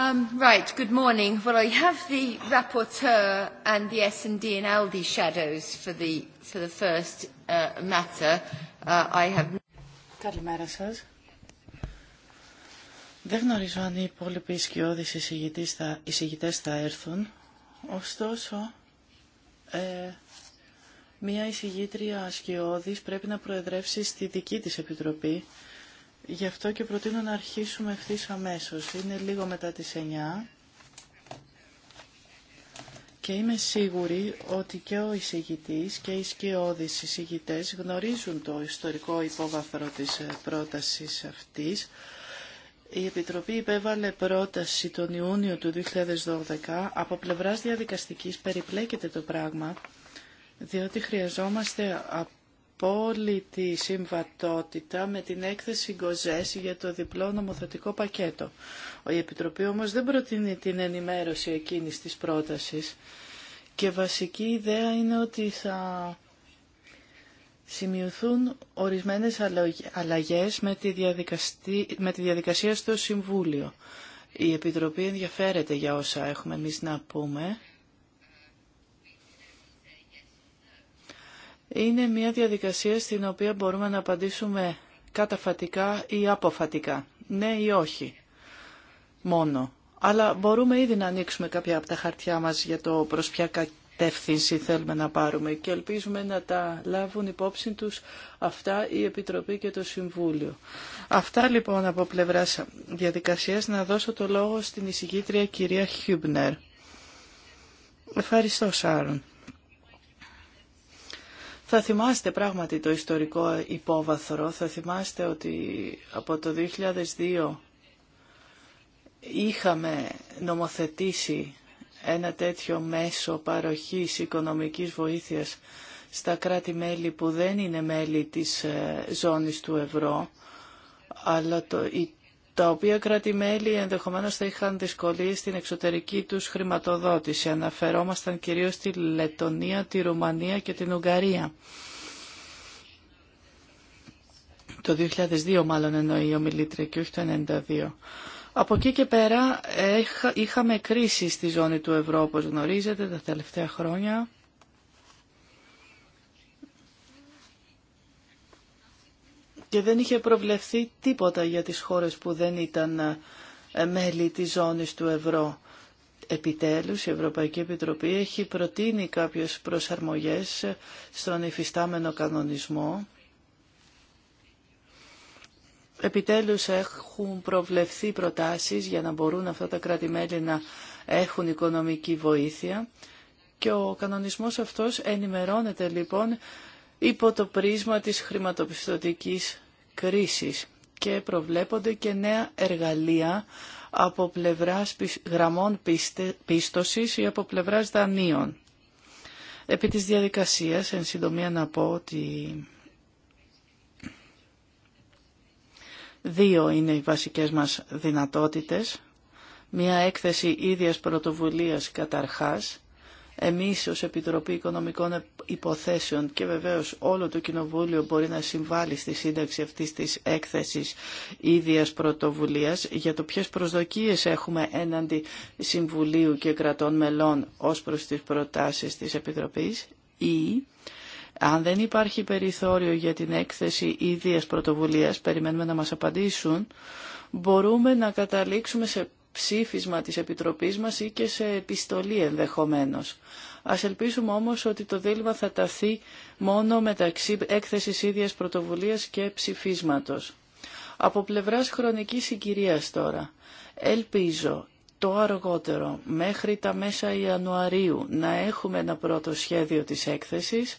Um, right, good morning. Well, I have the rapporteur and the S&D and ALDI shadows for the for the first uh, matter. Uh, I have. Καλημέρα σας. Δεν γνωρίζω αν οι υπόλοιποι σκιώδεις εισηγητές θα, εισηγητές θα έρθουν. Ωστόσο, ε, μία εισηγήτρια σκιώδης πρέπει να προεδρεύσει στη δική της επιτροπή Γι' αυτό και προτείνω να αρχίσουμε ευθύ αμέσω. Είναι λίγο μετά τι 9 και είμαι σίγουρη ότι και ο εισηγητή και οι σκιώδει εισηγητέ γνωρίζουν το ιστορικό υπόβαθρο τη ε, πρότασης αυτής. Η Επιτροπή υπέβαλε πρόταση τον Ιούνιο του 2012. Από πλευράς διαδικαστικής περιπλέκεται το πράγμα, διότι χρειαζόμαστε απόλυτη συμβατότητα με την έκθεση Γκοζέση για το διπλό νομοθετικό πακέτο. Η Επιτροπή όμως δεν προτείνει την ενημέρωση εκείνης της πρότασης και βασική ιδέα είναι ότι θα σημειωθούν ορισμένες αλλαγές με τη, με τη διαδικασία στο Συμβούλιο. Η Επιτροπή ενδιαφέρεται για όσα έχουμε εμείς να πούμε είναι μια διαδικασία στην οποία μπορούμε να απαντήσουμε καταφατικά ή αποφατικά, ναι ή όχι, μόνο. Αλλά μπορούμε ήδη να ανοίξουμε κάποια από τα χαρτιά μας για το προς ποια κατεύθυνση θέλουμε να πάρουμε και ελπίζουμε να τα λάβουν υπόψη τους αυτά η Επιτροπή και το Συμβούλιο. Αυτά λοιπόν από πλευράς διαδικασίας να δώσω το λόγο στην εισηγήτρια κυρία Χιούμπνερ. Ευχαριστώ Σάρων. Θα θυμάστε πράγματι το ιστορικό υπόβαθρο, θα θυμάστε ότι από το 2002 είχαμε νομοθετήσει ένα τέτοιο μέσο παροχής οικονομικής βοήθειας στα κράτη-μέλη που δεν είναι μέλη της ε, ζώνης του ευρώ, αλλά το, τα οποία κράτη-μέλη ενδεχομένως θα είχαν δυσκολίες στην εξωτερική τους χρηματοδότηση. Αναφερόμασταν κυρίως στη Λετωνία, τη Ρουμανία και την Ουγγαρία. Το 2002 μάλλον εννοεί η ομιλήτρια και όχι το 1992. Από εκεί και πέρα είχαμε κρίση στη ζώνη του ευρώ, όπως γνωρίζετε, τα τελευταία χρόνια. και δεν είχε προβλεφθεί τίποτα για τις χώρες που δεν ήταν ε, ε, μέλη της ζώνης του ευρώ. Επιτέλους, η Ευρωπαϊκή Επιτροπή έχει προτείνει κάποιες προσαρμογές στον υφιστάμενο κανονισμό. Επιτέλους έχουν προβλεφθεί προτάσεις για να μπορούν αυτά τα κράτη-μέλη να έχουν οικονομική βοήθεια και ο κανονισμός αυτός ενημερώνεται λοιπόν υπό το πρίσμα της χρηματοπιστωτικής κρίσης και προβλέπονται και νέα εργαλεία από πλευράς γραμμών πίστοσης ή από πλευράς δανείων. Επί της διαδικασίας, εν συντομία να πω ότι δύο είναι οι βασικές μας δυνατότητες. Μία έκθεση ίδιας πρωτοβουλίας καταρχάς. Εμείς ως Επιτροπή Οικονομικών υποθέσεων και βεβαίως όλο το Κοινοβούλιο μπορεί να συμβάλλει στη σύνταξη αυτής της έκθεσης ίδιας πρωτοβουλίας για το ποιες προσδοκίες έχουμε έναντι Συμβουλίου και κρατών μελών ως προς τις προτάσεις της Επιτροπής ή αν δεν υπάρχει περιθώριο για την έκθεση ίδιας πρωτοβουλίας, περιμένουμε να μας απαντήσουν, μπορούμε να καταλήξουμε σε ψήφισμα της Επιτροπής μας ή και σε επιστολή ενδεχομένως. Ας ελπίσουμε όμως ότι το δίλημα θα ταθεί μόνο μεταξύ έκθεσης ίδιας πρωτοβουλίας και ψηφίσματος. Από πλευράς χρονικής συγκυρίας τώρα, ελπίζω το αργότερο μέχρι τα μέσα Ιανουαρίου να έχουμε ένα πρώτο σχέδιο της έκθεσης,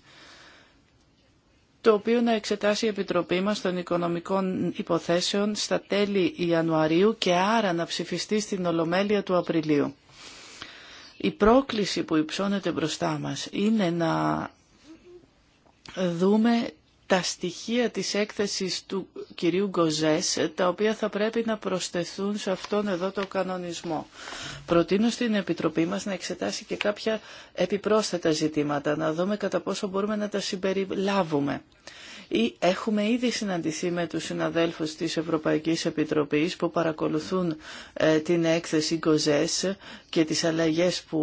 το οποίο να εξετάσει η Επιτροπή μας των Οικονομικών Υποθέσεων στα τέλη Ιανουαρίου και άρα να ψηφιστεί στην Ολομέλεια του Απριλίου. Η πρόκληση που υψώνεται μπροστά μας είναι να δούμε τα στοιχεία της έκθεσης του κυρίου Γκοζές, τα οποία θα πρέπει να προσθεθούν σε αυτόν εδώ το κανονισμό. Προτείνω στην Επιτροπή μας να εξετάσει και κάποια επιπρόσθετα ζητήματα, να δούμε κατά πόσο μπορούμε να τα συμπεριλάβουμε. Έχουμε ήδη συναντηθεί με τους συναδέλφους της Ευρωπαϊκής Επιτροπής που παρακολουθούν ε, την έκθεση Γκοζές και τις αλλαγές που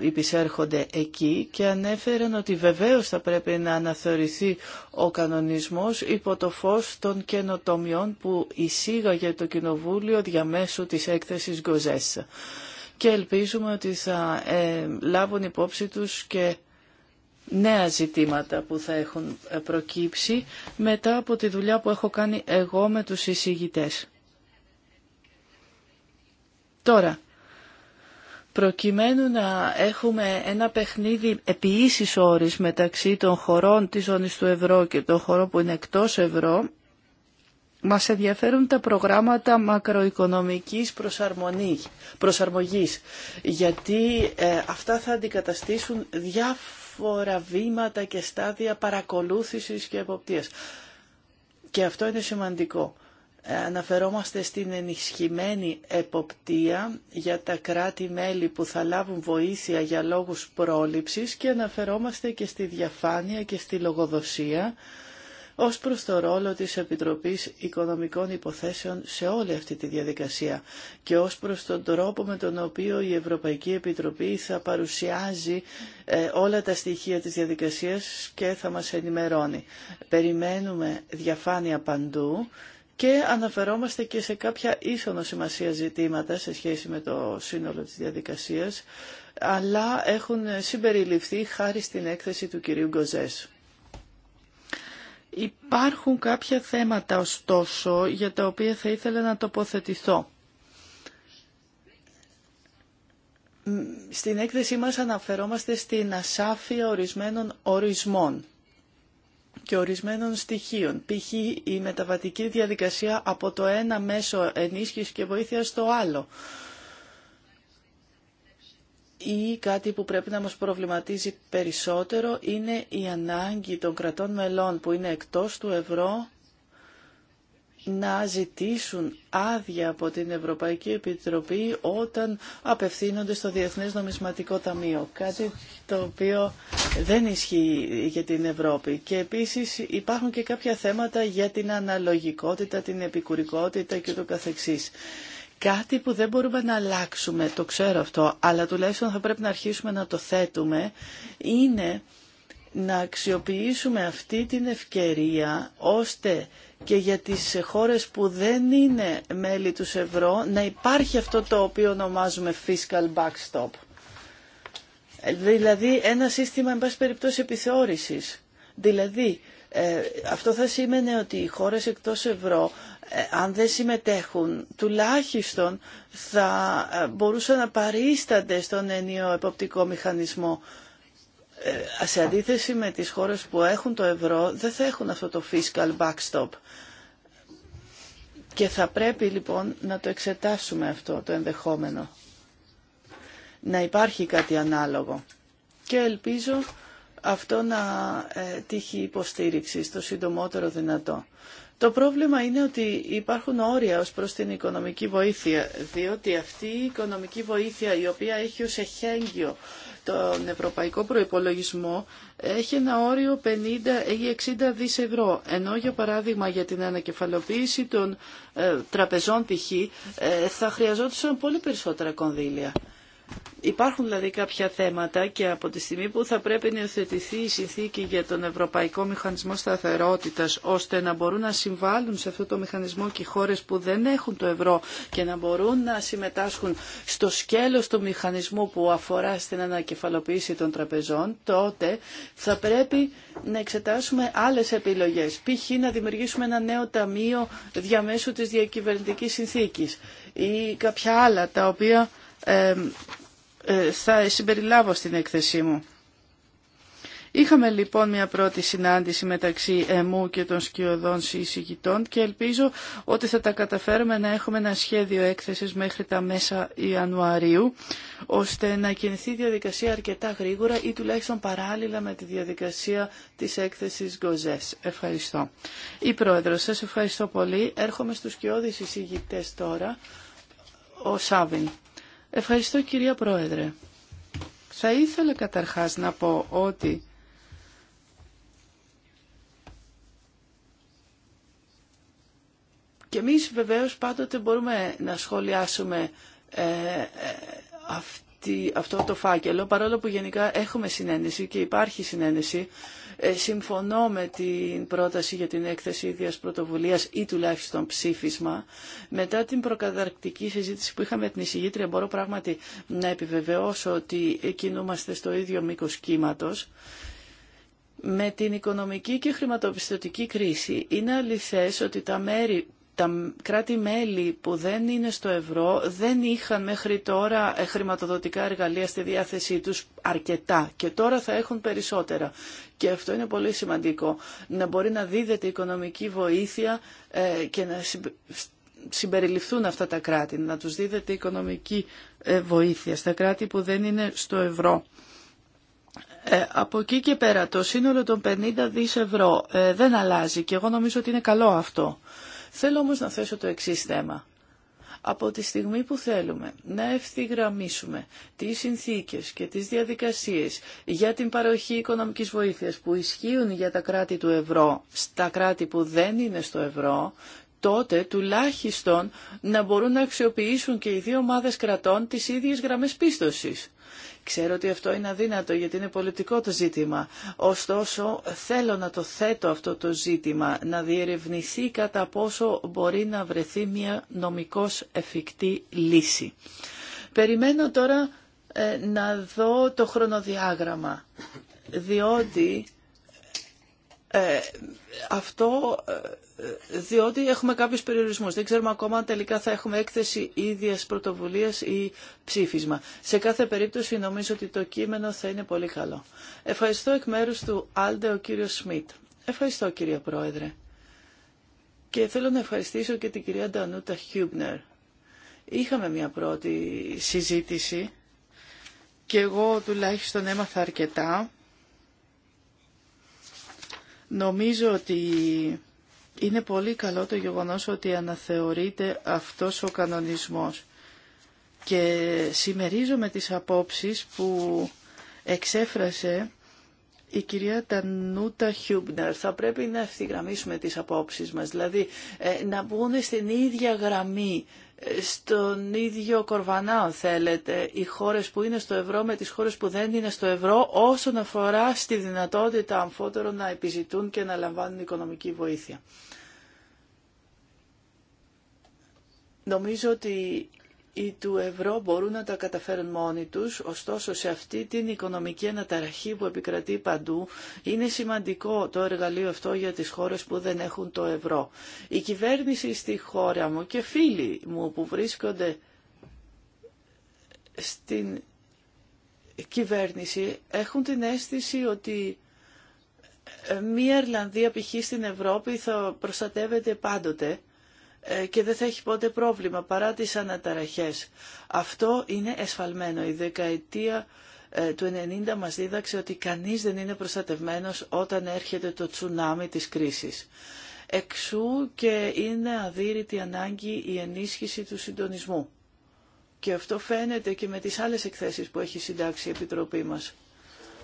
υπησέρχονται εκεί και ανέφεραν ότι βεβαίως θα πρέπει να αναθεωρηθεί ο κανονισμός υπό το φως των καινοτομιών που εισήγαγε το Κοινοβούλιο διαμέσου της έκθεσης Γκοζές και ελπίζουμε ότι θα ε, λάβουν υπόψη τους και νέα ζητήματα που θα έχουν ε, προκύψει μετά από τη δουλειά που έχω κάνει εγώ με τους εισηγητές. Τώρα, προκειμένου να έχουμε ένα παιχνίδι επί ίσης όρης μεταξύ των χωρών της ζώνης του ευρώ και των χωρών που είναι εκτός ευρώ, μας ενδιαφέρουν τα προγράμματα μακροοικονομικής προσαρμογής, γιατί ε, αυτά θα αντικαταστήσουν διάφορα διάφορα βήματα και στάδια παρακολούθησης και εποπτείας. Και αυτό είναι σημαντικό. Ε, αναφερόμαστε στην ενισχυμένη εποπτεία για τα κράτη-μέλη που θα λάβουν βοήθεια για λόγους πρόληψης και αναφερόμαστε και στη διαφάνεια και στη λογοδοσία ως προς το ρόλο της Επιτροπής Οικονομικών Υποθέσεων σε όλη αυτή τη διαδικασία και ως προς τον τρόπο με τον οποίο η Ευρωπαϊκή Επιτροπή θα παρουσιάζει ε, όλα τα στοιχεία της διαδικασίας και θα μας ενημερώνει. Περιμένουμε διαφάνεια παντού και αναφερόμαστε και σε κάποια ίσονο σημασία ζητήματα σε σχέση με το σύνολο της διαδικασίας, αλλά έχουν συμπεριληφθεί χάρη στην έκθεση του κυρίου Γκοζέσου. Υπάρχουν κάποια θέματα ωστόσο για τα οποία θα ήθελα να τοποθετηθώ. Στην έκθεσή μας αναφερόμαστε στην ασάφεια ορισμένων ορισμών και ορισμένων στοιχείων. Π.χ. η μεταβατική διαδικασία από το ένα μέσο ενίσχυσης και βοήθεια στο άλλο ή κάτι που πρέπει να μας προβληματίζει περισσότερο είναι η ανάγκη των κρατών μελών που είναι εκτός του ευρώ να ζητήσουν άδεια από την Ευρωπαϊκή Επιτροπή όταν απευθύνονται στο Διεθνές Νομισματικό Ταμείο. Κάτι το οποίο δεν ισχύει για την Ευρώπη. Και επίσης υπάρχουν και κάποια θέματα για την αναλογικότητα, την επικουρικότητα και το καθεξής. Κάτι που δεν μπορούμε να αλλάξουμε, το ξέρω αυτό, αλλά τουλάχιστον θα πρέπει να αρχίσουμε να το θέτουμε, είναι να αξιοποιήσουμε αυτή την ευκαιρία ώστε και για τις χώρες που δεν είναι μέλη του ευρώ να υπάρχει αυτό το οποίο ονομάζουμε fiscal backstop. Δηλαδή ένα σύστημα, εν πάση περιπτώσει, επιθεώρησης. Δηλαδή, ε, αυτό θα σήμαινε ότι οι χώρες εκτός ευρώ ε, αν δεν συμμετέχουν τουλάχιστον θα ε, μπορούσαν να παρίστανται στον ενίο εποπτικό μηχανισμό. Σε αντίθεση με τις χώρες που έχουν το ευρώ δεν θα έχουν αυτό το fiscal backstop. Και θα πρέπει λοιπόν να το εξετάσουμε αυτό το ενδεχόμενο. Να υπάρχει κάτι ανάλογο. Και ελπίζω αυτό να ε, τύχει υποστήριξη στο συντομότερο δυνατό. Το πρόβλημα είναι ότι υπάρχουν όρια ως προς την οικονομική βοήθεια, διότι αυτή η οικονομική βοήθεια η οποία έχει ως εχέγγυο τον ευρωπαϊκό προϋπολογισμό έχει ένα όριο 50 ή 60 δις ευρώ, ενώ για παράδειγμα για την ανακεφαλοποίηση των ε, τραπεζών π.χ. Ε, θα χρειαζόντουσαν πολύ περισσότερα κονδύλια. Υπάρχουν δηλαδή κάποια θέματα και από τη στιγμή που θα πρέπει να υιοθετηθεί η συνθήκη για τον Ευρωπαϊκό Μηχανισμό Σταθερότητας ώστε να μπορούν να συμβάλλουν σε αυτό το μηχανισμό και οι χώρες που δεν έχουν το ευρώ και να μπορούν να συμμετάσχουν στο σκέλος του μηχανισμού που αφορά στην ανακεφαλοποίηση των τραπεζών, τότε θα πρέπει να εξετάσουμε άλλες επιλογές. Π.χ. να δημιουργήσουμε ένα νέο ταμείο διαμέσου της διακυβερνητικής συνθήκης ή κάποια άλλα τα οποία ε, θα συμπεριλάβω στην έκθεσή μου. Είχαμε λοιπόν μια πρώτη συνάντηση μεταξύ εμού και των σκιωδών συζητητών και ελπίζω ότι θα τα καταφέρουμε να έχουμε ένα σχέδιο έκθεσης μέχρι τα μέσα Ιανουαρίου ώστε να κινηθεί η διαδικασία αρκετά γρήγορα ή τουλάχιστον παράλληλα με τη διαδικασία της έκθεσης Γκοζές. Ευχαριστώ. Η Πρόεδρο, σας ευχαριστώ πολύ. Έρχομαι στους σκιώδεις συζητητές τώρα. Ο Σάβιν. Ευχαριστώ κυρία Πρόεδρε. Θα ήθελα καταρχάς να πω ότι και εμείς βεβαίως πάντοτε μπορούμε να σχολιάσουμε ε, ε, αυτή, αυτό το φάκελο, παρόλο που γενικά έχουμε συνένεση και υπάρχει συνένεση, ε, συμφωνώ με την πρόταση για την έκθεση ίδιας πρωτοβουλίας ή τουλάχιστον ψήφισμα. Μετά την προκαταρκτική συζήτηση που είχαμε την εισηγήτρια μπορώ πράγματι να επιβεβαιώσω ότι κινούμαστε στο ίδιο μήκος κύματος. Με την οικονομική και χρηματοπιστωτική κρίση είναι αληθές ότι τα μέρη τα κράτη-μέλη που δεν είναι στο ευρώ δεν είχαν μέχρι τώρα ε, χρηματοδοτικά εργαλεία στη διάθεσή τους αρκετά και τώρα θα έχουν περισσότερα. Και αυτό είναι πολύ σημαντικό. Να μπορεί να δίδεται οικονομική βοήθεια ε, και να συμπεριληφθούν αυτά τα κράτη, να τους δίδεται οικονομική ε, βοήθεια στα κράτη που δεν είναι στο ευρώ. από εκεί και πέρα το σύνολο των 50 δις ευρώ δεν αλλάζει και εγώ νομίζω ότι είναι καλό αυτό. Θέλω όμως να θέσω το εξή θέμα. Από τη στιγμή που θέλουμε να ευθυγραμμίσουμε τις συνθήκες και τις διαδικασίες για την παροχή οικονομικής βοήθειας που ισχύουν για τα κράτη του ευρώ στα κράτη που δεν είναι στο ευρώ, τότε τουλάχιστον να μπορούν να αξιοποιήσουν και οι δύο ομάδες κρατών τις ίδιες γραμμές πίστοσης. Ξέρω ότι αυτό είναι αδύνατο γιατί είναι πολιτικό το ζήτημα. Ωστόσο θέλω να το θέτω αυτό το ζήτημα, να διερευνηθεί κατά πόσο μπορεί να βρεθεί μια νομικώς εφικτή λύση. Περιμένω τώρα ε, να δω το χρονοδιάγραμμα, διότι ε, αυτό... Ε, διότι έχουμε κάποιους περιορισμούς. Δεν ξέρουμε ακόμα αν τελικά θα έχουμε έκθεση ίδιας πρωτοβουλίας ή ψήφισμα. Σε κάθε περίπτωση νομίζω ότι το κείμενο θα είναι πολύ καλό. Ευχαριστώ εκ μέρους του Άλντε ο κύριος Σμιτ. Ευχαριστώ κύριε Πρόεδρε. Και θέλω να ευχαριστήσω και την κυρία Ντανούτα Χιούμπνερ. Είχαμε μια πρώτη συζήτηση και εγώ τουλάχιστον έμαθα αρκετά. Νομίζω ότι είναι πολύ καλό το γεγονός ότι αναθεωρείται αυτός ο κανονισμός και συμμερίζομαι τις απόψεις που εξέφρασε η κυρία Τανούτα Χιούμπνερ. Θα πρέπει να ευθυγραμμίσουμε τις απόψεις μας, δηλαδή ε, να μπουν στην ίδια γραμμή στον ίδιο κορβανά, αν θέλετε, οι χώρες που είναι στο ευρώ με τις χώρες που δεν είναι στο ευρώ όσον αφορά στη δυνατότητα αμφότερων να επιζητούν και να λαμβάνουν οικονομική βοήθεια. Νομίζω ότι ή του ευρώ μπορούν να τα καταφέρουν μόνοι τους, ωστόσο σε αυτή την οικονομική αναταραχή που επικρατεί παντού είναι σημαντικό το εργαλείο αυτό για τις χώρες που δεν έχουν το ευρώ. Η κυβέρνηση στη χώρα μου και φίλοι μου που βρίσκονται στην κυβέρνηση έχουν την αίσθηση ότι ε, μία Ιρλανδία π.χ. στην Ευρώπη θα προστατεύεται πάντοτε ε, και δεν θα έχει πότε πρόβλημα παρά τις αναταραχές. Αυτό είναι εσφαλμένο. Η δεκαετία ε, του 90 μας δίδαξε ότι κανείς δεν είναι προστατευμένος όταν έρχεται το τσουνάμι της κρίσης. Εξού και είναι αδύρυτη ανάγκη η ενίσχυση του συντονισμού. Και αυτό φαίνεται και με τις άλλες εκθέσεις που έχει συντάξει η Επιτροπή μας.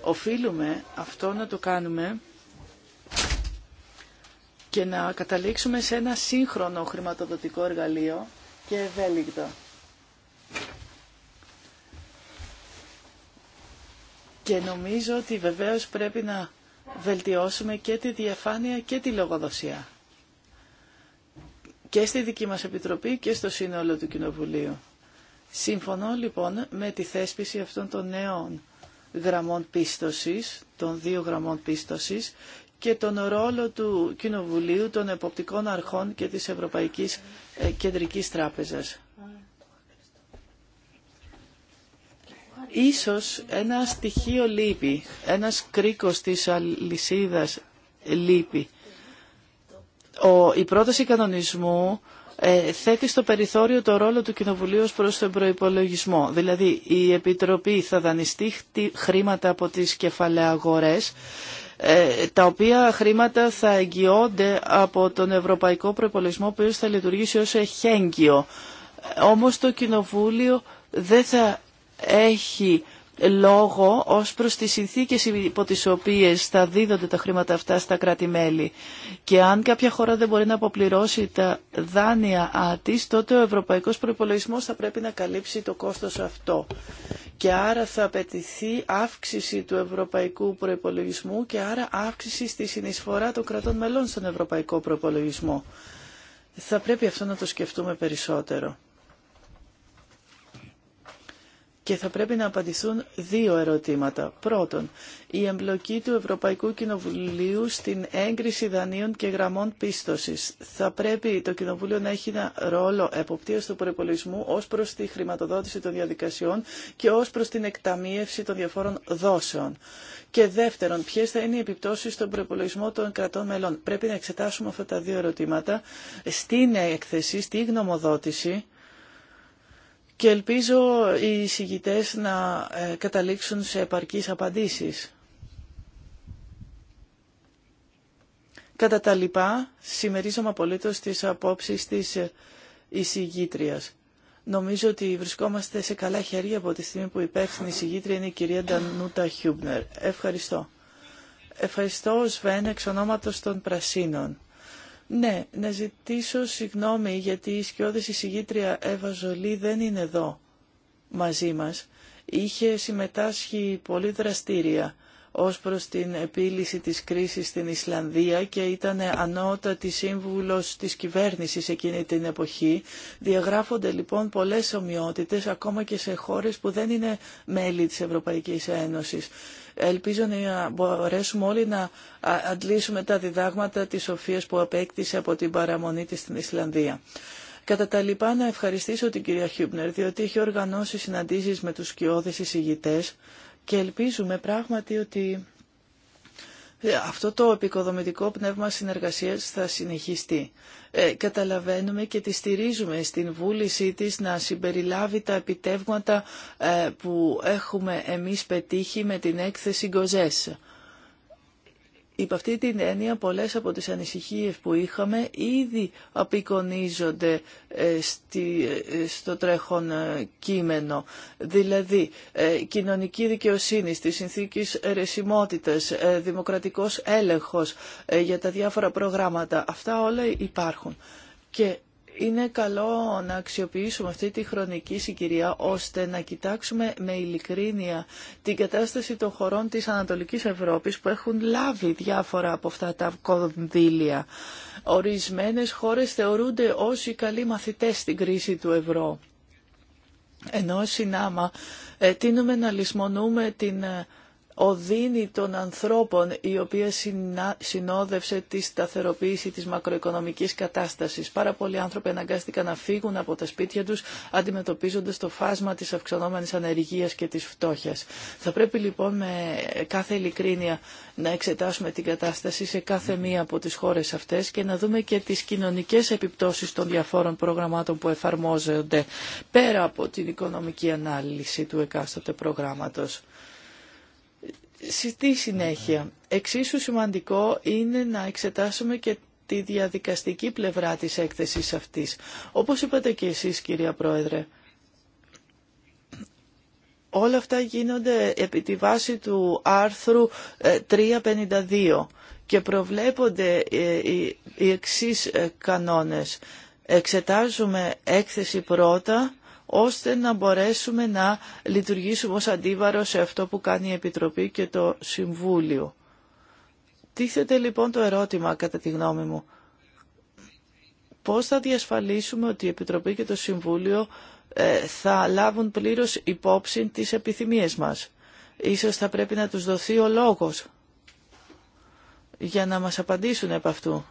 Οφείλουμε αυτό να το κάνουμε και να καταλήξουμε σε ένα σύγχρονο χρηματοδοτικό εργαλείο και ευέλικτο. Και νομίζω ότι βεβαίως πρέπει να βελτιώσουμε και τη διαφάνεια και τη λογοδοσία. Και στη δική μας Επιτροπή και στο σύνολο του Κοινοβουλίου. Συμφωνώ λοιπόν με τη θέσπιση αυτών των νέων γραμμών πίστοσης, των δύο γραμμών πίστοσης και τον ρόλο του Κοινοβουλίου, των Εποπτικών Αρχών και της Ευρωπαϊκής ε, Κεντρικής Τράπεζας. Ίσως ένα στοιχείο λείπει, ένας κρίκος της αλυσίδας λείπει. Ο, η πρόταση κανονισμού ε, θέτει στο περιθώριο το ρόλο του Κοινοβουλίου ως προς τον προϋπολογισμό. Δηλαδή η Επιτροπή θα δανειστεί χρήματα από τις κεφαλαίες αγορές ε, τα οποία χρήματα θα εγγυώνται από τον Ευρωπαϊκό Προπολογισμό, που θα λειτουργήσει ως εχέγγυο. Ε, όμως το Κοινοβούλιο δεν θα έχει λόγο ως προς τις συνθήκες υπό τις οποίες θα δίδονται τα χρήματα αυτά στα κράτη-μέλη. Και αν κάποια χώρα δεν μπορεί να αποπληρώσει τα δάνεια τη, τότε ο ευρωπαϊκός προϋπολογισμός θα πρέπει να καλύψει το κόστος αυτό. Και άρα θα απαιτηθεί αύξηση του ευρωπαϊκού προϋπολογισμού και άρα αύξηση στη συνεισφορά των κρατών μελών στον ευρωπαϊκό προϋπολογισμό. Θα πρέπει αυτό να το σκεφτούμε περισσότερο και θα πρέπει να απαντηθούν δύο ερωτήματα. Πρώτον, η εμπλοκή του Ευρωπαϊκού Κοινοβουλίου στην έγκριση δανείων και γραμμών πίστοσης. Θα πρέπει το Κοινοβούλιο να έχει ένα ρόλο εποπτείας του προπολογισμού ως προς τη χρηματοδότηση των διαδικασιών και ως προς την εκταμίευση των διαφόρων δόσεων. Και δεύτερον, ποιε θα είναι οι επιπτώσει στον προπολογισμό των κρατών μελών. Πρέπει να εξετάσουμε αυτά τα δύο ερωτήματα στην έκθεση, στη γνωμοδότηση και ελπίζω οι εισηγητές να ε, καταλήξουν σε επαρκείς απαντήσεις. Κατά τα λοιπά, συμμερίζομαι απολύτως τις απόψεις της εισηγήτριας. Νομίζω ότι βρισκόμαστε σε καλά χέρια από τη στιγμή που η υπεύθυνη εισηγήτρια είναι η κυρία Ντανούτα Χιούμπνερ. Ευχαριστώ. Ευχαριστώ, Σβέν, εξ ονόματος των Πρασίνων. Ναι, να ζητήσω συγγνώμη γιατί η σκιώδης εισηγήτρια Εύα Ζολή δεν είναι εδώ μαζί μας. Είχε συμμετάσχει πολύ δραστήρια ως προς την επίλυση της κρίσης στην Ισλανδία και ήταν ανώτατη σύμβουλος της κυβέρνησης εκείνη την εποχή. Διαγράφονται λοιπόν πολλές ομοιότητες ακόμα και σε χώρες που δεν είναι μέλη της Ευρωπαϊκής Ένωσης. Ελπίζω να μπορέσουμε όλοι να αντλήσουμε τα διδάγματα της σοφίας που απέκτησε από την παραμονή της στην Ισλανδία. Κατά τα λοιπά να ευχαριστήσω την κυρία Χιούμπνερ διότι έχει οργανώσει συναντήσεις με τους σκιώδες εισηγητές και ελπίζουμε πράγματι ότι αυτό το επικοδομητικό πνεύμα συνεργασίας θα συνεχιστεί. Ε, καταλαβαίνουμε και τη στηρίζουμε στην βούλησή της να συμπεριλάβει τα επιτεύγματα ε, που έχουμε εμείς πετύχει με την έκθεση «Κοζές». Υπ' αυτή την έννοια πολλές από τις ανησυχίες που είχαμε ήδη απεικονίζονται ε, στη, ε, στο τρέχον ε, κείμενο. Δηλαδή, κοινωνική δικαιοσύνη, στις συνθήκες ρεσιμότητας, δημοκρατικός έλεγχος για τα διάφορα προγράμματα. Αυτά όλα υπάρχουν. Και είναι καλό να αξιοποιήσουμε αυτή τη χρονική συγκυρία ώστε να κοιτάξουμε με ειλικρίνεια την κατάσταση των χωρών της Ανατολικής Ευρώπης που έχουν λάβει διάφορα από αυτά τα κονδύλια. Ορισμένες χώρες θεωρούνται ως οι καλοί μαθητές στην κρίση του ευρώ. Ενώ συνάμα ε, τίνουμε να λησμονούμε την ε, οδύνη των ανθρώπων η οποία συνόδευσε τη σταθεροποίηση της μακροοικονομικής κατάστασης. Πάρα πολλοί άνθρωποι αναγκάστηκαν να φύγουν από τα σπίτια τους αντιμετωπίζοντας το φάσμα της αυξανόμενης ανεργίας και της φτώχειας. Θα πρέπει λοιπόν με κάθε ειλικρίνεια να εξετάσουμε την κατάσταση σε κάθε μία από τις χώρες αυτές και να δούμε και τις κοινωνικές επιπτώσεις των διαφόρων προγραμμάτων που εφαρμόζονται πέρα από την οικονομική ανάλυση του εκάστοτε προγράμματος. Στη συνέχεια, εξίσου σημαντικό είναι να εξετάσουμε και τη διαδικαστική πλευρά της έκθεσης αυτής. Όπως είπατε και εσείς, κυρία Πρόεδρε, όλα αυτά γίνονται επί τη βάση του άρθρου 352 ε, και προβλέπονται ε, οι εξής ε, κανόνες. Εξετάζουμε έκθεση πρώτα ώστε να μπορέσουμε να λειτουργήσουμε ως αντίβαρο σε αυτό που κάνει η Επιτροπή και το Συμβούλιο. Τίθεται λοιπόν το ερώτημα κατά τη γνώμη μου. Πώς θα διασφαλίσουμε ότι η Επιτροπή και το Συμβούλιο ε, θα λάβουν πλήρως υπόψη τις επιθυμίες μας. Ίσως θα πρέπει να τους δοθεί ο λόγος για να μας απαντήσουν επ' αυτού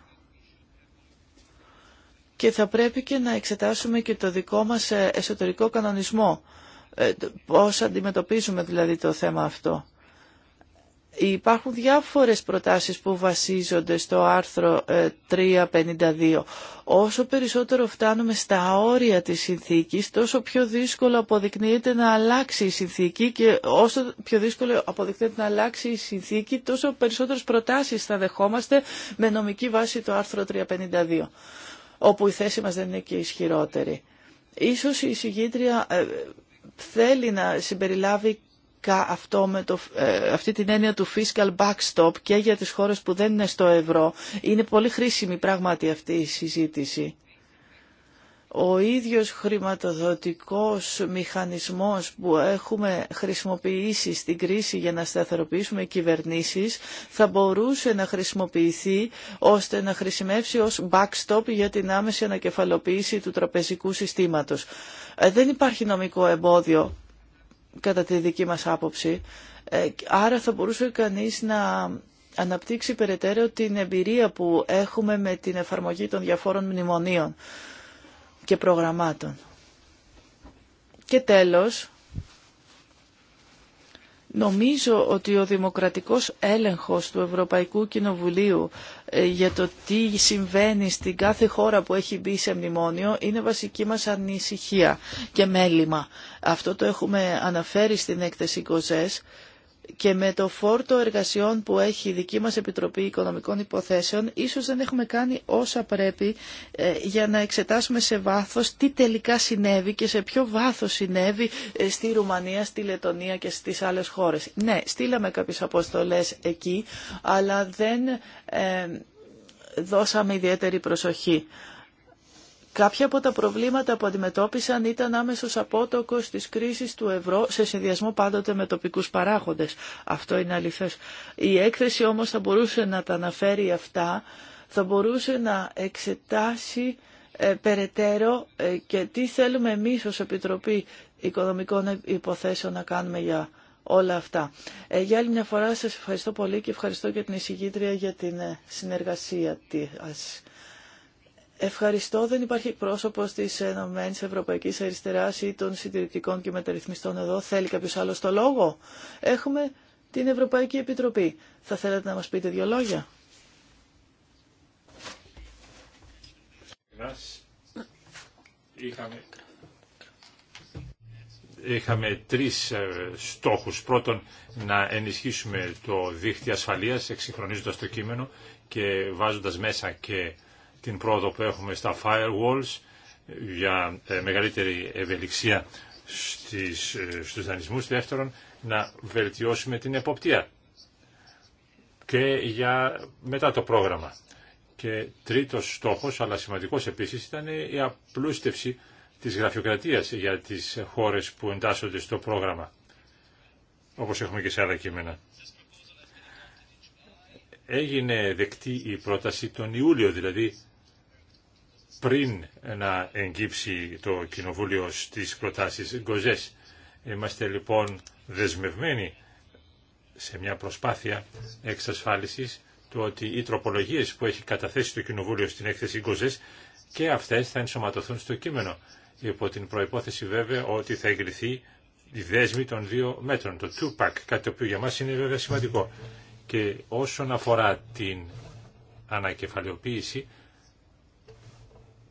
και θα πρέπει και να εξετάσουμε και το δικό μας ε, εσωτερικό κανονισμό. Ε, πώς αντιμετωπίζουμε δηλαδή το θέμα αυτό. Υπάρχουν διάφορες προτάσεις που βασίζονται στο άρθρο 352. Ε, όσο περισσότερο φτάνουμε στα όρια της συνθήκης, τόσο πιο δύσκολο αποδεικνύεται να αλλάξει η συνθήκη και όσο πιο δύσκολο αποδεικνύεται να αλλάξει η συνθήκη, τόσο περισσότερες προτάσεις θα δεχόμαστε με νομική βάση το άρθρο 352 όπου η θέση μας δεν είναι και ισχυρότερη. Ίσως η συγγήτρια ε, θέλει να συμπεριλάβει αυτό με το, ε, αυτή την έννοια του fiscal backstop και για τις χώρες που δεν είναι στο ευρώ. Είναι πολύ χρήσιμη πράγματι αυτή η συζήτηση ο ίδιος χρηματοδοτικός μηχανισμός που έχουμε χρησιμοποιήσει στην κρίση για να σταθεροποιήσουμε κυβερνήσεις θα μπορούσε να χρησιμοποιηθεί ώστε να χρησιμεύσει ως backstop για την άμεση ανακεφαλοποίηση του τραπεζικού συστήματος. Ε, δεν υπάρχει νομικό εμπόδιο κατά τη δική μας άποψη, ε, άρα θα μπορούσε κανείς να αναπτύξει περαιτέρω την εμπειρία που έχουμε με την εφαρμογή των διαφόρων μνημονίων και προγραμμάτων. Και τέλος, Νομίζω ότι ο δημοκρατικός έλεγχος του Ευρωπαϊκού Κοινοβουλίου ε, για το τι συμβαίνει στην κάθε χώρα που έχει μπει σε μνημόνιο είναι βασική μας ανησυχία και μέλημα. Αυτό το έχουμε αναφέρει στην έκθεση Κοζές και με το φόρτο εργασιών που έχει η δική μας Επιτροπή Οικονομικών Υποθέσεων, ίσως δεν έχουμε κάνει όσα πρέπει ε, για να εξετάσουμε σε βάθος τι τελικά συνέβη και σε ποιο βάθος συνέβη ε, στη Ρουμανία, στη Λετωνία και στις άλλες χώρες. Ναι, στείλαμε κάποιες αποστολές εκεί, αλλά δεν ε, δώσαμε ιδιαίτερη προσοχή. Κάποια από τα προβλήματα που αντιμετώπισαν ήταν άμεσος απότοκος της κρίσης του ευρώ σε συνδυασμό πάντοτε με τοπικούς παράγοντες. Αυτό είναι αληθές. Η έκθεση όμως θα μπορούσε να τα αναφέρει αυτά, θα μπορούσε να εξετάσει ε, περαιτέρω ε, και τι θέλουμε εμείς ως Επιτροπή Οικονομικών Υποθέσεων να κάνουμε για όλα αυτά. Ε, για άλλη μια φορά σας ευχαριστώ πολύ και ευχαριστώ και την εισηγήτρια για την συνεργασία της. Ευχαριστώ. Δεν υπάρχει πρόσωπο τη Ενωμένης ΕΕ, Αριστερά ή των συντηρητικών και μεταρρυθμιστών εδώ. Θέλει κάποιο άλλο το λόγο. Έχουμε την Ευρωπαϊκή Επιτροπή. Θα θέλατε να μας πείτε δύο λόγια. Είχαμε, είχαμε τρεις ε, στόχους. Πρώτον, να ενισχύσουμε το δίχτυ ασφαλείας, εξυγχρονίζοντας το κείμενο και βάζοντας μέσα και την πρόοδο που έχουμε στα firewalls για ε, μεγαλύτερη ευελιξία στις, ε, στους δανεισμούς δεύτερον να βελτιώσουμε την εποπτεία και για μετά το πρόγραμμα. Και τρίτος στόχος, αλλά σημαντικός επίσης, ήταν η απλούστευση της γραφειοκρατίας για τις χώρες που εντάσσονται στο πρόγραμμα, όπως έχουμε και σε άλλα κείμενα. Έγινε δεκτή η πρόταση τον Ιούλιο, δηλαδή πριν να εγκύψει το Κοινοβούλιο στις προτάσεις Γκοζές. Είμαστε λοιπόν δεσμευμένοι σε μια προσπάθεια εξασφάλισης του ότι οι τροπολογίες που έχει καταθέσει το Κοινοβούλιο στην έκθεση Γκοζές και αυτές θα ενσωματωθούν στο κείμενο, υπό την προϋπόθεση βέβαια ότι θα εγκριθεί η δέσμη των δύο μέτρων, το two-pack, κάτι το οποίο για μας είναι βέβαια σημαντικό. Και όσον αφορά την ανακεφαλαιοποίηση,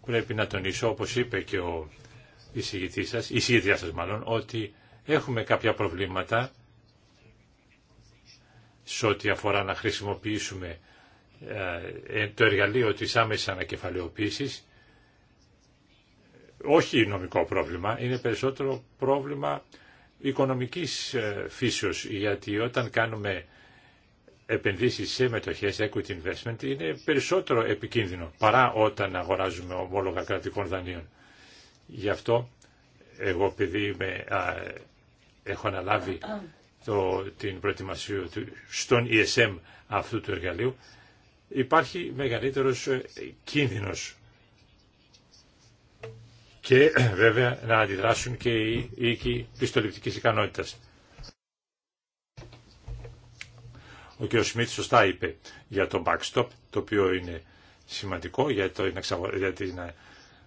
πρέπει να τονίσω, όπως είπε και ο εισηγητής σας, η εισηγητία σας μάλλον, ότι έχουμε κάποια προβλήματα σε ό,τι αφορά να χρησιμοποιήσουμε ε, το εργαλείο της άμεσης ανακεφαλαιοποίησης. Όχι νομικό πρόβλημα, είναι περισσότερο πρόβλημα οικονομικής ε, φύσεως, γιατί όταν κάνουμε επενδύσεις σε μετοχές equity investment είναι περισσότερο επικίνδυνο παρά όταν αγοράζουμε ομόλογα κρατικών δανείων. Γι' αυτό εγώ επειδή έχω αναλάβει το, την προετοιμασία στον ESM αυτού του εργαλείου υπάρχει μεγαλύτερος ε, κίνδυνος και ε, βέβαια να αντιδράσουν και οι οίκοι πιστοληπτικής ικανότητας. Ο κ. Σμιτ σωστά είπε για το backstop, το οποίο είναι σημαντικό για, το, για την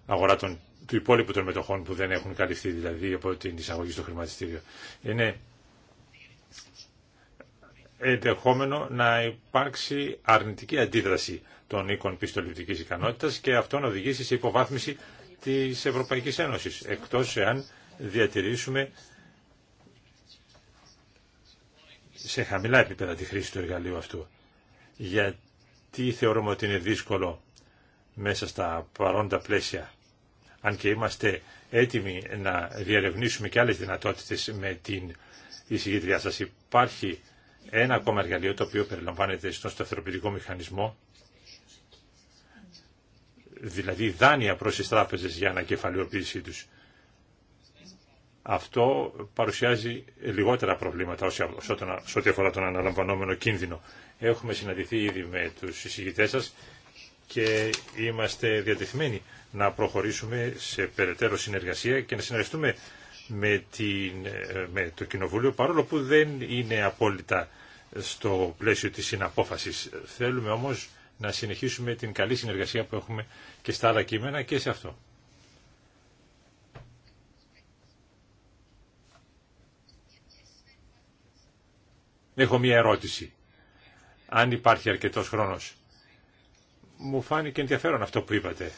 αγορά των, του υπόλοιπου των μετοχών που δεν έχουν καλυφθεί δηλαδή από την εισαγωγή στο χρηματιστήριο. Είναι ενδεχόμενο να υπάρξει αρνητική αντίδραση των οίκων πιστοληπτικής ικανότητας και αυτό να οδηγήσει σε υποβάθμιση τη Ευρωπαϊκή Ένωση. Εκτό εάν διατηρήσουμε σε χαμηλά επίπεδα τη χρήση του εργαλείου αυτού. Γιατί θεωρούμε ότι είναι δύσκολο μέσα στα παρόντα πλαίσια, αν και είμαστε έτοιμοι να διαρευνήσουμε και άλλες δυνατότητες με την εισηγήτριά σας. Υπάρχει ένα ακόμα εργαλείο το οποίο περιλαμβάνεται στον σταθεροποιητικό μηχανισμό, δηλαδή δάνεια προς τις τράπεζες για ανακεφαλαιοποίησή τους αυτό παρουσιάζει λιγότερα προβλήματα σε ό,τι αφορά τον αναλαμβανόμενο κίνδυνο. Έχουμε συναντηθεί ήδη με τους συζητητές σας και είμαστε διατεθειμένοι να προχωρήσουμε σε περαιτέρω συνεργασία και να συνεργαστούμε με, την, με το Κοινοβούλιο παρόλο που δεν είναι απόλυτα στο πλαίσιο της συναπόφασης. Θέλουμε όμως να συνεχίσουμε την καλή συνεργασία που έχουμε και στα άλλα κείμενα και σε αυτό. Έχω μία ερώτηση. Αν υπάρχει αρκετό χρόνος. Μου φάνηκε ενδιαφέρον αυτό που είπατε.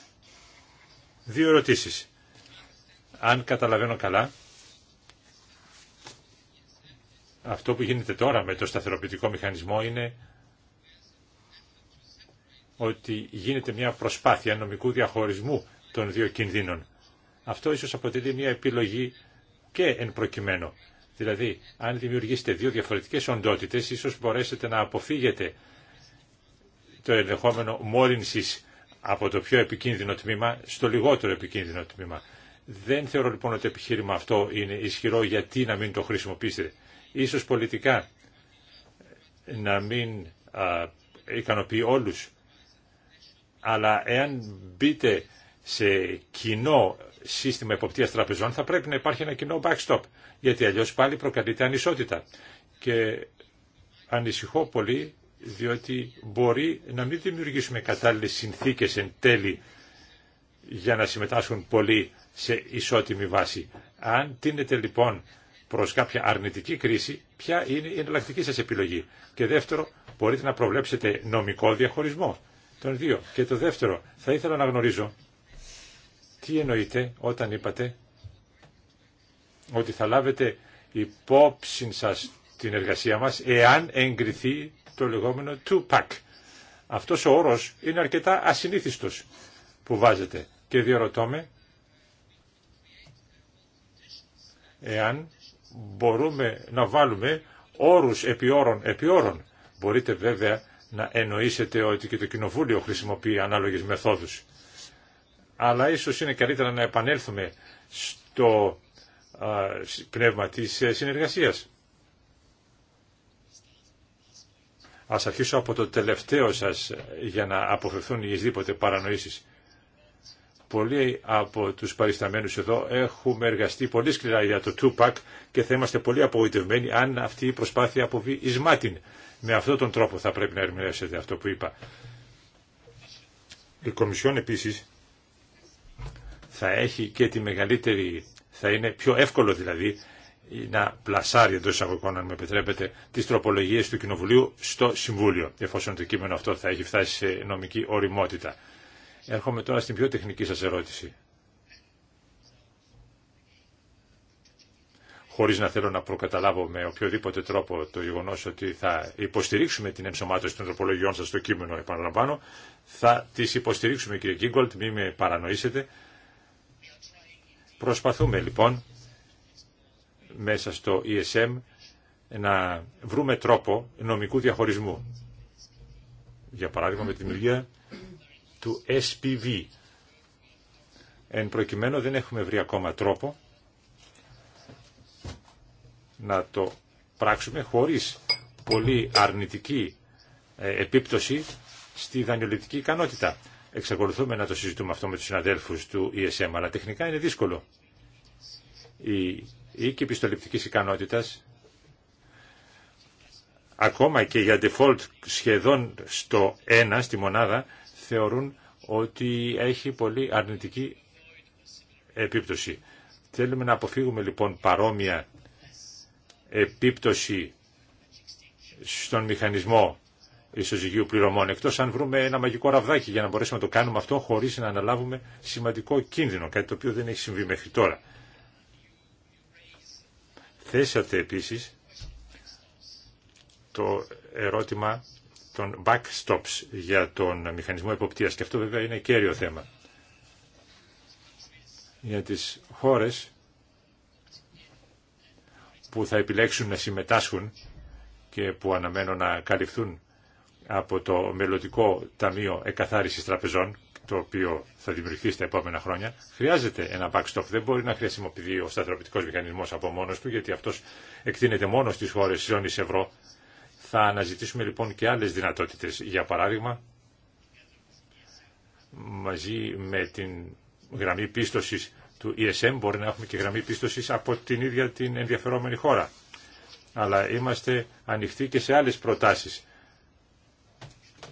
Δύο ερωτήσεις. Αν καταλαβαίνω καλά, αυτό που γίνεται τώρα με το σταθεροποιητικό μηχανισμό είναι ότι γίνεται μια προσπάθεια νομικού διαχωρισμού των δύο κινδύνων. Αυτό ίσως αποτελεί μια επιλογή και εν προκειμένου. Δηλαδή, αν δημιουργήσετε δύο διαφορετικές οντότητες, ίσως μπορέσετε να αποφύγετε το ενδεχόμενο μόλυνσης από το πιο επικίνδυνο τμήμα στο λιγότερο επικίνδυνο τμήμα. Δεν θεωρώ λοιπόν ότι το επιχείρημα αυτό είναι ισχυρό γιατί να μην το χρησιμοποιήσετε. Ίσως πολιτικά να μην α, ικανοποιεί όλους. Αλλά εάν μπείτε σε κοινό σύστημα εποπτείας τραπεζών θα πρέπει να υπάρχει ένα κοινό backstop, γιατί αλλιώ πάλι προκαλείται ανισότητα. Και ανησυχώ πολύ, διότι μπορεί να μην δημιουργήσουμε κατάλληλε συνθήκε εν τέλει για να συμμετάσχουν πολλοί σε ισότιμη βάση. Αν τίνετε λοιπόν προ κάποια αρνητική κρίση, ποια είναι η εναλλακτική σα επιλογή. Και δεύτερο, μπορείτε να προβλέψετε νομικό διαχωρισμό των δύο. Και το δεύτερο, θα ήθελα να γνωρίζω τι εννοείτε όταν είπατε ότι θα λάβετε υπόψη σας την εργασία μας εάν εγκριθεί το λεγόμενο two-pack. Αυτός ο όρος είναι αρκετά ασυνήθιστος που βάζετε και διαρωτώ με εάν μπορούμε να βάλουμε όρους επί όρων επί όρων. Μπορείτε βέβαια να εννοήσετε ότι και το Κοινοβούλιο χρησιμοποιεί ανάλογες μεθόδους αλλά ίσως είναι καλύτερα να επανέλθουμε στο πνεύμα της ε, συνεργασίας. Ας αρχίσω από το τελευταίο σας ε, για να αποφευθούν οι εισδήποτε παρανοήσεις. Πολλοί από τους παρισταμένους εδώ έχουμε εργαστεί πολύ σκληρά για το Tupac και θα είμαστε πολύ απογοητευμένοι αν αυτή η προσπάθεια αποβεί εισμάτιν. Με αυτόν τον τρόπο θα πρέπει να ερμηνεύσετε αυτό που είπα. Η Κομισιόν επίσης θα έχει και τη μεγαλύτερη, θα είναι πιο εύκολο δηλαδή να πλασάρει εντό εισαγωγικών, αν με επιτρέπετε, τι τροπολογίε του Κοινοβουλίου στο Συμβούλιο, εφόσον το κείμενο αυτό θα έχει φτάσει σε νομική οριμότητα. Έρχομαι τώρα στην πιο τεχνική σα ερώτηση. χωρί να θέλω να προκαταλάβω με οποιοδήποτε τρόπο το γεγονό ότι θα υποστηρίξουμε την ενσωμάτωση των τροπολογιών σα στο κείμενο, επαναλαμβάνω, θα τι υποστηρίξουμε, κύριε Γκίγκολτ, μην με παρανοήσετε. Προσπαθούμε λοιπόν μέσα στο ESM να βρούμε τρόπο νομικού διαχωρισμού. Για παράδειγμα με τη δημιουργία του SPV. Εν προκειμένου δεν έχουμε βρει ακόμα τρόπο να το πράξουμε χωρίς πολύ αρνητική ε, επίπτωση στη δανειολητική ικανότητα. Εξακολουθούμε να το συζητούμε αυτό με τους συναδέλφους του ESM, αλλά τεχνικά είναι δύσκολο. Η οίκη επιστολιπτικής ικανότητας, ακόμα και για default σχεδόν στο 1, στη μονάδα, θεωρούν ότι έχει πολύ αρνητική επίπτωση. Θέλουμε να αποφύγουμε λοιπόν παρόμοια επίπτωση στον μηχανισμό ισοζυγίου πληρωμών, εκτός αν βρούμε ένα μαγικό ραβδάκι για να μπορέσουμε να το κάνουμε αυτό χωρίς να αναλάβουμε σημαντικό κίνδυνο, κάτι το οποίο δεν έχει συμβεί μέχρι τώρα. Θέσατε επίσης το ερώτημα των backstops για τον μηχανισμό εποπτείας και αυτό βέβαια είναι κέριο θέμα. Για τις χώρες που θα επιλέξουν να συμμετάσχουν και που αναμένω να καλυφθούν από το μελλοντικό Ταμείο Εκαθάρισης Τραπεζών, το οποίο θα δημιουργηθεί στα επόμενα χρόνια, χρειάζεται ένα backstop. Δεν μπορεί να χρησιμοποιηθεί ο σταθεροποιητικός μηχανισμός από μόνος του, γιατί αυτός εκτείνεται μόνο στις χώρες ζώνης ευρώ. Θα αναζητήσουμε λοιπόν και άλλες δυνατότητες. Για παράδειγμα, μαζί με την γραμμή πίστοσης του ESM μπορεί να έχουμε και γραμμή πίστοσης από την ίδια την ενδιαφερόμενη χώρα. Αλλά είμαστε ανοιχτοί και σε άλλες προτάσεις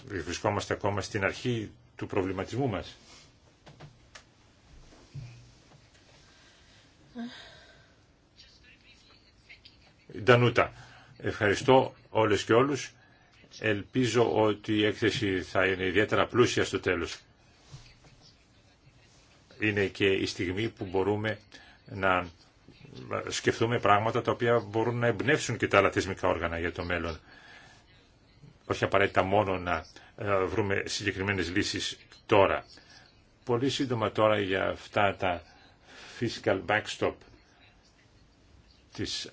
βρισκόμαστε ακόμα στην αρχή του προβληματισμού μας. Ντανούτα, ευχαριστώ όλες και όλους. Ελπίζω ότι η έκθεση θα είναι ιδιαίτερα πλούσια στο τέλος. Είναι και η στιγμή που μπορούμε να σκεφτούμε πράγματα τα οποία μπορούν να εμπνεύσουν και τα άλλα θεσμικά όργανα για το μέλλον όχι απαραίτητα μόνο να ε, βρούμε συγκεκριμένες λύσεις τώρα. Πολύ σύντομα τώρα για αυτά τα fiscal backstop της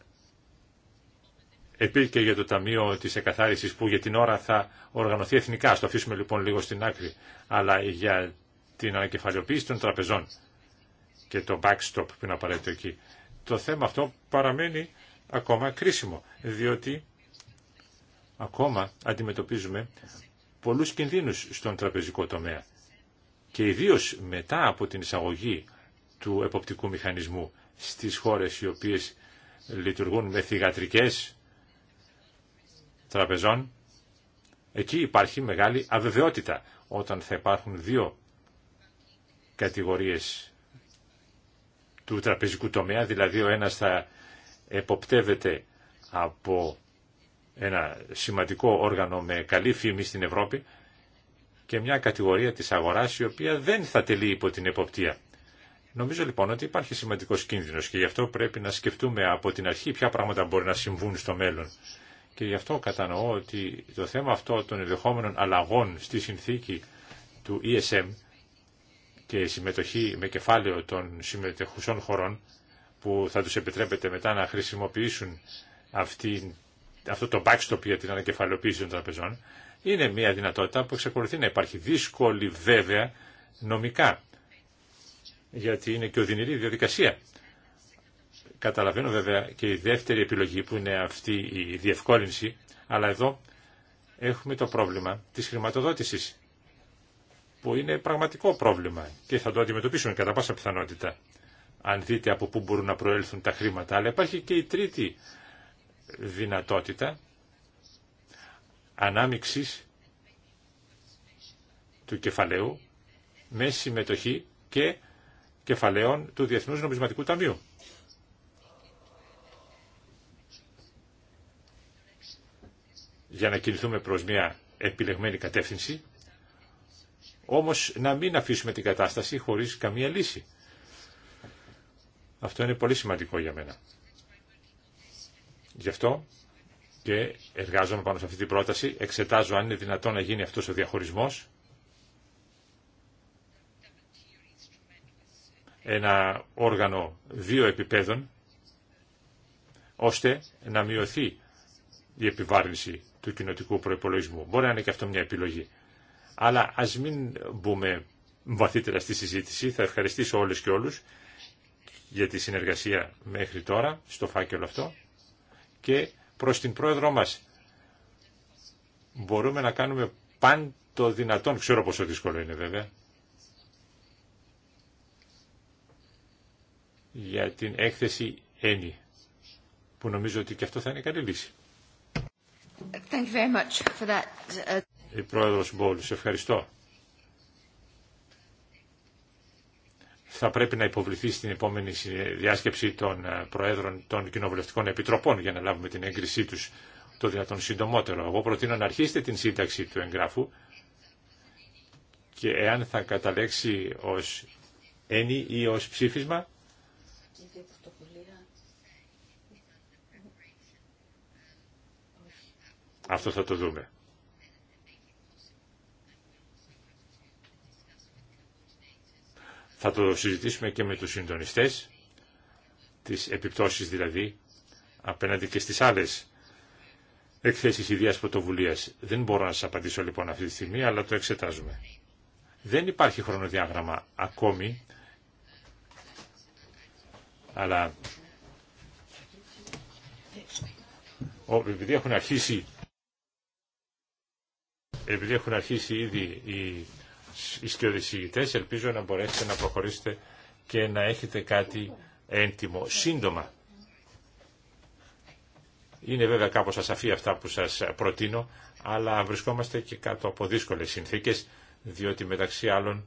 για το Ταμείο τη Εκαθάριση που για την ώρα θα οργανωθεί εθνικά. Στο το αφήσουμε λοιπόν λίγο στην άκρη. Αλλά για την ανακεφαλαιοποίηση των τραπεζών και το backstop που είναι απαραίτητο εκεί. Το θέμα αυτό παραμένει ακόμα κρίσιμο. Διότι ακόμα αντιμετωπίζουμε πολλούς κινδύνους στον τραπεζικό τομέα και ιδίως μετά από την εισαγωγή του εποπτικού μηχανισμού στις χώρες οι οποίες λειτουργούν με θυγατρικές τραπεζών, εκεί υπάρχει μεγάλη αβεβαιότητα όταν θα υπάρχουν δύο κατηγορίες του τραπεζικού τομέα, δηλαδή ο ένας θα εποπτεύεται από ένα σημαντικό όργανο με καλή φήμη στην Ευρώπη και μια κατηγορία της αγοράς η οποία δεν θα τελεί υπό την εποπτεία. Νομίζω λοιπόν ότι υπάρχει σημαντικός κίνδυνος και γι' αυτό πρέπει να σκεφτούμε από την αρχή ποια πράγματα μπορεί να συμβούν στο μέλλον. Και γι' αυτό κατανοώ ότι το θέμα αυτό των ενδεχόμενων αλλαγών στη συνθήκη του ESM και συμμετοχή με κεφάλαιο των συμμετεχουσών χωρών που θα τους επιτρέπεται μετά να χρησιμοποιήσουν αυτήν αυτό το backstop για την ανακεφαλαιοποίηση των τραπεζών είναι μια δυνατότητα που εξακολουθεί να υπάρχει δύσκολη βέβαια νομικά γιατί είναι και οδυνηρή διαδικασία. Καταλαβαίνω βέβαια και η δεύτερη επιλογή που είναι αυτή η διευκόλυνση αλλά εδώ έχουμε το πρόβλημα της χρηματοδότησης που είναι πραγματικό πρόβλημα και θα το αντιμετωπίσουμε κατά πάσα πιθανότητα αν δείτε από πού μπορούν να προέλθουν τα χρήματα. Αλλά υπάρχει και η τρίτη δυνατότητα ανάμειξης του κεφαλαίου με συμμετοχή και κεφαλαίων του Διεθνούς Νομισματικού Ταμείου. για να κινηθούμε προς μια επιλεγμένη κατεύθυνση, όμως να μην αφήσουμε την κατάσταση χωρίς καμία λύση. Αυτό είναι πολύ σημαντικό για μένα. Γι' αυτό και εργάζομαι πάνω σε αυτή την πρόταση, εξετάζω αν είναι δυνατόν να γίνει αυτός ο διαχωρισμός. Ένα όργανο δύο επιπέδων, ώστε να μειωθεί η επιβάρυνση του κοινοτικού προϋπολογισμού. Μπορεί να είναι και αυτό μια επιλογή. Αλλά ας μην μπούμε βαθύτερα στη συζήτηση. Θα ευχαριστήσω όλες και όλους για τη συνεργασία μέχρι τώρα στο φάκελο αυτό και προς την πρόεδρό μας. Μπορούμε να κάνουμε παν το δυνατόν, ξέρω πόσο δύσκολο είναι βέβαια, για την έκθεση ένι, που νομίζω ότι και αυτό θα είναι καλή λύση. Thank you uh, Η πρόεδρος Μπόλου, ευχαριστώ. θα πρέπει να υποβληθεί στην επόμενη διάσκεψη των ε, Προέδρων των Κοινοβουλευτικών Επιτροπών για να λάβουμε την έγκρισή τους το δυνατόν συντομότερο. Εγώ προτείνω να αρχίσετε την σύνταξη του εγγράφου και εάν θα καταλέξει ως έννοι ή ως ψήφισμα αυτό θα το δούμε. Θα το συζητήσουμε και με τους συντονιστές, τις επιπτώσεις δηλαδή, απέναντι και στις άλλες εκθέσεις ιδίας πρωτοβουλία. Δεν μπορώ να σας απαντήσω λοιπόν αυτή τη στιγμή, αλλά το εξετάζουμε. Δεν υπάρχει χρονοδιάγραμμα ακόμη, αλλά επειδή έχουν αρχίσει επειδή έχουν αρχίσει ήδη οι ισχυοδησηγητές. Ελπίζω να μπορέσετε να προχωρήσετε και να έχετε κάτι έντιμο σύντομα. Είναι βέβαια κάπως ασαφή αυτά που σας προτείνω, αλλά βρισκόμαστε και κάτω από δύσκολες συνθήκες, διότι μεταξύ άλλων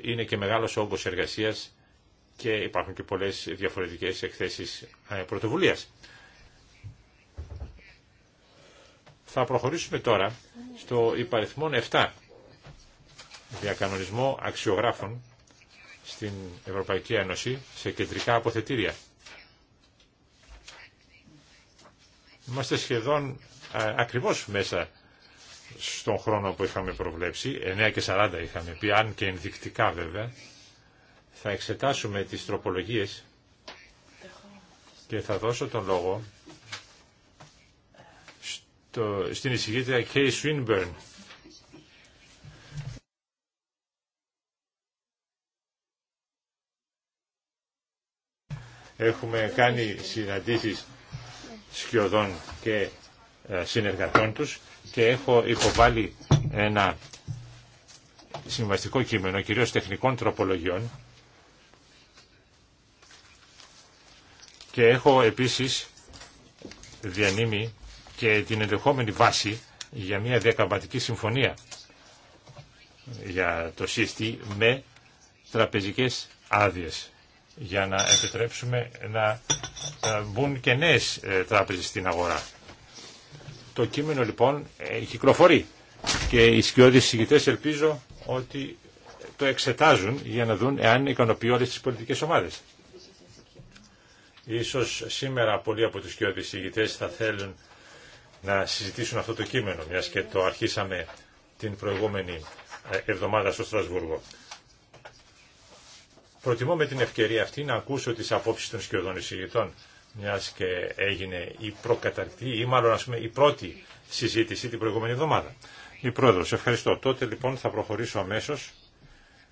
είναι και μεγάλος όγκος εργασίας και υπάρχουν και πολλές διαφορετικές εκθέσεις ε, πρωτοβουλίας. Θα προχωρήσουμε τώρα στο υπαριθμό 7 διακανονισμό αξιογράφων στην Ευρωπαϊκή Ένωση σε κεντρικά αποθετήρια. Είμαστε σχεδόν α, ακριβώς μέσα στον χρόνο που είχαμε προβλέψει, 9 και 40 είχαμε πει, αν και ενδεικτικά βέβαια, θα εξετάσουμε τις τροπολογίες και θα δώσω τον λόγο στο, στην εισηγήτρια Κέι Σουίνμπερν Έχουμε κάνει συναντήσεις σκιωδών και ε, συνεργατών τους και έχω υποβάλει ένα συμβαστικό κείμενο κυρίως τεχνικών τροπολογιών και έχω επίσης διανύμει και την ενδεχόμενη βάση για μια διακαμπατική συμφωνία για το ΣΥΣΤΗ με τραπεζικές άδειες για να επιτρέψουμε να μπουν και νέες ε, τράπεζες στην αγορά. Το κείμενο λοιπόν ε, κυκλοφορεί και οι σκιώδεις συγκητές ελπίζω ότι το εξετάζουν για να δουν εάν ικανοποιεί όλες τις πολιτικές ομάδες. Ίσως σήμερα πολλοί από τους σκιώδεις συγκητές θα θέλουν να συζητήσουν αυτό το κείμενο, μιας και το αρχίσαμε την προηγούμενη ε, εβδομάδα στο Στρασβούργο. Προτιμώ με την ευκαιρία αυτή να ακούσω τις απόψεις των σκιωδών εισηγητών, μιας και έγινε η προκαταρκτή ή μάλλον ας πούμε η πρώτη συζήτηση την προηγούμενη εβδομάδα. Η Πρόεδρος, ευχαριστώ. Τότε λοιπόν θα προχωρήσω αμέσως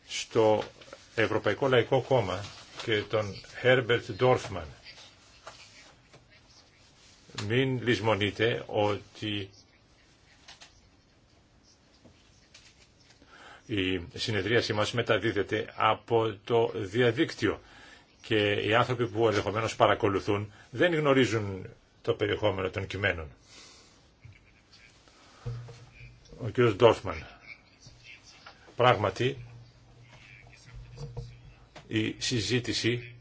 στο Ευρωπαϊκό Λαϊκό Κόμμα και τον Herbert Dorfman. Μην λησμονείτε ότι Η συνεδρίασή μας μεταδίδεται από το διαδίκτυο και οι άνθρωποι που ενδεχομένω παρακολουθούν δεν γνωρίζουν το περιεχόμενο των κειμένων. Ο κ. Ντόρφμαν. Πράγματι, η συζήτηση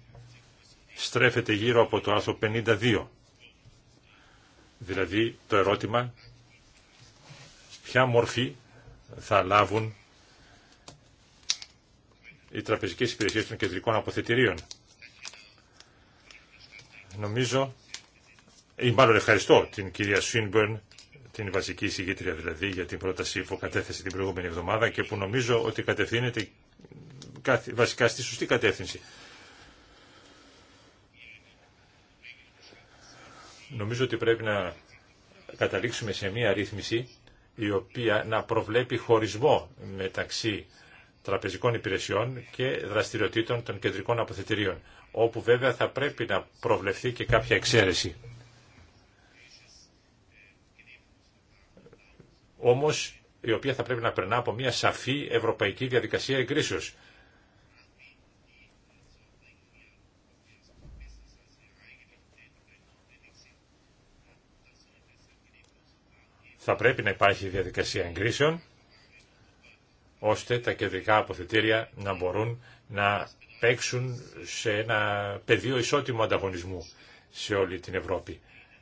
στρέφεται γύρω από το άρθρο 52. Δηλαδή το ερώτημα ποια μορφή θα λάβουν οι τραπεζικές υπηρεσίες των κεντρικών αποθετηρίων. Νομίζω, ή μάλλον ευχαριστώ την κυρία Σουίνμπερν, την βασική εισηγήτρια δηλαδή, για την πρόταση που κατέθεσε την προηγούμενη εβδομάδα και που νομίζω ότι κατευθύνεται βασικά στη σωστή κατεύθυνση. Νομίζω ότι πρέπει να καταλήξουμε σε μια ρύθμιση η οποία να προβλέπει χωρισμό μεταξύ τραπεζικών υπηρεσιών και δραστηριοτήτων των κεντρικών αποθετηρίων, όπου βέβαια θα πρέπει να προβλεφθεί και κάποια εξαίρεση. Όμως, η οποία θα πρέπει να περνά από μια σαφή ευρωπαϊκή διαδικασία εγκρίσεως. Θα πρέπει να υπάρχει διαδικασία εγκρίσεων ώστε τα κεντρικά αποθετήρια να μπορούν να παίξουν σε ένα πεδίο ισότιμου ανταγωνισμού σε όλη την Ευρώπη.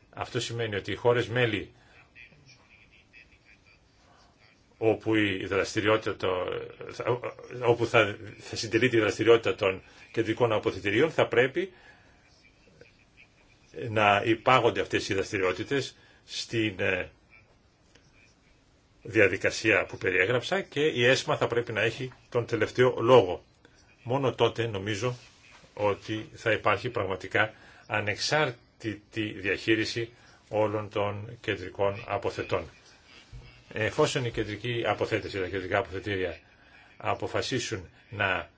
Αυτό σημαίνει ότι οι χώρες μέλη όπου, η δραστηριότητα το, όπου θα, θα συντελείται η δραστηριότητα των κεντρικών αποθετηρίων θα πρέπει να υπάγονται αυτές οι δραστηριότητες στην ε, διαδικασία που περιέγραψα και η ΕΣΜΑ θα πρέπει να έχει τον τελευταίο λόγο. Μόνο τότε νομίζω ότι θα υπάρχει πραγματικά ανεξάρτητη διαχείριση όλων των κεντρικών αποθετών. Εφόσον η κεντρική η τα κεντρικά αποθετήρια αποφασίσουν να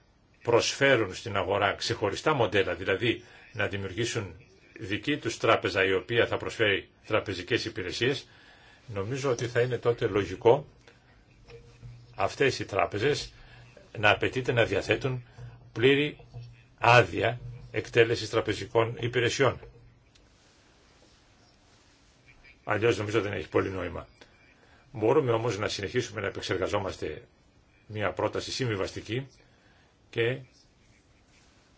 προσφέρουν στην αγορά ξεχωριστά μοντέλα, δηλαδή να δημιουργήσουν δική τους τράπεζα η οποία θα προσφέρει τραπεζικές υπηρεσίες, Νομίζω ότι θα είναι τότε λογικό αυτές οι τράπεζες να απαιτείται να διαθέτουν πλήρη άδεια εκτέλεσης τραπεζικών υπηρεσιών. Αλλιώς νομίζω δεν έχει πολύ νόημα. Μπορούμε όμως να συνεχίσουμε να επεξεργαζόμαστε μια πρόταση συμβιβαστική και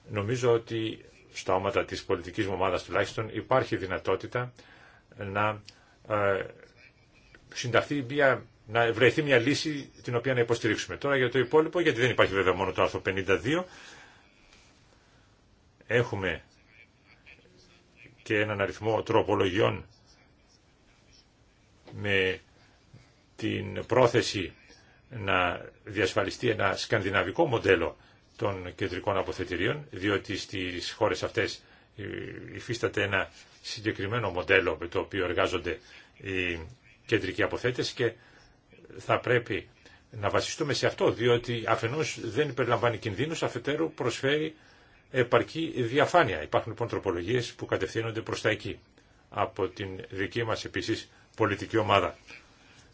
νομίζω ότι στα όματα της πολιτικής μου ομάδας τουλάχιστον υπάρχει δυνατότητα να ε, συνταχθεί μια, να βρεθεί μια λύση την οποία να υποστηρίξουμε. Τώρα για το υπόλοιπο, γιατί δεν υπάρχει βέβαια μόνο το άρθρο 52, έχουμε και έναν αριθμό τροπολογιών με την πρόθεση να διασφαλιστεί ένα σκανδιναβικό μοντέλο των κεντρικών αποθετηρίων, διότι στις χώρες αυτές υφίσταται ένα συγκεκριμένο μοντέλο με το οποίο εργάζονται οι κεντρική αποθέτηση και θα πρέπει να βασιστούμε σε αυτό, διότι αφενός δεν περιλαμβάνει κινδύνους, αφετέρου προσφέρει επαρκή διαφάνεια. Υπάρχουν λοιπόν τροπολογίες που κατευθύνονται προς τα εκεί, από την δική μας επίσης πολιτική ομάδα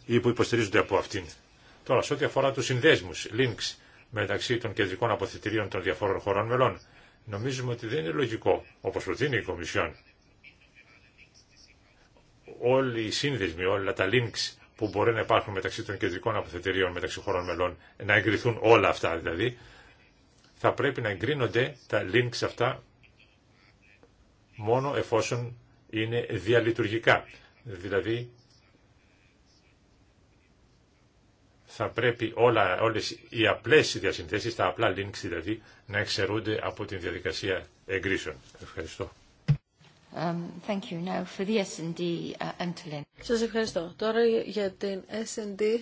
ή που υποστηρίζονται από αυτήν. Τώρα, σε ό,τι αφορά τους συνδέσμους, links, μεταξύ των κεντρικών αποθετηρίων των διαφόρων χωρών μελών, νομίζουμε ότι δεν είναι λογικό, όπως προτείνει η Κομισιόν, όλοι οι σύνδεσμοι, όλα τα links που μπορεί να υπάρχουν μεταξύ των κεντρικών αποθετηρίων μεταξύ χωρών μελών, να εγκριθούν όλα αυτά δηλαδή, θα πρέπει να εγκρίνονται τα links αυτά μόνο εφόσον είναι διαλειτουργικά. Δηλαδή, θα πρέπει όλα, όλες οι απλές διασυνθέσεις, τα απλά links δηλαδή, να εξαιρούνται από την διαδικασία εγκρίσεων. Ευχαριστώ. Um, thank uh, Σας ευχαριστώ. Τώρα για την S&D.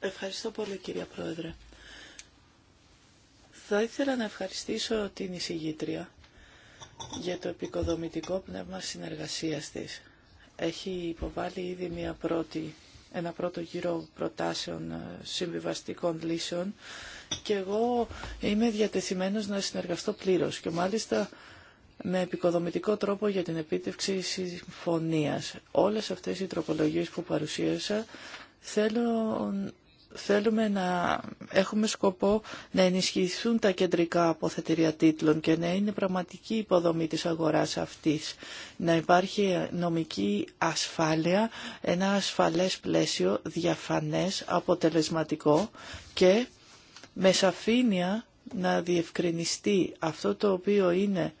Ευχαριστώ πολύ κυρία Πρόεδρε. Θα ήθελα να ευχαριστήσω την εισηγήτρια για το επικοδομητικό πνεύμα συνεργασίας της. Έχει υποβάλει ήδη μια πρώτη ένα πρώτο γύρο προτάσεων ε, συμβιβαστικών λύσεων και εγώ είμαι διατεθειμένος να συνεργαστώ πλήρως και μάλιστα με επικοδομητικό τρόπο για την επίτευξη συμφωνίας. Όλες αυτές οι τροπολογίες που παρουσίασα θέλω θέλουμε να έχουμε σκοπό να ενισχυθούν τα κεντρικά αποθετηρία τίτλων και να είναι πραγματική υποδομή της αγοράς αυτής. Να υπάρχει νομική ασφάλεια, ένα ασφαλές πλαίσιο, διαφανές, αποτελεσματικό και με σαφήνεια να διευκρινιστεί αυτό το οποίο είναι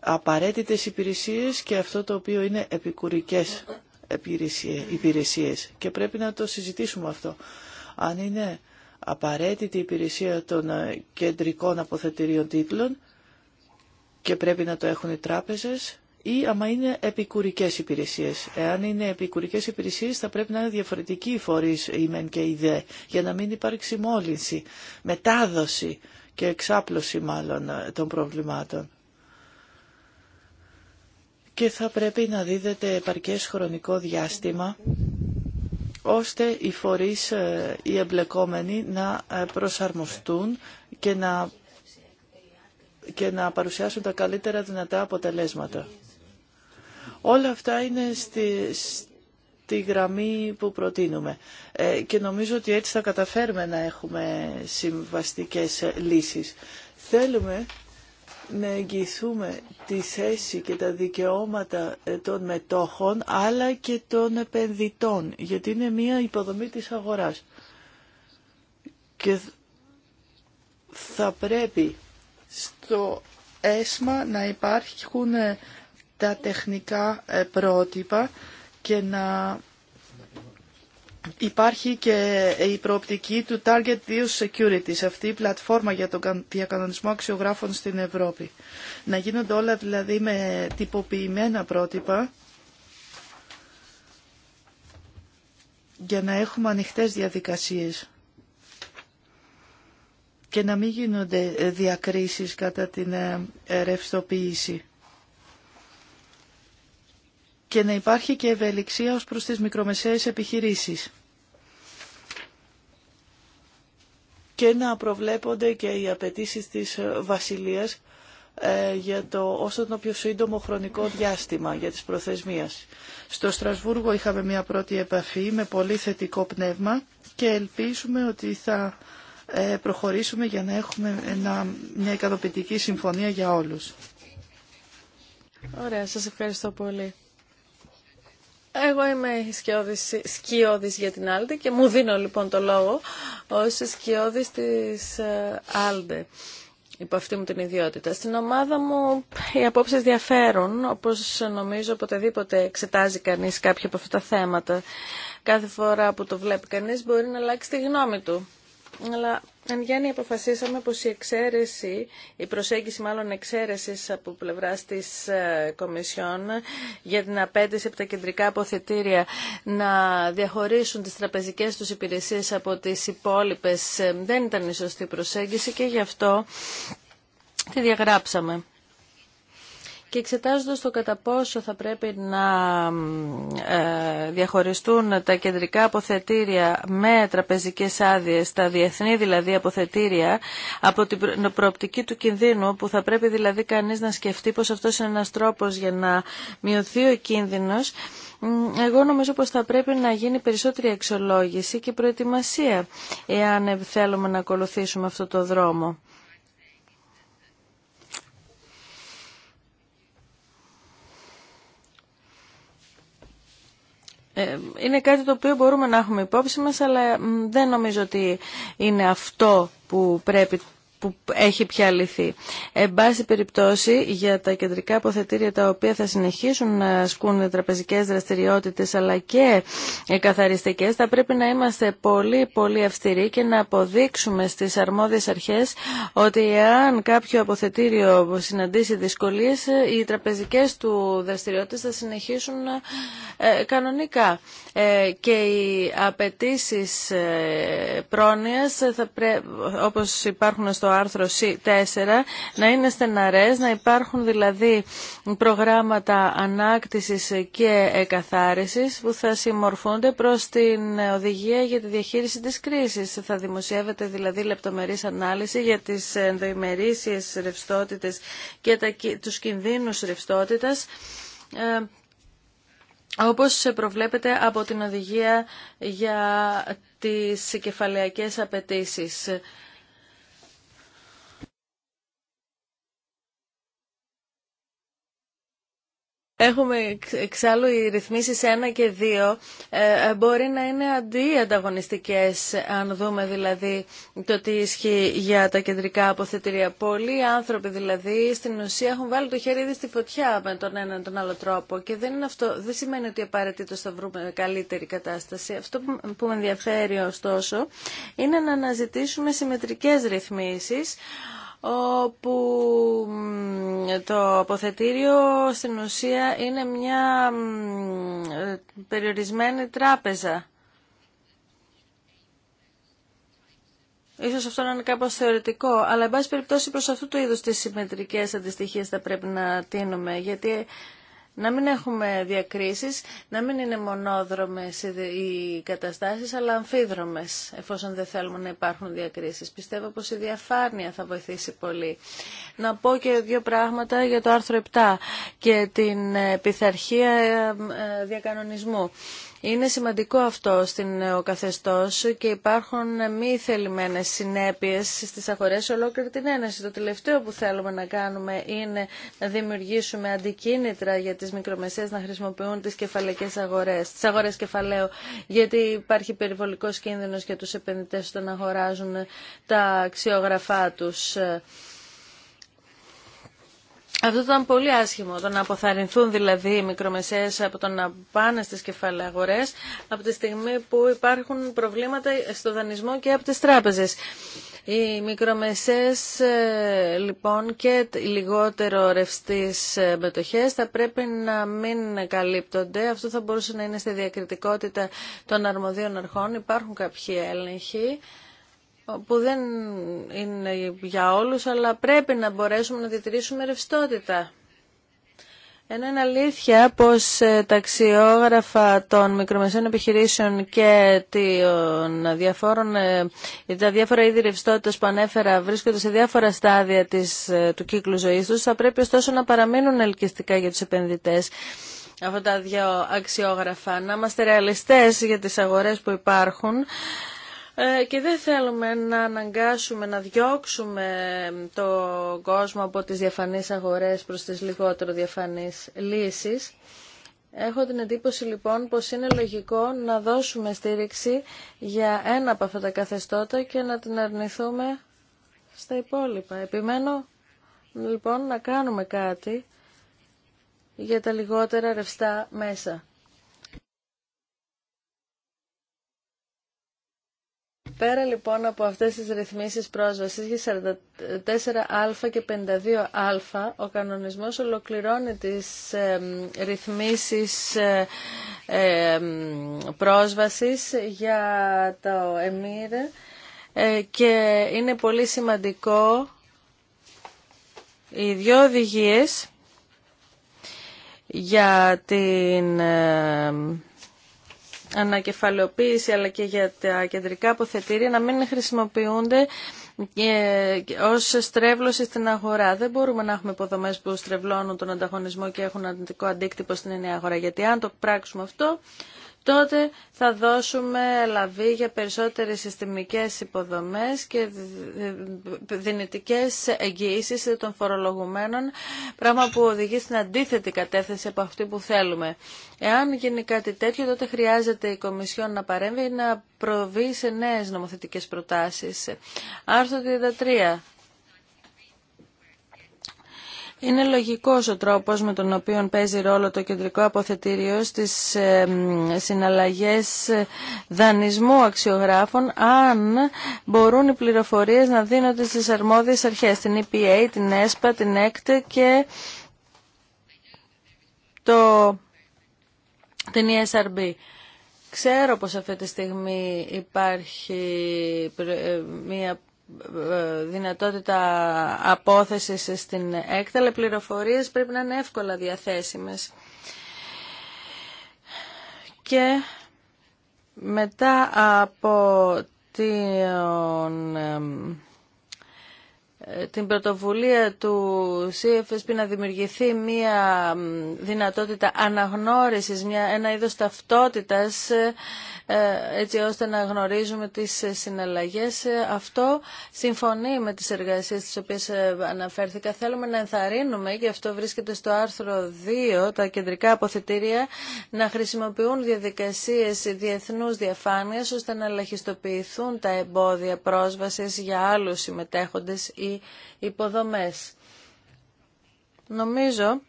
απαραίτητες υπηρεσίες και αυτό το οποίο είναι επικουρικές υπηρεσίες. Και πρέπει να το συζητήσουμε αυτό αν είναι απαραίτητη η υπηρεσία των ε, κεντρικών αποθετηρίων τίτλων και πρέπει να το έχουν οι τράπεζες ή άμα είναι επικουρικές υπηρεσίες. Εάν είναι επικουρικές υπηρεσίες θα πρέπει να είναι διαφορετικοί οι η μεν και η δε για να μην υπάρξει μόλυνση, μετάδοση και εξάπλωση μάλλον ε, των προβλημάτων. Και θα πρέπει να δίδεται επαρκές χρονικό διάστημα ώστε οι φορείς, ε, οι εμπλεκόμενοι να ε, προσαρμοστούν και να, και να παρουσιάσουν τα καλύτερα δυνατά αποτελέσματα. Όλα αυτά είναι στη, στη γραμμή που προτείνουμε. Ε, και νομίζω ότι έτσι θα καταφέρουμε να έχουμε συμβαστικές λύσεις. Θέλουμε να εγγυηθούμε τη θέση και τα δικαιώματα ε, των μετόχων αλλά και των επενδυτών γιατί είναι μια υποδομή της αγοράς και θα πρέπει στο έσμα να υπάρχουν ε, τα τεχνικά ε, πρότυπα και να Υπάρχει και η προοπτική του Target 2 Securities, αυτή η πλατφόρμα για τον διακανονισμό αξιογράφων στην Ευρώπη. Να γίνονται όλα δηλαδή με τυποποιημένα πρότυπα για να έχουμε ανοιχτές διαδικασίες και να μην γίνονται διακρίσεις κατά την ε, ρευστοποίηση και να υπάρχει και ευελιξία ως προς τις μικρομεσαίες επιχειρήσεις. Και να προβλέπονται και οι απαιτήσει της Βασιλείας ε, για το όσο το πιο σύντομο χρονικό διάστημα για τις προθεσμίες. Στο Στρασβούργο είχαμε μια πρώτη επαφή με πολύ θετικό πνεύμα και ελπίζουμε ότι θα ε, προχωρήσουμε για να έχουμε μια ικανοποιητική συμφωνία για όλους. Ωραία, σας ευχαριστώ πολύ. Εγώ είμαι σκιώδης, για την Άλντε και μου δίνω λοιπόν το λόγο ως σκιώδης της ε, Άλντε υπό αυτή μου την ιδιότητα. Στην ομάδα μου οι απόψεις διαφέρουν, όπως νομίζω οποτεδήποτε εξετάζει κανείς κάποια από αυτά τα θέματα. Κάθε φορά που το βλέπει κανείς μπορεί να αλλάξει τη γνώμη του. Αλλά Εν γέννη αποφασίσαμε πως η εξαίρεση, η προσέγγιση μάλλον εξαίρεσης από πλευρά της ε, Κομισιόν για την απέτηση από τα κεντρικά αποθετήρια να διαχωρίσουν τις τραπεζικές τους υπηρεσίες από τις υπόλοιπες ε, δεν ήταν η σωστή προσέγγιση και γι' αυτό τη διαγράψαμε και εξετάζοντας το κατά πόσο θα πρέπει να ε, διαχωριστούν τα κεντρικά αποθετήρια με τραπεζικές άδειες, τα διεθνή δηλαδή αποθετήρια, από την προοπτική του κινδύνου που θα πρέπει δηλαδή κανείς να σκεφτεί πως αυτός είναι ένας τρόπος για να μειωθεί ο κίνδυνος, εγώ νομίζω πως θα πρέπει να γίνει περισσότερη εξολόγηση και προετοιμασία εάν θέλουμε να ακολουθήσουμε αυτό το δρόμο. Ε, είναι κάτι το οποίο μπορούμε να έχουμε υπόψη μας, αλλά δεν νομίζω ότι είναι αυτό που πρέπει έχει πια λυθεί. Εν πάση περιπτώσει, για τα κεντρικά αποθετήρια τα οποία θα συνεχίσουν να ασκούν τραπεζικές δραστηριότητες αλλά και καθαριστικές, θα πρέπει να είμαστε πολύ πολύ αυστηροί και να αποδείξουμε στις αρμόδιες αρχές ότι εάν κάποιο αποθετήριο συναντήσει δυσκολίες, οι τραπεζικές του δραστηριότητες θα συνεχίσουν ε, κανονικά. Ε, και οι απαιτήσει ε, πρόνοιας, θα υπάρχουν στο άρθρο 4 να είναι στεναρές, να υπάρχουν δηλαδή προγράμματα ανάκτησης και εκαθάρισης που θα συμμορφούνται προς την οδηγία για τη διαχείριση της κρίσης. Θα δημοσιεύεται δηλαδή λεπτομερής ανάλυση για τις ενδοημερήσιες ρευστότητες και τους κινδύνους ρευστότητα, ε, όπως προβλέπεται από την οδηγία για τις κεφαλαιακές απαιτήσεις. Έχουμε εξάλλου οι ρυθμίσεις 1 και 2 ε, ε, μπορεί να είναι αντιανταγωνιστικές αν δούμε δηλαδή το τι ισχύει για τα κεντρικά αποθετηρία. Πολλοί άνθρωποι δηλαδή στην ουσία έχουν βάλει το χέρι ήδη στη φωτιά με τον έναν τον άλλο τρόπο και δεν, είναι αυτό, δεν σημαίνει ότι απαραίτητο θα βρούμε καλύτερη κατάσταση. Αυτό που με ενδιαφέρει ωστόσο είναι να αναζητήσουμε συμμετρικές ρυθμίσεις όπου το αποθετήριο στην ουσία είναι μια περιορισμένη τράπεζα. Ίσως αυτό να είναι κάπως θεωρητικό, αλλά εν πάση περιπτώσει προς αυτού του είδους τις συμμετρικές αντιστοιχίες θα πρέπει να τίνουμε, γιατί να μην έχουμε διακρίσεις, να μην είναι μονόδρομες οι καταστάσεις, αλλά αμφίδρομες, εφόσον δεν θέλουμε να υπάρχουν διακρίσεις. Πιστεύω πως η διαφάνεια θα βοηθήσει πολύ. Να πω και δύο πράγματα για το άρθρο 7 και την ε, πειθαρχία ε, ε, διακανονισμού. Είναι σημαντικό αυτό στην ε, ο καθεστώς και υπάρχουν ε, μη θελημένες συνέπειες στις αγορές ολόκληρη την Ένωση. Το τελευταίο που θέλουμε να κάνουμε είναι να δημιουργήσουμε αντικίνητρα για τις μικρομεσαίες να χρησιμοποιούν τις κεφαλαϊκές αγορές, τις αγορές κεφαλαίου, γιατί υπάρχει περιβολικός κίνδυνος για τους επενδυτές όταν αγοράζουν τα αξιογραφά τους. Αυτό ήταν πολύ άσχημο, το να αποθαρρυνθούν δηλαδή οι μικρομεσαίες από το να πάνε στις κεφαλαγορές από τη στιγμή που υπάρχουν προβλήματα στο δανεισμό και από τις τράπεζες. Οι μικρομεσαίες ε, λοιπόν και οι λιγότερο ρευστείς ε, μετοχές θα πρέπει να μην καλύπτονται. Αυτό θα μπορούσε να είναι στη διακριτικότητα των αρμοδίων αρχών. Υπάρχουν κάποιοι έλεγχοι που δεν είναι για όλους, αλλά πρέπει να μπορέσουμε να διατηρήσουμε ρευστότητα. Ενώ είναι αλήθεια πως ε, τα αξιόγραφα των μικρομεσαίων επιχειρήσεων και των ε, τα διάφορα είδη ρευστότητα που ανέφερα βρίσκονται σε διάφορα στάδια της, ε, του κύκλου ζωής τους, θα πρέπει ωστόσο να παραμείνουν ελκυστικά για τους επενδυτές αυτά τα δύο αξιόγραφα. Να είμαστε ρεαλιστές για τις αγορές που υπάρχουν ε, και δεν θέλουμε να αναγκάσουμε, να διώξουμε τον κόσμο από τις διαφανείς αγορές προς τις λιγότερο διαφανείς λύσεις. Έχω την εντύπωση λοιπόν πως είναι λογικό να δώσουμε στήριξη για ένα από αυτά τα καθεστώτα και να την αρνηθούμε στα υπόλοιπα. Επιμένω λοιπόν να κάνουμε κάτι για τα λιγότερα ρευστά μέσα. Πέρα λοιπόν από αυτές τις ρυθμίσεις πρόσβασης για 44α και 52α, ο κανονισμός ολοκληρώνει τις ρυθμίσεις πρόσβασης για το ΕΜΙΡ ε, και είναι πολύ σημαντικό οι δύο οδηγίες για την ανακεφαλαιοποίηση αλλά και για τα κεντρικά αποθετήρια να μην χρησιμοποιούνται ε, ως στρέβλωση στην αγορά. Δεν μπορούμε να έχουμε υποδομέ που στρεβλώνουν τον ανταγωνισμό και έχουν αρνητικό αντίκτυπο στην νέα αγορά. Γιατί αν το πράξουμε αυτό, τότε θα δώσουμε λαβή για περισσότερες συστημικές υποδομές και δυνητικές εγγυήσεις των φορολογουμένων, πράγμα που οδηγεί στην αντίθετη κατεύθυνση από αυτή που θέλουμε. Εάν γίνει κάτι τέτοιο, τότε χρειάζεται η Κομισιόν να παρέμβει ή να προβεί σε νέες νομοθετικές προτάσεις. Άρθρο 33 είναι λογικός ο τρόπος με τον οποίο παίζει ρόλο το κεντρικό αποθετήριο στις συναλλαγές δανεισμού αξιογράφων αν μπορούν οι πληροφορίες να δίνονται στις αρμόδιες αρχές, την EPA, την ESPA, την ΕΚΤ και το... την ESRB. Ξέρω πως αυτή τη στιγμή υπάρχει ε, μία δυνατότητα απόθεσης στην έκταλα, πληροφορίες πρέπει να είναι εύκολα διαθέσιμες. Και μετά από την την πρωτοβουλία του CFSP να δημιουργηθεί μια δυνατότητα αναγνώρισης, μια, ένα είδος ταυτότητας ε, έτσι ώστε να γνωρίζουμε τις συναλλαγές. Αυτό συμφωνεί με τις εργασίες τις οποίες ε, αναφέρθηκα. Θέλουμε να ενθαρρύνουμε, και αυτό βρίσκεται στο άρθρο 2, τα κεντρικά αποθετήρια να χρησιμοποιούν διαδικασίες διεθνούς διαφάνειας ώστε να ελαχιστοποιηθούν τα εμπόδια πρόσβασης για άλλους συμμετέχοντες υποδομές. Νομίζω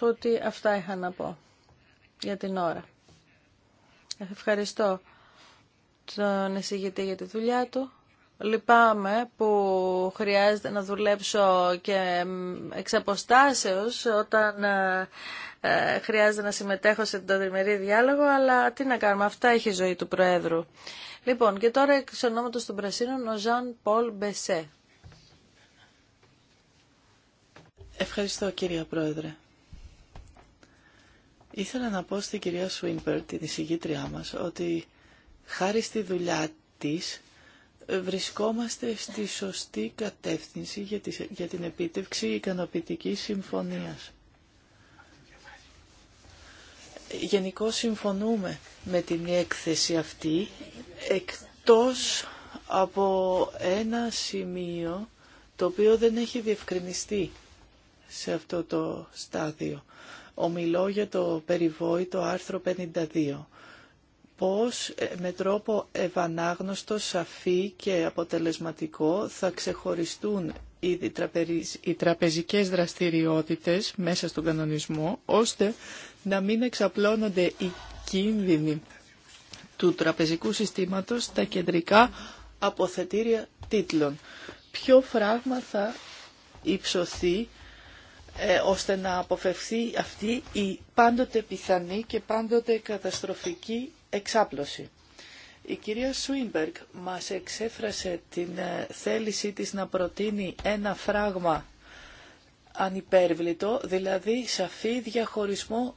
ότι αυτά είχα να πω για την ώρα. Ευχαριστώ τον εισηγητή για τη δουλειά του. Λυπάμαι που χρειάζεται να δουλέψω και εξ όταν ε, ε, χρειάζεται να συμμετέχω σε τον τριμερή διάλογο, αλλά τι να κάνουμε, αυτά έχει η ζωή του Προέδρου. Λοιπόν, και τώρα εξ ονόματος των Πρασίνων, ο Ζαν Πολ Μπεσέ. Ευχαριστώ κύριε Πρόεδρε. Ήθελα να πω στην κυρία Σουίνπερ, την εισηγήτριά μας, ότι χάρη στη δουλειά της ε, βρισκόμαστε στη σωστή κατεύθυνση για την επίτευξη ικανοποιητική συμφωνίας. Γενικώ συμφωνούμε με την έκθεση αυτή, εκτός από ένα σημείο το οποίο δεν έχει διευκρινιστεί σε αυτό το στάδιο. Ομιλώ για το περιβόητο άρθρο 52 πώς ε, με τρόπο ευανάγνωστο, σαφή και αποτελεσματικό θα ξεχωριστούν οι τραπεζικές δραστηριότητες μέσα στον κανονισμό, ώστε να μην εξαπλώνονται οι κίνδυνοι του τραπεζικού συστήματος στα κεντρικά αποθετήρια τίτλων. Ποιο φράγμα θα υψωθεί ε, ώστε να αποφευθεί αυτή η πάντοτε πιθανή και πάντοτε καταστροφική εξάπλωση. Η κυρία Σουίνμπεργκ μας εξέφρασε την ε, θέλησή της να προτείνει ένα φράγμα ανυπέρβλητο, δηλαδή σαφή διαχωρισμό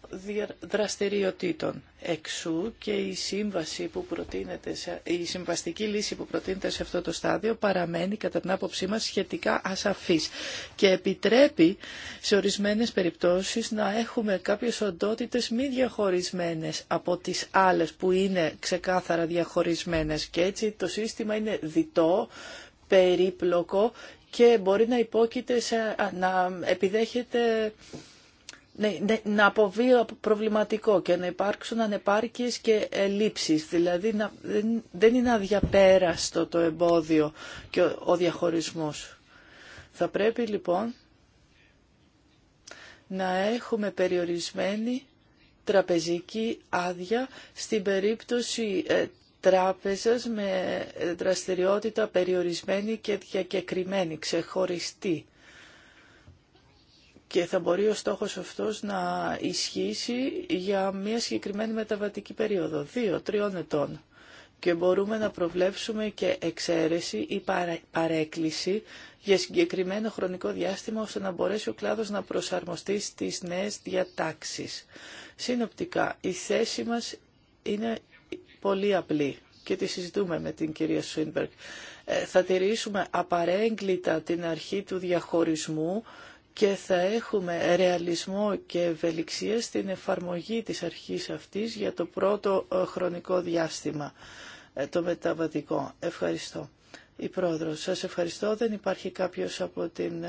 δραστηριοτήτων. Εξού και η σύμβαση που προτείνεται, η συμβαστική λύση που προτείνεται σε αυτό το στάδιο παραμένει κατά την άποψή μας σχετικά ασαφής και επιτρέπει σε ορισμένες περιπτώσεις να έχουμε κάποιες οντότητες μη διαχωρισμένες από τις άλλες που είναι ξεκάθαρα διαχωρισμένες και έτσι το σύστημα είναι διτό, περίπλοκο και μπορεί να υπόκειται να επιδέχεται ναι, ναι, να αποβεί προβληματικό και να υπάρξουν ανεπάρκειες και ελλείψεις. Δηλαδή να, δεν, είναι αδιαπέραστο το εμπόδιο και ο, ο διαχωρισμός. Θα πρέπει λοιπόν να έχουμε περιορισμένη τραπεζική άδεια στην περίπτωση ε, τράπεζας με δραστηριότητα περιορισμένη και διακεκριμένη, ξεχωριστή. Και θα μπορεί ο στόχος αυτός να ισχύσει για μια συγκεκριμένη μεταβατική περίοδο, δύο-τριών ετών. Και μπορούμε να προβλέψουμε και εξαίρεση ή παρέκκληση για συγκεκριμένο χρονικό διάστημα ώστε να μπορέσει ο κλάδος να προσαρμοστεί στις νέες διατάξεις. Συνοπτικά, η θέση μας είναι πολύ απλή και τη συζητούμε με την κυρία Σουίνμπεργκ. Ε, θα τηρήσουμε απαρέγκλιτα την αρχή του διαχωρισμού και θα έχουμε ρεαλισμό και ευελιξία στην εφαρμογή της αρχής αυτής για το πρώτο ε, χρονικό διάστημα, ε, το μεταβατικό. Ευχαριστώ. Η Πρόεδρος, σας ευχαριστώ. Δεν υπάρχει κάποιος από την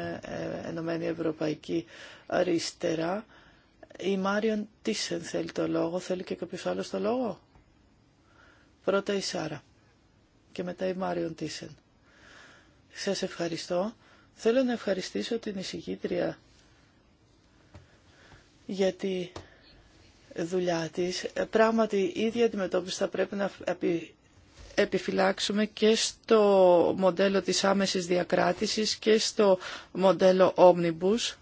Ενωμένη Ευρωπαϊκή Αριστερά. Η Μάριον Τίσεν θέλει το λόγο. Θέλει και κάποιος άλλος το λόγο. Πρώτα η Σάρα και μετά η Μάριον Τίσεν. Σας ευχαριστώ. Θέλω να ευχαριστήσω την εισηγήτρια για τη δουλειά της. Πράγματι, η ίδια αντιμετώπιση θα πρέπει να επιφυλάξουμε και στο μοντέλο της άμεσης διακράτησης και στο μοντέλο Omnibus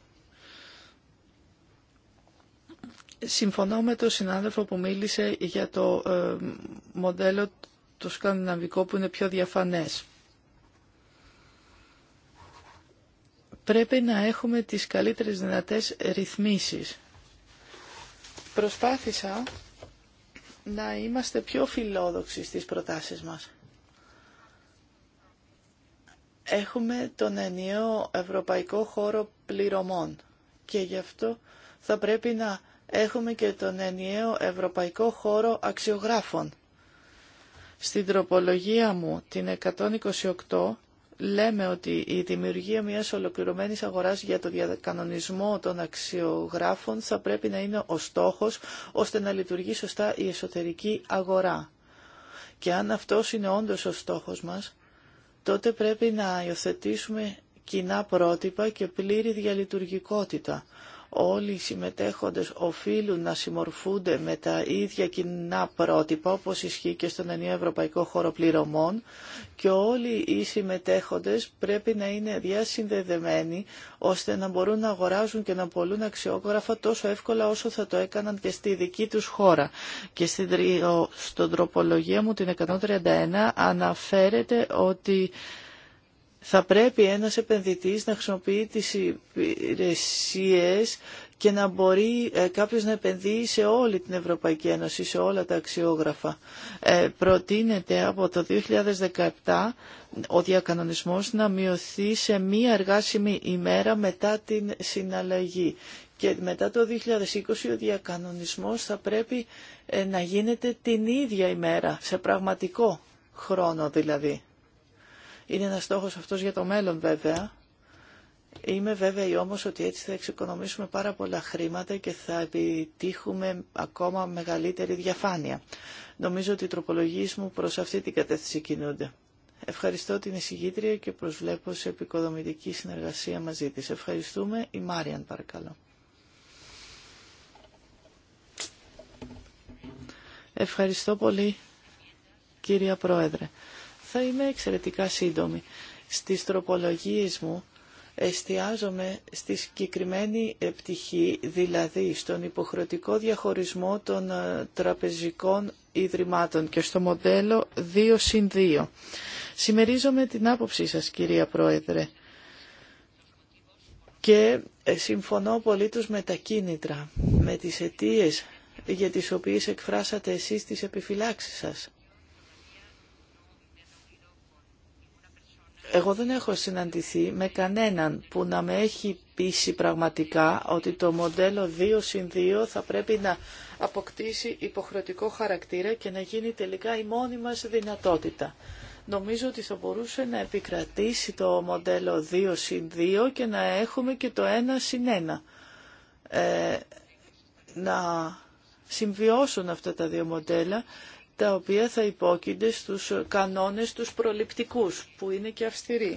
Συμφωνώ με τον συνάδελφο που μίλησε για το ε, μοντέλο το σκανδιναβικό που είναι πιο διαφανές. Πρέπει να έχουμε τις καλύτερες δυνατές ρυθμίσεις. Προσπάθησα να είμαστε πιο φιλόδοξοι στις προτάσεις μας. Έχουμε τον ενιαίο ευρωπαϊκό χώρο πληρωμών και γι' αυτό θα πρέπει να έχουμε και τον ενιαίο ευρωπαϊκό χώρο αξιογράφων. Στην τροπολογία μου την 128 λέμε ότι η δημιουργία μιας ολοκληρωμένης αγοράς για το διακανονισμό των αξιογράφων θα πρέπει να είναι ο στόχος ώστε να λειτουργεί σωστά η εσωτερική αγορά. Και αν αυτός είναι όντως ο στόχος μας, τότε πρέπει να υιοθετήσουμε κοινά πρότυπα και πλήρη διαλειτουργικότητα όλοι οι συμμετέχοντες οφείλουν να συμμορφούνται με τα ίδια κοινά πρότυπα όπως ισχύει και στον Ενίο ευρωπαϊκό χώρο πληρωμών και όλοι οι συμμετέχοντες πρέπει να είναι διασυνδεδεμένοι ώστε να μπορούν να αγοράζουν και να πολλούν αξιόγραφα τόσο εύκολα όσο θα το έκαναν και στη δική τους χώρα. Και στην, στον τροπολογία μου την 131 αναφέρεται ότι θα πρέπει ένας επενδυτής να χρησιμοποιεί τις υπηρεσίες και να μπορεί ε, κάποιος να επενδύει σε όλη την Ευρωπαϊκή Ένωση, σε όλα τα αξιόγραφα. Ε, προτείνεται από το 2017 ο διακανονισμός να μειωθεί σε μία εργάσιμη ημέρα μετά την συναλλαγή. Και μετά το 2020 ο διακανονισμός θα πρέπει ε, να γίνεται την ίδια ημέρα, σε πραγματικό χρόνο δηλαδή. Είναι ένας στόχος αυτός για το μέλλον βέβαια. Είμαι βέβαιη όμως ότι έτσι θα εξοικονομήσουμε πάρα πολλά χρήματα και θα επιτύχουμε ακόμα μεγαλύτερη διαφάνεια. Νομίζω ότι οι τροπολογίες μου προς αυτή την κατεύθυνση κινούνται. Ευχαριστώ την εισηγήτρια και προσβλέπω σε επικοδομητική συνεργασία μαζί της. Ευχαριστούμε. Η Μάριαν παρακαλώ. Ευχαριστώ πολύ κυρία Πρόεδρε. Θα είμαι εξαιρετικά σύντομη. Στις τροπολογίες μου εστιάζομαι στη συγκεκριμένη ε, πτυχή, δηλαδή στον υποχρεωτικό διαχωρισμό των ε, τραπεζικών ιδρυμάτων και στο μοντέλο 2 συν 2. Σημερίζομαι την άποψή σας, κυρία Πρόεδρε, και ε, συμφωνώ τους με τα κίνητρα, με τις αιτίες για τις οποίες εκφράσατε εσείς τις επιφυλάξεις σας. εγώ δεν έχω συναντηθεί με κανέναν που να με έχει πείσει πραγματικά ότι το μοντέλο 2 συν 2 θα πρέπει να αποκτήσει υποχρεωτικό χαρακτήρα και να γίνει τελικά η μόνη μας δυνατότητα. Νομίζω ότι θα μπορούσε να επικρατήσει το μοντέλο 2 συν 2 και να έχουμε και το 1 συν 1. Ε, να συμβιώσουν αυτά τα δύο μοντέλα τα οποία θα υπόκεινται στους κανόνες τους προληπτικούς, που είναι και αυστηροί.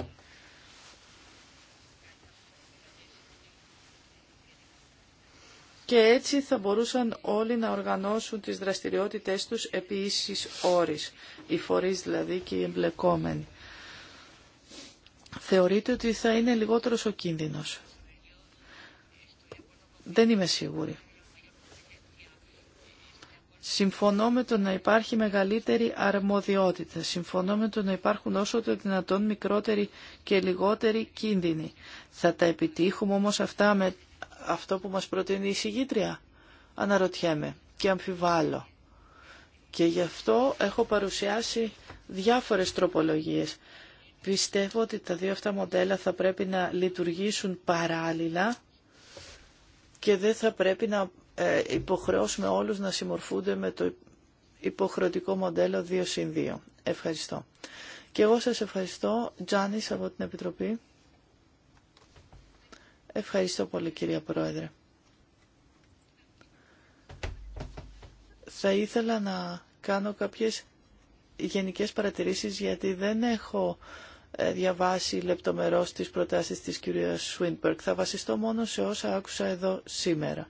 Και έτσι θα μπορούσαν όλοι να οργανώσουν τις δραστηριότητές τους επί ίσης όρης, οι φορείς δηλαδή και οι εμπλεκόμενοι. Θεωρείτε ότι θα είναι λιγότερος ο κίνδυνος. Δεν είμαι σίγουρη. Συμφωνώ με το να υπάρχει μεγαλύτερη αρμοδιότητα. Συμφωνώ με το να υπάρχουν όσο το δυνατόν μικρότεροι και λιγότεροι κίνδυνοι. Θα τα επιτύχουμε όμως αυτά με αυτό που μας προτείνει η συγκήτρια, Αναρωτιέμαι και αμφιβάλλω. Και γι' αυτό έχω παρουσιάσει διάφορες τροπολογίες. Πιστεύω ότι τα δύο αυτά μοντέλα θα πρέπει να λειτουργήσουν παράλληλα και δεν θα πρέπει να ε, υποχρεώσουμε όλους να συμμορφούνται με το υποχρεωτικό μοντέλο 2 συν 2. Ευχαριστώ. Και εγώ σας ευχαριστώ, Τζάνης από την Επιτροπή. Ευχαριστώ πολύ κυρία Πρόεδρε. Θα ήθελα να κάνω κάποιες γενικές παρατηρήσεις γιατί δεν έχω ε, διαβάσει λεπτομερώς τις προτάσεις της κυρίας Σουίνπερκ. Θα βασιστώ μόνο σε όσα άκουσα εδώ σήμερα.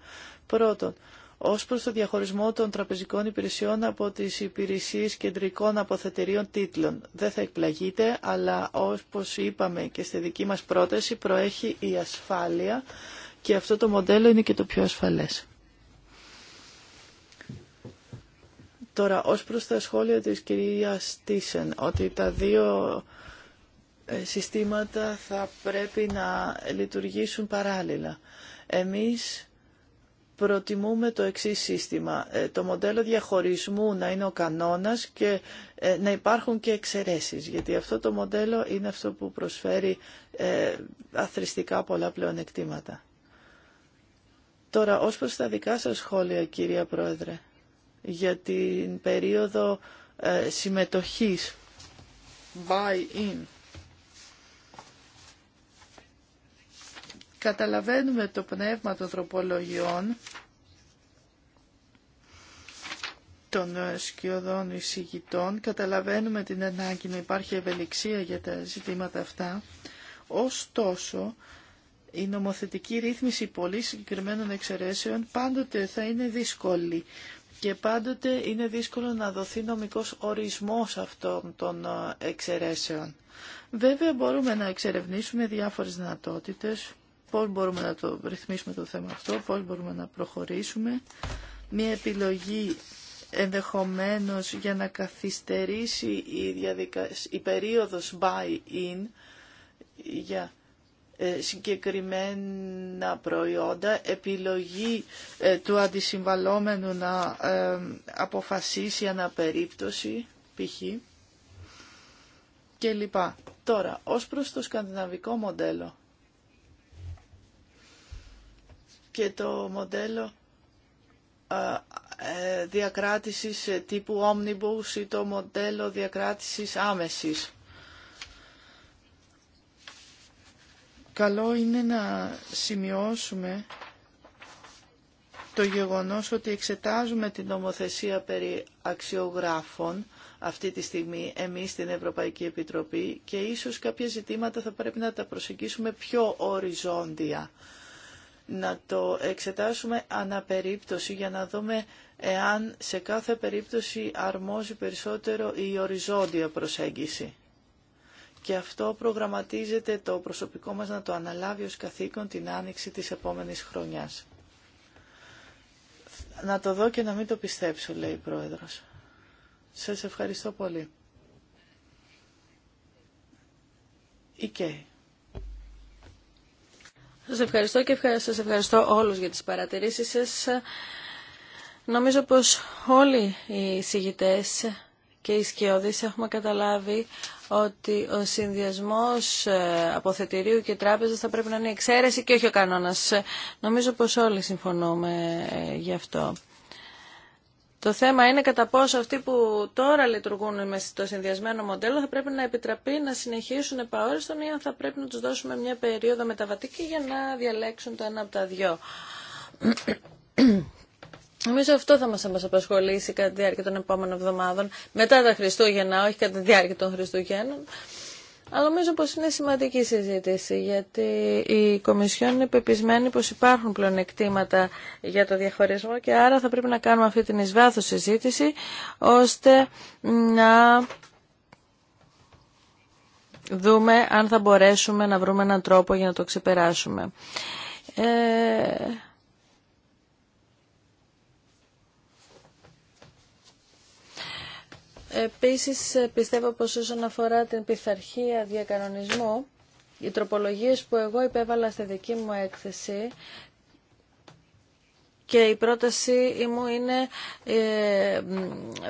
Πρώτον, ως προς το διαχωρισμό των τραπεζικών υπηρεσιών από τις υπηρεσίες κεντρικών αποθετηρίων τίτλων. Δεν θα εκπλαγείτε, αλλά όπως είπαμε και στη δική μας πρόταση προέχει η ασφάλεια και αυτό το μοντέλο είναι και το πιο ασφαλές. Τώρα, ως προς τα σχόλια της κυρίας Τίσεν, ότι τα δύο ε, συστήματα θα πρέπει να λειτουργήσουν παράλληλα. Εμείς προτιμούμε το εξή σύστημα. Ε, το μοντέλο διαχωρισμού να είναι ο κανόνας και ε, να υπάρχουν και εξαιρέσεις, γιατί αυτό το μοντέλο είναι αυτό που προσφέρει ε, αθρηστικά πολλά πλεονεκτήματα. Τώρα, ως προς τα δικά σας σχόλια, κυρία Πρόεδρε, για την περίοδο συμμετοχής, buy-in, Καταλαβαίνουμε το πνεύμα των τροπολογιών των ε, σκιωδών εισηγητών, καταλαβαίνουμε την ανάγκη να υπάρχει ευελιξία για τα ζητήματα αυτά. Ωστόσο, η νομοθετική ρύθμιση πολύ συγκεκριμένων εξαιρέσεων πάντοτε θα είναι δύσκολη και πάντοτε είναι δύσκολο να δοθεί νομικός ορισμός αυτών των ε, εξαιρέσεων. Βέβαια μπορούμε να εξερευνήσουμε διάφορες δυνατότητες πώς μπορούμε να το ρυθμίσουμε το θέμα αυτό, πώς μπορούμε να προχωρήσουμε. Μία επιλογή ενδεχομένως για να καθυστερήσει η, περιοδο η περίοδος buy-in για ε, συγκεκριμένα προϊόντα, επιλογή ε, του αντισυμβαλόμενου να ε, αποφασίσει αναπερίπτωση, π.χ. και Τώρα, ως προς το σκανδιναβικό μοντέλο, και το μοντέλο ε, διακράτησης τύπου Omnibus ή το μοντέλο διακράτησης άμεσης. Καλό είναι να σημειώσουμε το γεγονός ότι εξετάζουμε την νομοθεσία περί αξιογράφων αυτή τη στιγμή εμείς στην Ευρωπαϊκή Επιτροπή και ίσως κάποια ζητήματα θα πρέπει να τα προσεγγίσουμε πιο οριζόντια να το εξετάσουμε αναπερίπτωση για να δούμε εάν σε κάθε περίπτωση αρμόζει περισσότερο η οριζόντια προσέγγιση. Και αυτό προγραμματίζεται το προσωπικό μας να το αναλάβει ως καθήκον την άνοιξη της επόμενης χρονιάς. Να το δω και να μην το πιστέψω, λέει η Πρόεδρος. Σας ευχαριστώ πολύ. Okay. Σας ευχαριστώ και σας ευχαριστώ όλους για τις παρατηρήσεις σας. Νομίζω πως όλοι οι συγητές και οι σκιώδεις έχουμε καταλάβει ότι ο συνδυασμός ε, αποθετηρίου και τράπεζας θα πρέπει να είναι εξαίρεση και όχι ο κανόνας. Νομίζω πως όλοι συμφωνούμε ε, γι' αυτό. Το θέμα είναι κατά πόσο αυτοί που τώρα λειτουργούν με το συνδυασμένο μοντέλο θα πρέπει να επιτραπεί να συνεχίσουν επαόριστον ή αν θα πρέπει να τους δώσουμε μια περίοδο μεταβατική για να διαλέξουν το ένα από τα δυο. Νομίζω αυτό θα μας, απασχολήσει κατά τη διάρκεια των επόμενων εβδομάδων, μετά τα Χριστούγεννα, όχι κατά τη διάρκεια των Χριστουγέννων. Αλλά νομίζω πως είναι σημαντική συζήτηση, γιατί η Κομισιόν είναι πεπισμένη πως υπάρχουν πλονεκτήματα για το διαχωρισμό και άρα θα πρέπει να κάνουμε αυτή την εισβάθος συζήτηση, ώστε να δούμε αν θα μπορέσουμε να βρούμε έναν τρόπο για να το ξεπεράσουμε. Ε, Επίσης πιστεύω πως όσον αφορά την πειθαρχία διακανονισμού, οι τροπολογίες που εγώ υπέβαλα στη δική μου έκθεση και η πρότασή μου είναι ε,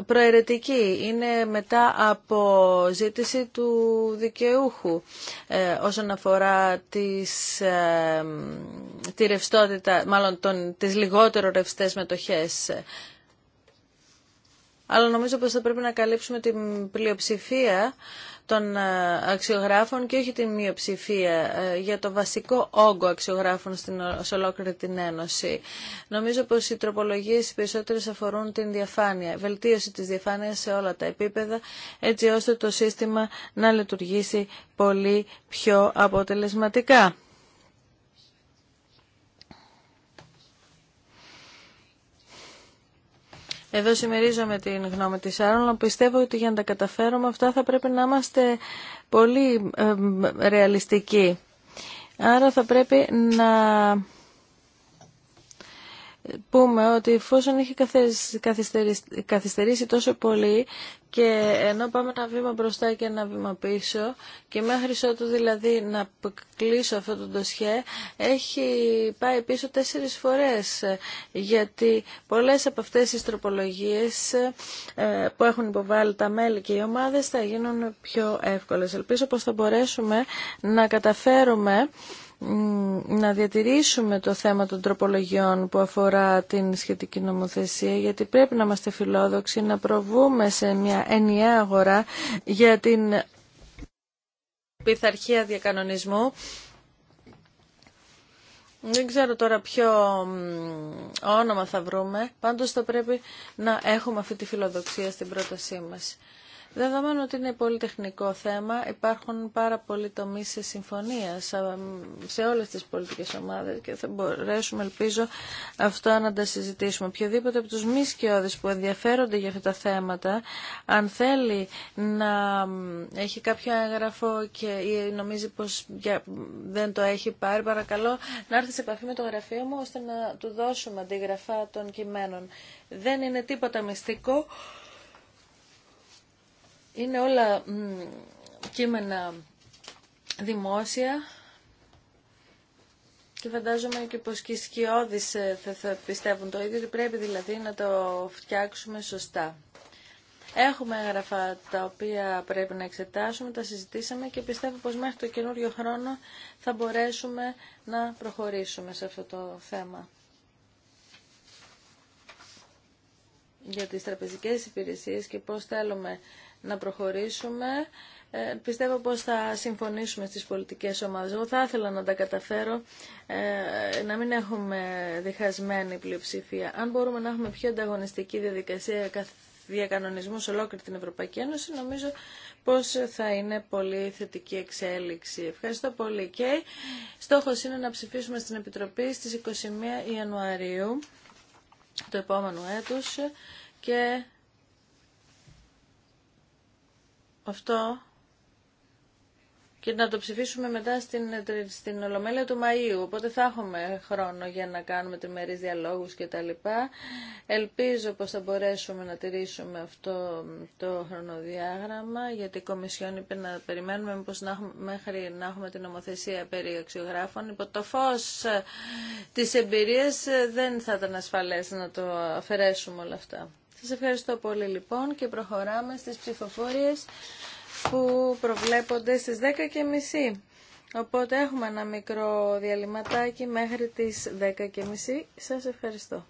προαιρετική. Είναι μετά από ζήτηση του δικαιούχου ε, όσον αφορά τις, ε, τη ρευστότητα, μάλλον τις λιγότερο ρευστές μετοχές αλλά νομίζω πως θα πρέπει να καλύψουμε την πλειοψηφία των ε, αξιογράφων και όχι την μειοψηφία ε, για το βασικό όγκο αξιογράφων στην, ε, σε ολόκληρη την Ένωση. Νομίζω πως οι τροπολογίες οι περισσότερες αφορούν την διαφάνεια, βελτίωση της διαφάνειας σε όλα τα επίπεδα, έτσι ώστε το σύστημα να λειτουργήσει πολύ πιο αποτελεσματικά. Εδώ συμμερίζομαι την γνώμη της Άρων, πιστεύω ότι για να τα καταφέρουμε αυτά θα πρέπει να είμαστε πολύ ρεαλιστικοί. Άρα θα πρέπει να πούμε ότι εφόσον έχει καθυστερήσει τόσο πολύ και ενώ πάμε ένα βήμα μπροστά και ένα βήμα πίσω και μέχρι ότου δηλαδή να κλείσω αυτό το ντοσιέ έχει πάει πίσω τέσσερις φορές γιατί πολλές από αυτές τις τροπολογίες ε, που έχουν υποβάλει τα μέλη και οι ομάδες θα γίνουν πιο εύκολες. Ελπίζω πως θα μπορέσουμε να καταφέρουμε να διατηρήσουμε το θέμα των τροπολογιών που αφορά την σχετική νομοθεσία γιατί πρέπει να είμαστε φιλόδοξοι να προβούμε σε μια ενιαία αγορά για την πειθαρχία διακανονισμού δεν ξέρω τώρα ποιο όνομα θα βρούμε, πάντως θα πρέπει να έχουμε αυτή τη φιλοδοξία στην πρότασή μας. Δεδομένου ότι είναι πολύ τεχνικό θέμα, υπάρχουν πάρα πολλοί τομείς σε συμφωνία σε όλες τις πολιτικές ομάδες και θα μπορέσουμε, ελπίζω, αυτό να τα συζητήσουμε. Οποιοδήποτε από τους μη σκιώδες που ενδιαφέρονται για αυτά τα θέματα, αν θέλει να έχει κάποιο έγγραφο και νομίζει πως δεν το έχει πάρει, παρακαλώ να έρθει σε επαφή με το γραφείο μου ώστε να του δώσουμε αντίγραφα των κειμένων. Δεν είναι τίποτα μυστικό. Είναι όλα κείμενα δημόσια και φαντάζομαι και πως και οι σκιώδεις ε, θα, πιστεύουν το ίδιο, ότι πρέπει δηλαδή να το φτιάξουμε σωστά. Έχουμε έγγραφα τα οποία πρέπει να εξετάσουμε, τα συζητήσαμε και πιστεύω πως μέχρι το καινούριο χρόνο θα μπορέσουμε να προχωρήσουμε σε αυτό το θέμα. Για τις τραπεζικές υπηρεσίες και πώς θέλουμε να προχωρήσουμε. Ε, πιστεύω πως θα συμφωνήσουμε στις πολιτικές ομάδες. Εγώ θα ήθελα να τα καταφέρω ε, να μην έχουμε διχασμένη πλειοψηφία. Αν μπορούμε να έχουμε πιο ανταγωνιστική διαδικασία διακανονισμού σε ολόκληρη την Ευρωπαϊκή Ένωση, νομίζω πως θα είναι πολύ θετική εξέλιξη. Ευχαριστώ πολύ και στόχος είναι να ψηφίσουμε στην Επιτροπή στις 21 Ιανουαρίου του επόμενου έτος και αυτό και να το ψηφίσουμε μετά στην, στην Ολομέλεια του Μαΐου. Οπότε θα έχουμε χρόνο για να κάνουμε τριμερείς διαλόγους και τα λοιπά. Ελπίζω πως θα μπορέσουμε να τηρήσουμε αυτό το χρονοδιάγραμμα, γιατί η Κομισιόν είπε να περιμένουμε πως να έχουμε, μέχρι να έχουμε την νομοθεσία περί αξιογράφων. Υπό το φως της εμπειρίας ε, δεν θα ήταν ασφαλές να το αφαιρέσουμε όλα αυτά. Σας ευχαριστώ πολύ λοιπόν και προχωράμε στις ψηφοφόρειες που προβλέπονται στις 10.30. Οπότε έχουμε ένα μικρό διαλυματάκι μέχρι τις 10.30. Σας ευχαριστώ.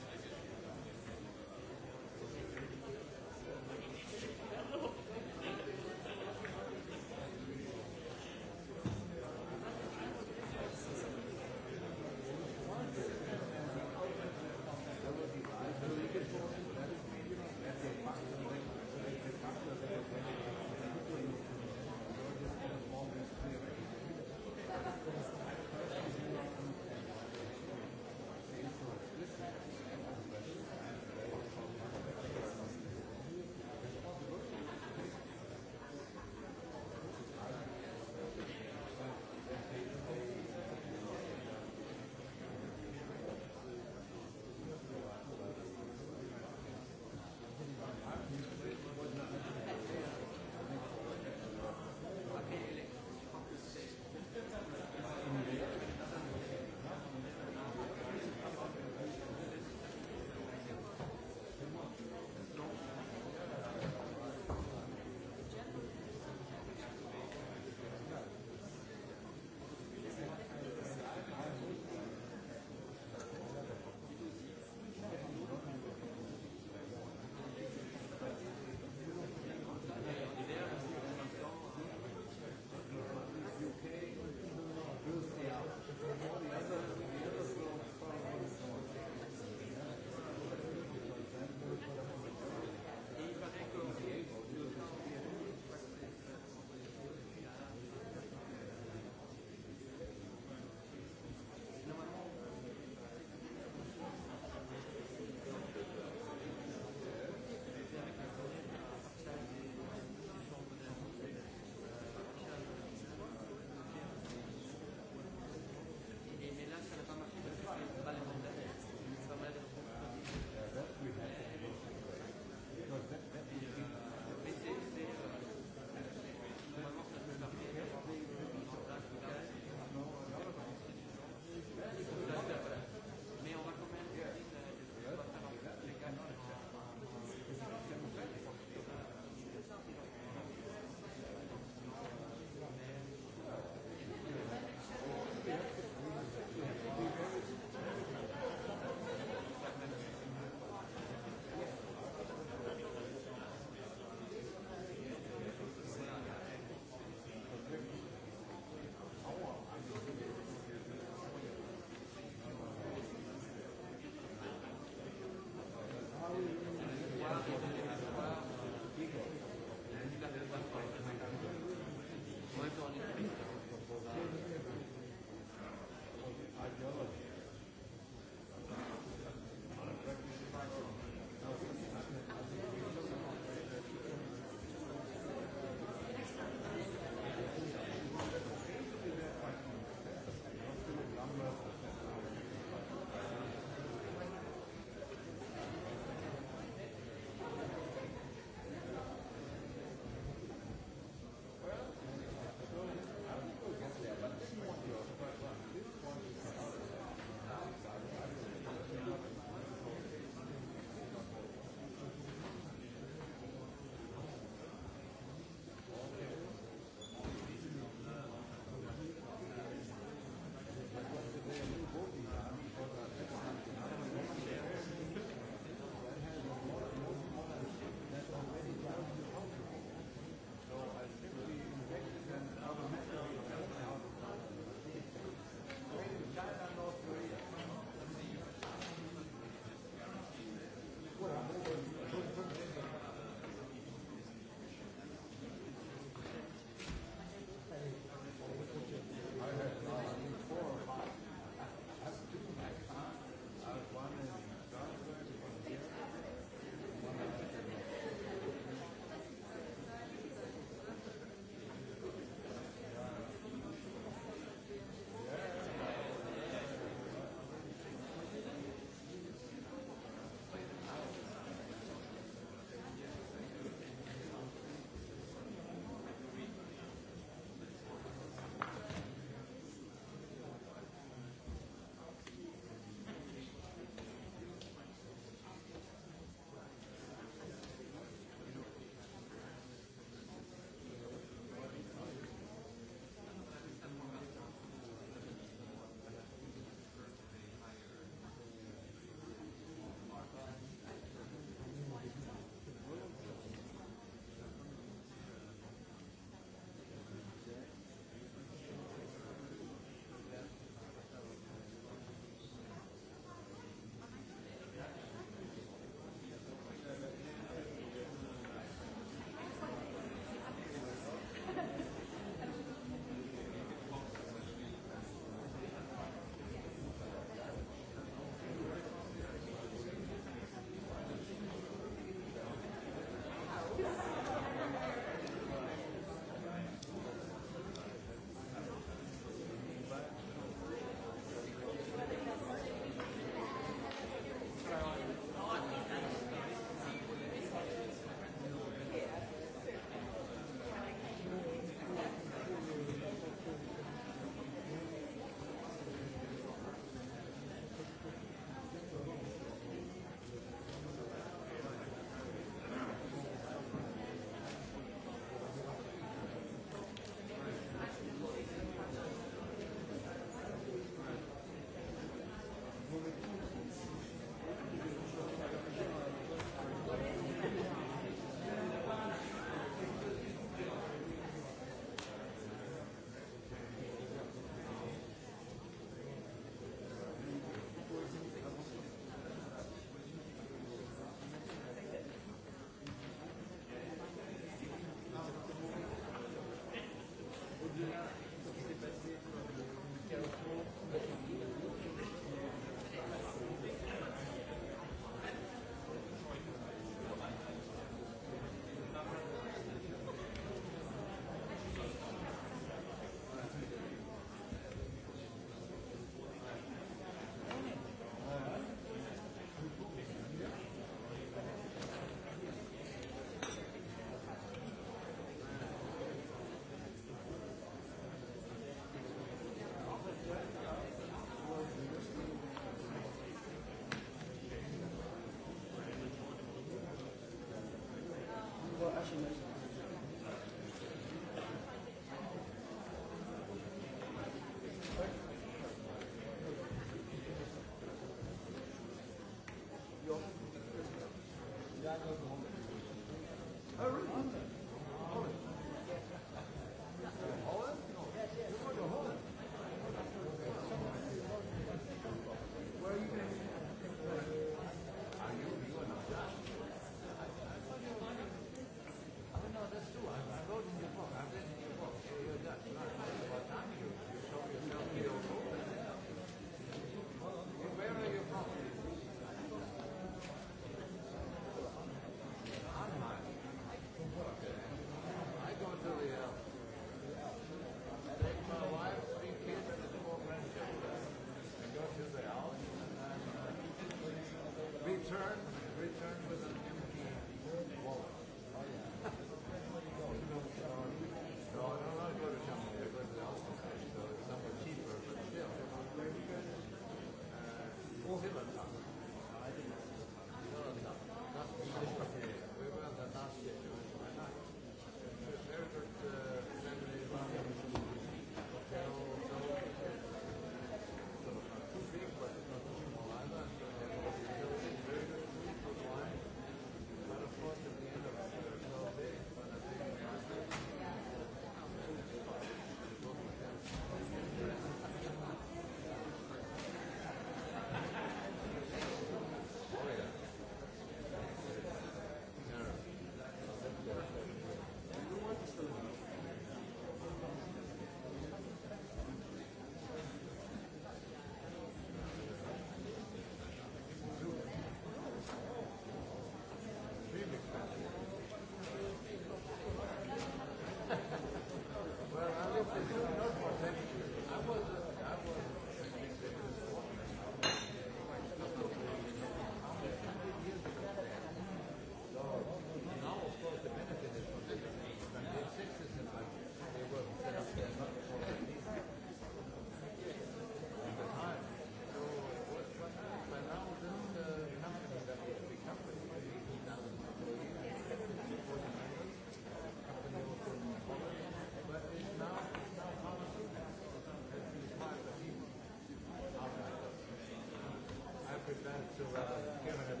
Γεια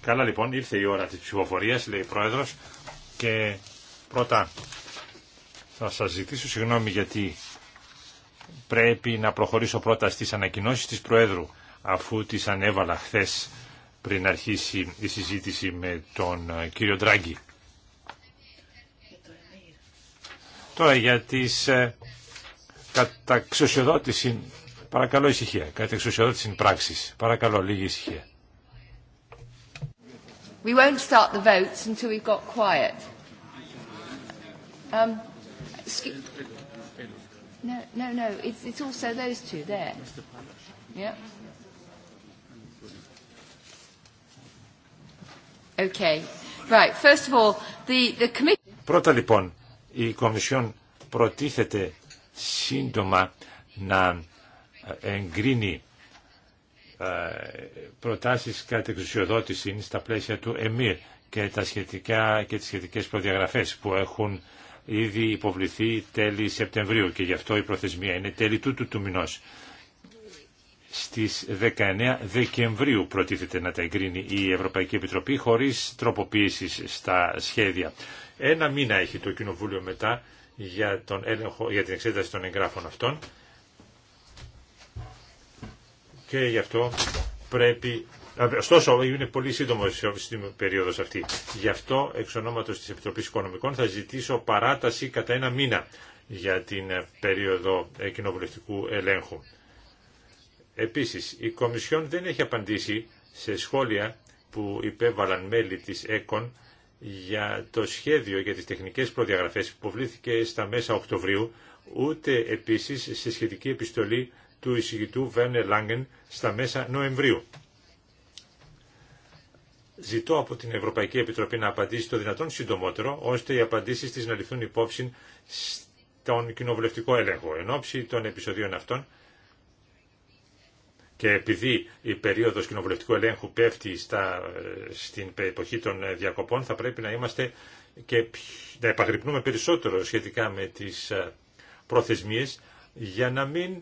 Καλά λοιπόν, ήρθε η ώρα της ψηφοφορίας, λέει η Πρόεδρος, και πρώτα θα σας ζητήσω συγγνώμη γιατί πρέπει να προχωρήσω πρώτα στις ανακοινώσεις της Προέδρου, αφού τις ανέβαλα χθες πριν αρχίσει η συζήτηση με τον ε, κύριο Ντράγκη. Τώρα για τις ε, καταξουσιοδότηση, παρακαλώ ησυχία, καταξουσιοδότηση πράξης, παρακαλώ λίγη ησυχία. We won't start the votes until we've got quiet. Um, no, no, no, it's, it's also those two there. Yeah. Okay. Right, first of all, the, the committee... Πρώτα λοιπόν, η Κομισιόν προτίθεται σύντομα να εγκρίνει ε, προτάσεις κατά εξουσιοδότηση στα πλαίσια του ΕΜΙΡ και, τα σχετικά, και τις σχετικές προδιαγραφές που έχουν ήδη υποβληθεί τέλη Σεπτεμβρίου και γι' αυτό η προθεσμία είναι τέλη τούτου του μηνός. Στις 19 Δεκεμβρίου προτίθεται να τα εγκρίνει η Ευρωπαϊκή Επιτροπή χωρίς τροποποίησης στα σχέδια. Ένα μήνα έχει το Κοινοβούλιο μετά για, τον για την εξέταση των εγγράφων αυτών και γι' αυτό πρέπει... Ωστόσο, είναι πολύ σύντομο στην περίοδο αυτή. Γι' αυτό, εξ ονόματο τη Επιτροπή Οικονομικών, θα ζητήσω παράταση κατά ένα μήνα για την ε, περίοδο ε, κοινοβουλευτικού ελέγχου. Επίσης, η Κομισιόν δεν έχει απαντήσει σε σχόλια που υπέβαλαν μέλη της ΕΚΟΝ για το σχέδιο για τις τεχνικές προδιαγραφές που υποβλήθηκε στα μέσα Οκτωβρίου, ούτε επίσης σε σχετική επιστολή του εισηγητού Βέρνερ Λάγκεν στα μέσα Νοεμβρίου. Ζητώ από την Ευρωπαϊκή Επιτροπή να απαντήσει το δυνατόν συντομότερο, ώστε οι απαντήσεις της να ληφθούν υπόψη στον κοινοβουλευτικό έλεγχο. Εν των επεισοδίων αυτών, και επειδή η περίοδος κοινοβουλευτικού ελέγχου πέφτει στα, ε, στην εποχή των ε, διακοπών θα πρέπει να είμαστε και να επαγρυπνούμε περισσότερο σχετικά με τις ε, προθεσμίες για να μην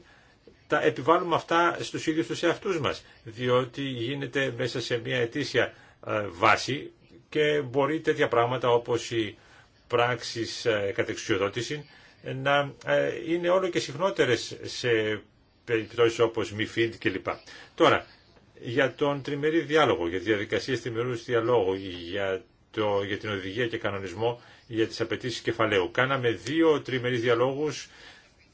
τα επιβάλλουμε αυτά στους ίδιους τους εαυτούς μας διότι γίνεται μέσα σε μια ετήσια βάση και μπορεί τέτοια πράγματα όπως οι πράξεις κατεξουσιοδότηση να είναι όλο και συχνότερες σε όπω όπως MIFID κλπ. Τώρα, για τον τριμερή διάλογο, για τη διαδικασίες τριμερούς διαλόγου, για, το, για την οδηγία και κανονισμό, για τις απαιτήσει κεφαλαίου. Κάναμε δύο διαλόγου, διαλόγους,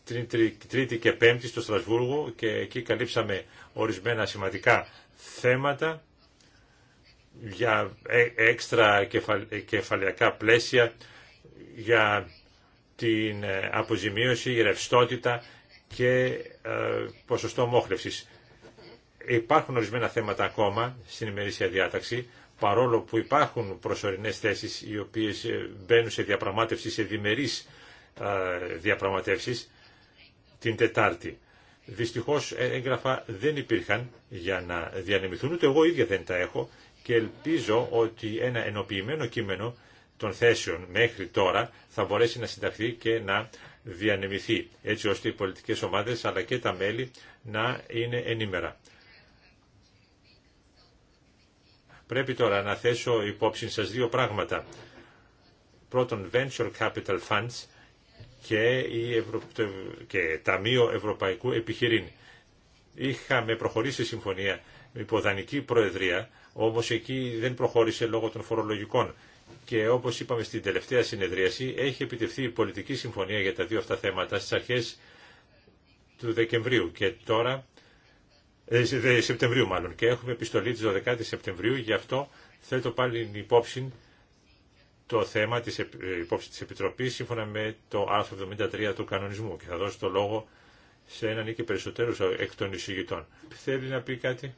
τρίτη, τρίτη και πέμπτη στο Στρασβούργο και εκεί καλύψαμε ορισμένα σημαντικά θέματα για ε, έξτρα κεφαλαιακά πλαίσια, για την ε, αποζημίωση, η ρευστότητα, και ε, ποσοστό μόχλευσης. Υπάρχουν ορισμένα θέματα ακόμα στην ημερήσια διάταξη, παρόλο που υπάρχουν προσωρινές θέσεις οι οποίες ε, μπαίνουν σε διαπραγμάτευση, σε διμερείς ε, διαπραγματεύσεις την Τετάρτη. Δυστυχώς έγγραφα δεν υπήρχαν για να διανεμηθούν, ούτε εγώ ίδια δεν τα έχω και ελπίζω ότι ένα ενοποιημένο κείμενο των θέσεων μέχρι τώρα θα μπορέσει να συνταχθεί και να διανεμηθεί, έτσι ώστε οι πολιτικές ομάδες αλλά και τα μέλη να είναι ενήμερα. Πρέπει τώρα να θέσω υπόψη σας δύο πράγματα. Πρώτον, Venture Capital Funds και, η Ταμείο Ευρωπαϊκού Επιχειρήν. Είχαμε προχωρήσει συμφωνία με υποδανική προεδρία, όμως εκεί δεν προχώρησε λόγω των φορολογικών και όπως είπαμε στην τελευταία συνεδρίαση έχει επιτευχθεί η πολιτική συμφωνία για τα δύο αυτά θέματα στις αρχές του Δεκεμβρίου και τώρα ε, Σεπτεμβρίου μάλλον και έχουμε επιστολή της 12 η Σεπτεμβρίου γι' αυτό θέτω πάλι υπόψη το θέμα της ε, υπόψη της Επιτροπής σύμφωνα με το άρθρο 73 του κανονισμού και θα δώσω το λόγο σε έναν ή και περισσότερους εκ των εισηγητών. Θέλει να πει κάτι.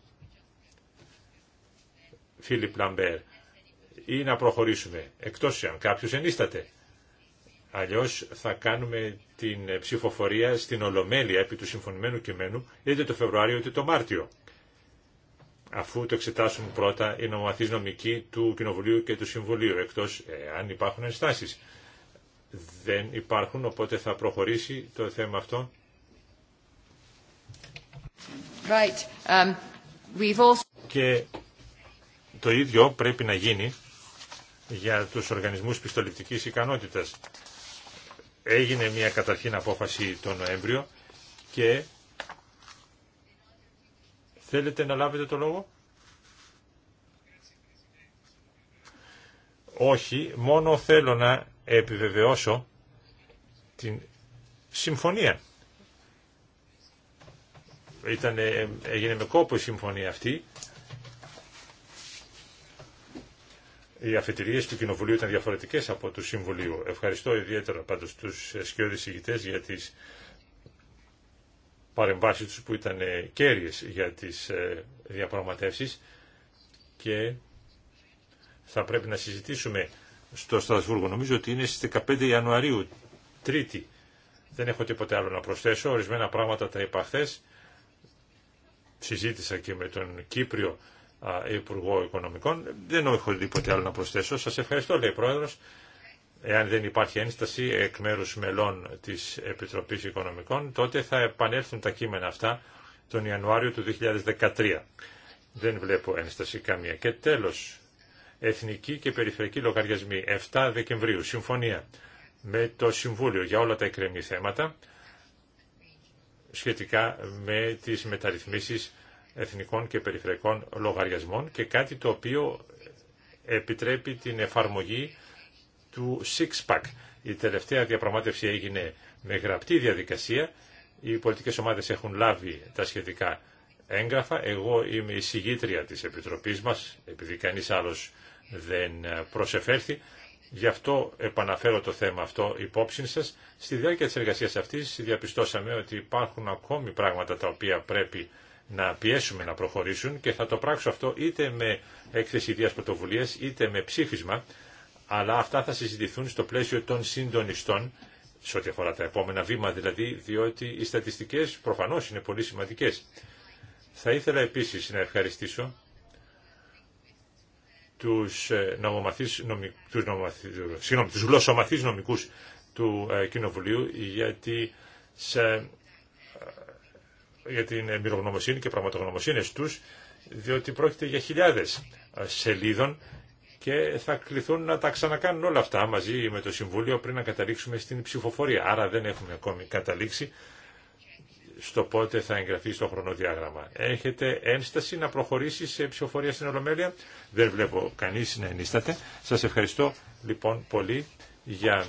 Φίλιπ Λαμπέρ ή να προχωρήσουμε, εκτός αν κάποιος ενίσταται. Αλλιώς θα κάνουμε την ψηφοφορία στην Ολομέλεια επί του συμφωνημένου κειμένου είτε το Φεβρουάριο είτε το Μάρτιο, αφού το εξετάσουν πρώτα οι νομική νομικοί του Κοινοβουλίου και του Συμβουλίου, εκτός αν υπάρχουν ενστάσεις. Δεν υπάρχουν, οπότε θα προχωρήσει το θέμα αυτό. Right. Um, το ίδιο πρέπει να γίνει για τους οργανισμούς πιστοληπτικής ικανότητας. Έγινε μια καταρχήν απόφαση τον Νοέμβριο και θέλετε να λάβετε το λόγο. Όχι, μόνο θέλω να επιβεβαιώσω την συμφωνία. Ήτανε, ε, έγινε με κόπο η συμφωνία αυτή οι αφετηρίες του Κοινοβουλίου ήταν διαφορετικές από του Συμβουλίου. Ευχαριστώ ιδιαίτερα πάντως τους σκιώδης ηγητές για τις παρεμβάσεις τους που ήταν ε, κέρυες για τις ε, διαπραγματεύσεις και θα πρέπει να συζητήσουμε στο Στρασβούργο. Νομίζω ότι είναι στις 15 Ιανουαρίου, Τρίτη. Δεν έχω τίποτε άλλο να προσθέσω. Ορισμένα πράγματα τα είπα χθες. Συζήτησα και με τον Κύπριο Υπουργό Οικονομικών. Δεν έχω τίποτε άλλο να προσθέσω. Σας ευχαριστώ, λέει Πρόεδρος. Εάν δεν υπάρχει ένσταση εκ μέρου μελών της Επιτροπής Οικονομικών, τότε θα επανέλθουν τα κείμενα αυτά τον Ιανουάριο του 2013. Δεν βλέπω ένσταση καμία. Και τέλος, Εθνική και Περιφερειακή Λογαριασμοί, 7 Δεκεμβρίου, συμφωνία με το Συμβούλιο για όλα τα εκκρεμή θέματα σχετικά με τις μεταρρυθμίσεις εθνικών και περιφερειακών λογαριασμών και κάτι το οποίο επιτρέπει την εφαρμογή του six-pack. Η τελευταία διαπραγμάτευση έγινε με γραπτή διαδικασία. Οι πολιτικές ομάδες έχουν λάβει τα σχετικά έγγραφα. Εγώ είμαι η συγγήτρια της Επιτροπής μας, επειδή κανείς άλλος δεν προσεφέρθη. Γι' αυτό επαναφέρω το θέμα αυτό υπόψη σας. Στη διάρκεια της εργασίας αυτής διαπιστώσαμε ότι υπάρχουν ακόμη πράγματα τα οποία πρέπει να πιέσουμε να προχωρήσουν και θα το πράξω αυτό είτε με έκθεση ιδίας πρωτοβουλία είτε με ψήφισμα, αλλά αυτά θα συζητηθούν στο πλαίσιο των συντονιστών σε ό,τι αφορά τα επόμενα βήματα δηλαδή, διότι οι στατιστικές προφανώς είναι πολύ σημαντικές. Θα ήθελα επίσης να ευχαριστήσω τους, ε, νομομαθείς, νομι, τους, ε, τους γλωσσομαθείς νομικούς του ε, Κοινοβουλίου γιατί σε για την εμπειρογνωμοσύνη και πραγματογνωμοσύνες τους, διότι πρόκειται για χιλιάδες ε, σελίδων και θα κληθούν να τα ξανακάνουν όλα αυτά μαζί με το Συμβούλιο πριν να καταλήξουμε στην ψηφοφορία. Άρα δεν έχουμε ακόμη καταλήξει στο πότε θα εγγραφεί στο χρονοδιάγραμμα. Έχετε ένσταση να προχωρήσει σε ψηφοφορία στην Ολομέλεια. Δεν βλέπω κανείς να ενίσταται. Σας ευχαριστώ λοιπόν πολύ για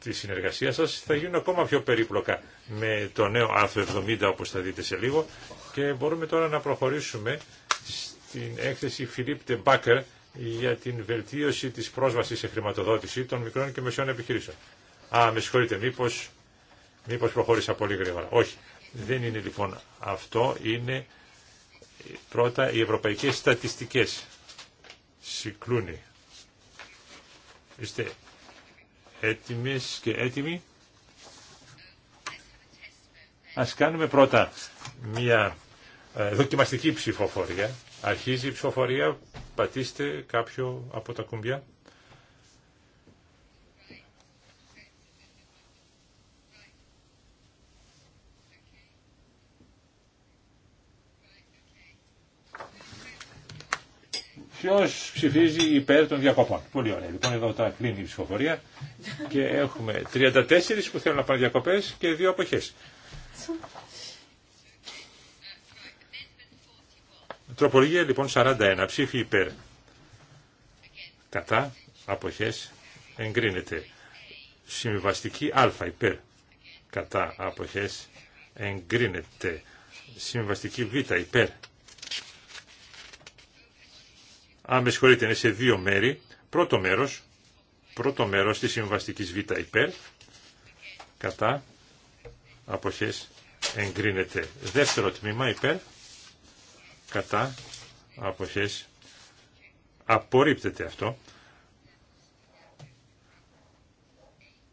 τη συνεργασία σας θα γίνουν ακόμα πιο περίπλοκα με το νέο άρθρο 70 όπως θα δείτε σε λίγο και μπορούμε τώρα να προχωρήσουμε στην έκθεση Φιλίπ Μπάκερ για την βελτίωση της πρόσβασης σε χρηματοδότηση των μικρών και μεσαίων επιχειρήσεων. Α, με συγχωρείτε, μήπως, μήπως προχώρησα πολύ γρήγορα. Όχι, δεν είναι λοιπόν αυτό, είναι πρώτα οι ευρωπαϊκές στατιστικές. συκλούν Είστε έτοιμες και έτοιμοι. Ας κάνουμε πρώτα μια ε, δοκιμαστική ψηφοφορία. Αρχίζει η ψηφοφορία, πατήστε κάποιο από τα κουμπιά. Ποιο ψηφίζει υπέρ των διακοπών. Πολύ ωραία. Λοιπόν, εδώ τα κλείνει η ψηφοφορία και έχουμε 34 που θέλουν να πάνε διακοπέ και δύο απόχέ. Τροπολογία λοιπόν 41. Ψήφι υπέρ. Κατά. απόχέ, Εγκρίνεται. Συμβιβαστική α υπέρ. Κατά. απόχέ, Εγκρίνεται. Συμβιβαστική β υπέρ αν με συγχωρείτε, είναι σε δύο μέρη. Πρώτο μέρος, πρώτο μέρος της συμβαστικής Β υπέρ, κατά, αποχές, εγκρίνεται. Δεύτερο τμήμα υπέρ, κατά, αποχές, απορρίπτεται αυτό.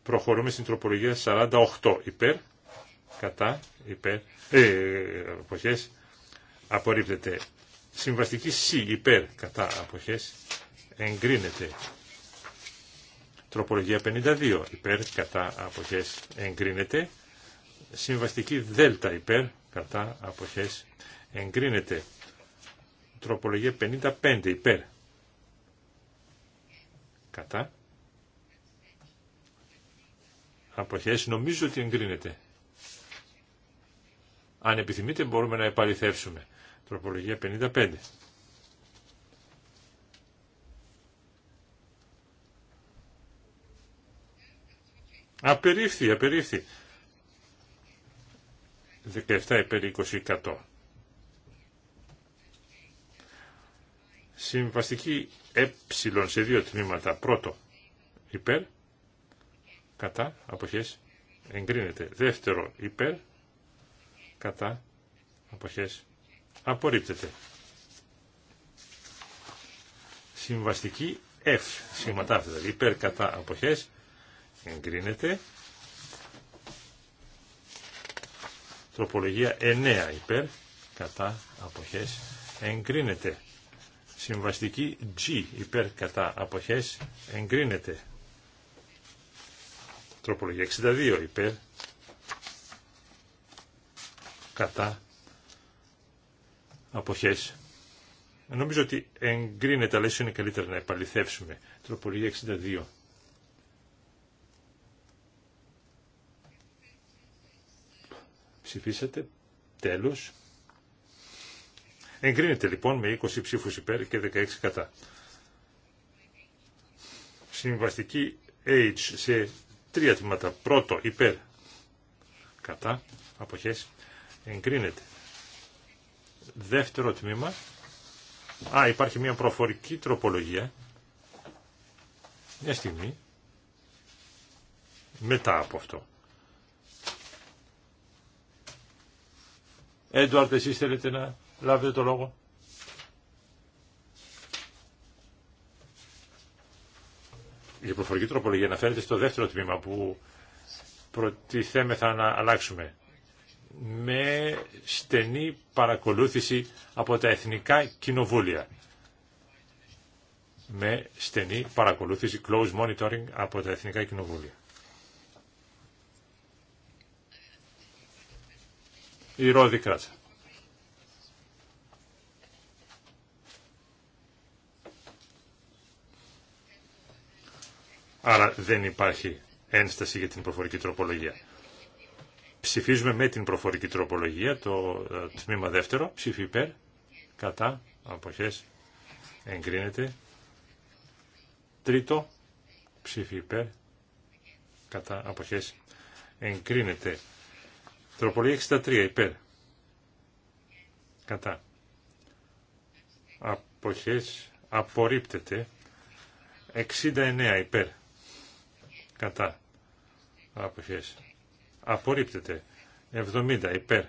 Προχωρούμε στην τροπολογία 48 υπέρ, κατά, υπέρ, ε, απορρίπτεται. Συμβαστική C υπέρ κατά αποχές εγκρίνεται. Τροπολογία 52 υπέρ κατά αποχές εγκρίνεται. Συμβαστική δέλτα υπέρ κατά αποχές εγκρίνεται. Τροπολογία 55 υπέρ κατά αποχές νομίζω ότι εγκρίνεται. Αν επιθυμείτε μπορούμε να επαληθεύσουμε. Τροπολογία 55. Απερίφθη, απερίφθη. 17 υπέρ 20 Συμβαστική ε σε δύο τμήματα. Πρώτο υπέρ, κατά, αποχές, εγκρίνεται. Δεύτερο υπέρ, κατά αποχές απορρίπτεται. Συμβαστική F, σχηματάφτα δηλαδή. υπέρ κατά αποχές εγκρίνεται. Τροπολογία 9 υπέρ κατά αποχές εγκρίνεται. Συμβαστική G υπέρ κατά αποχές εγκρίνεται. Τροπολογία 62 υπέρ κατά αποχές. Νομίζω ότι εγκρίνεται, αλλά είναι καλύτερα να επαληθεύσουμε. Τροπολογία 62. Ψηφίσατε. Τέλος. Εγκρίνεται λοιπόν με 20 ψήφους υπέρ και 16 κατά. Συμβαστική H σε τρία τμήματα. Πρώτο υπέρ κατά αποχές Εγκρίνεται. Δεύτερο τμήμα. Α, υπάρχει μια προφορική τροπολογία. Μια στιγμή. Μετά από αυτό. Έντουαρτ, εσεί θέλετε να λάβετε το λόγο. Η προφορική τροπολογία αναφέρεται στο δεύτερο τμήμα που προτιθέμεθα να αλλάξουμε με στενή παρακολούθηση από τα εθνικά κοινοβούλια. Με στενή παρακολούθηση, close monitoring από τα εθνικά κοινοβούλια. Η Ρόδη Κράτσα. Άρα δεν υπάρχει ένσταση για την προφορική τροπολογία. Ψηφίζουμε με την προφορική τροπολογία το ε, τμήμα δεύτερο. Ψήφι υπέρ. Κατά. Αποχές. Εγκρίνεται. Τρίτο. Ψήφι υπέρ. Κατά. Αποχές. Εγκρίνεται. Τροπολογία 63 υπέρ. Κατά. Αποχές. Απορρίπτεται. 69 υπέρ. Κατά. Αποχές απορρίπτεται. 70 υπέρ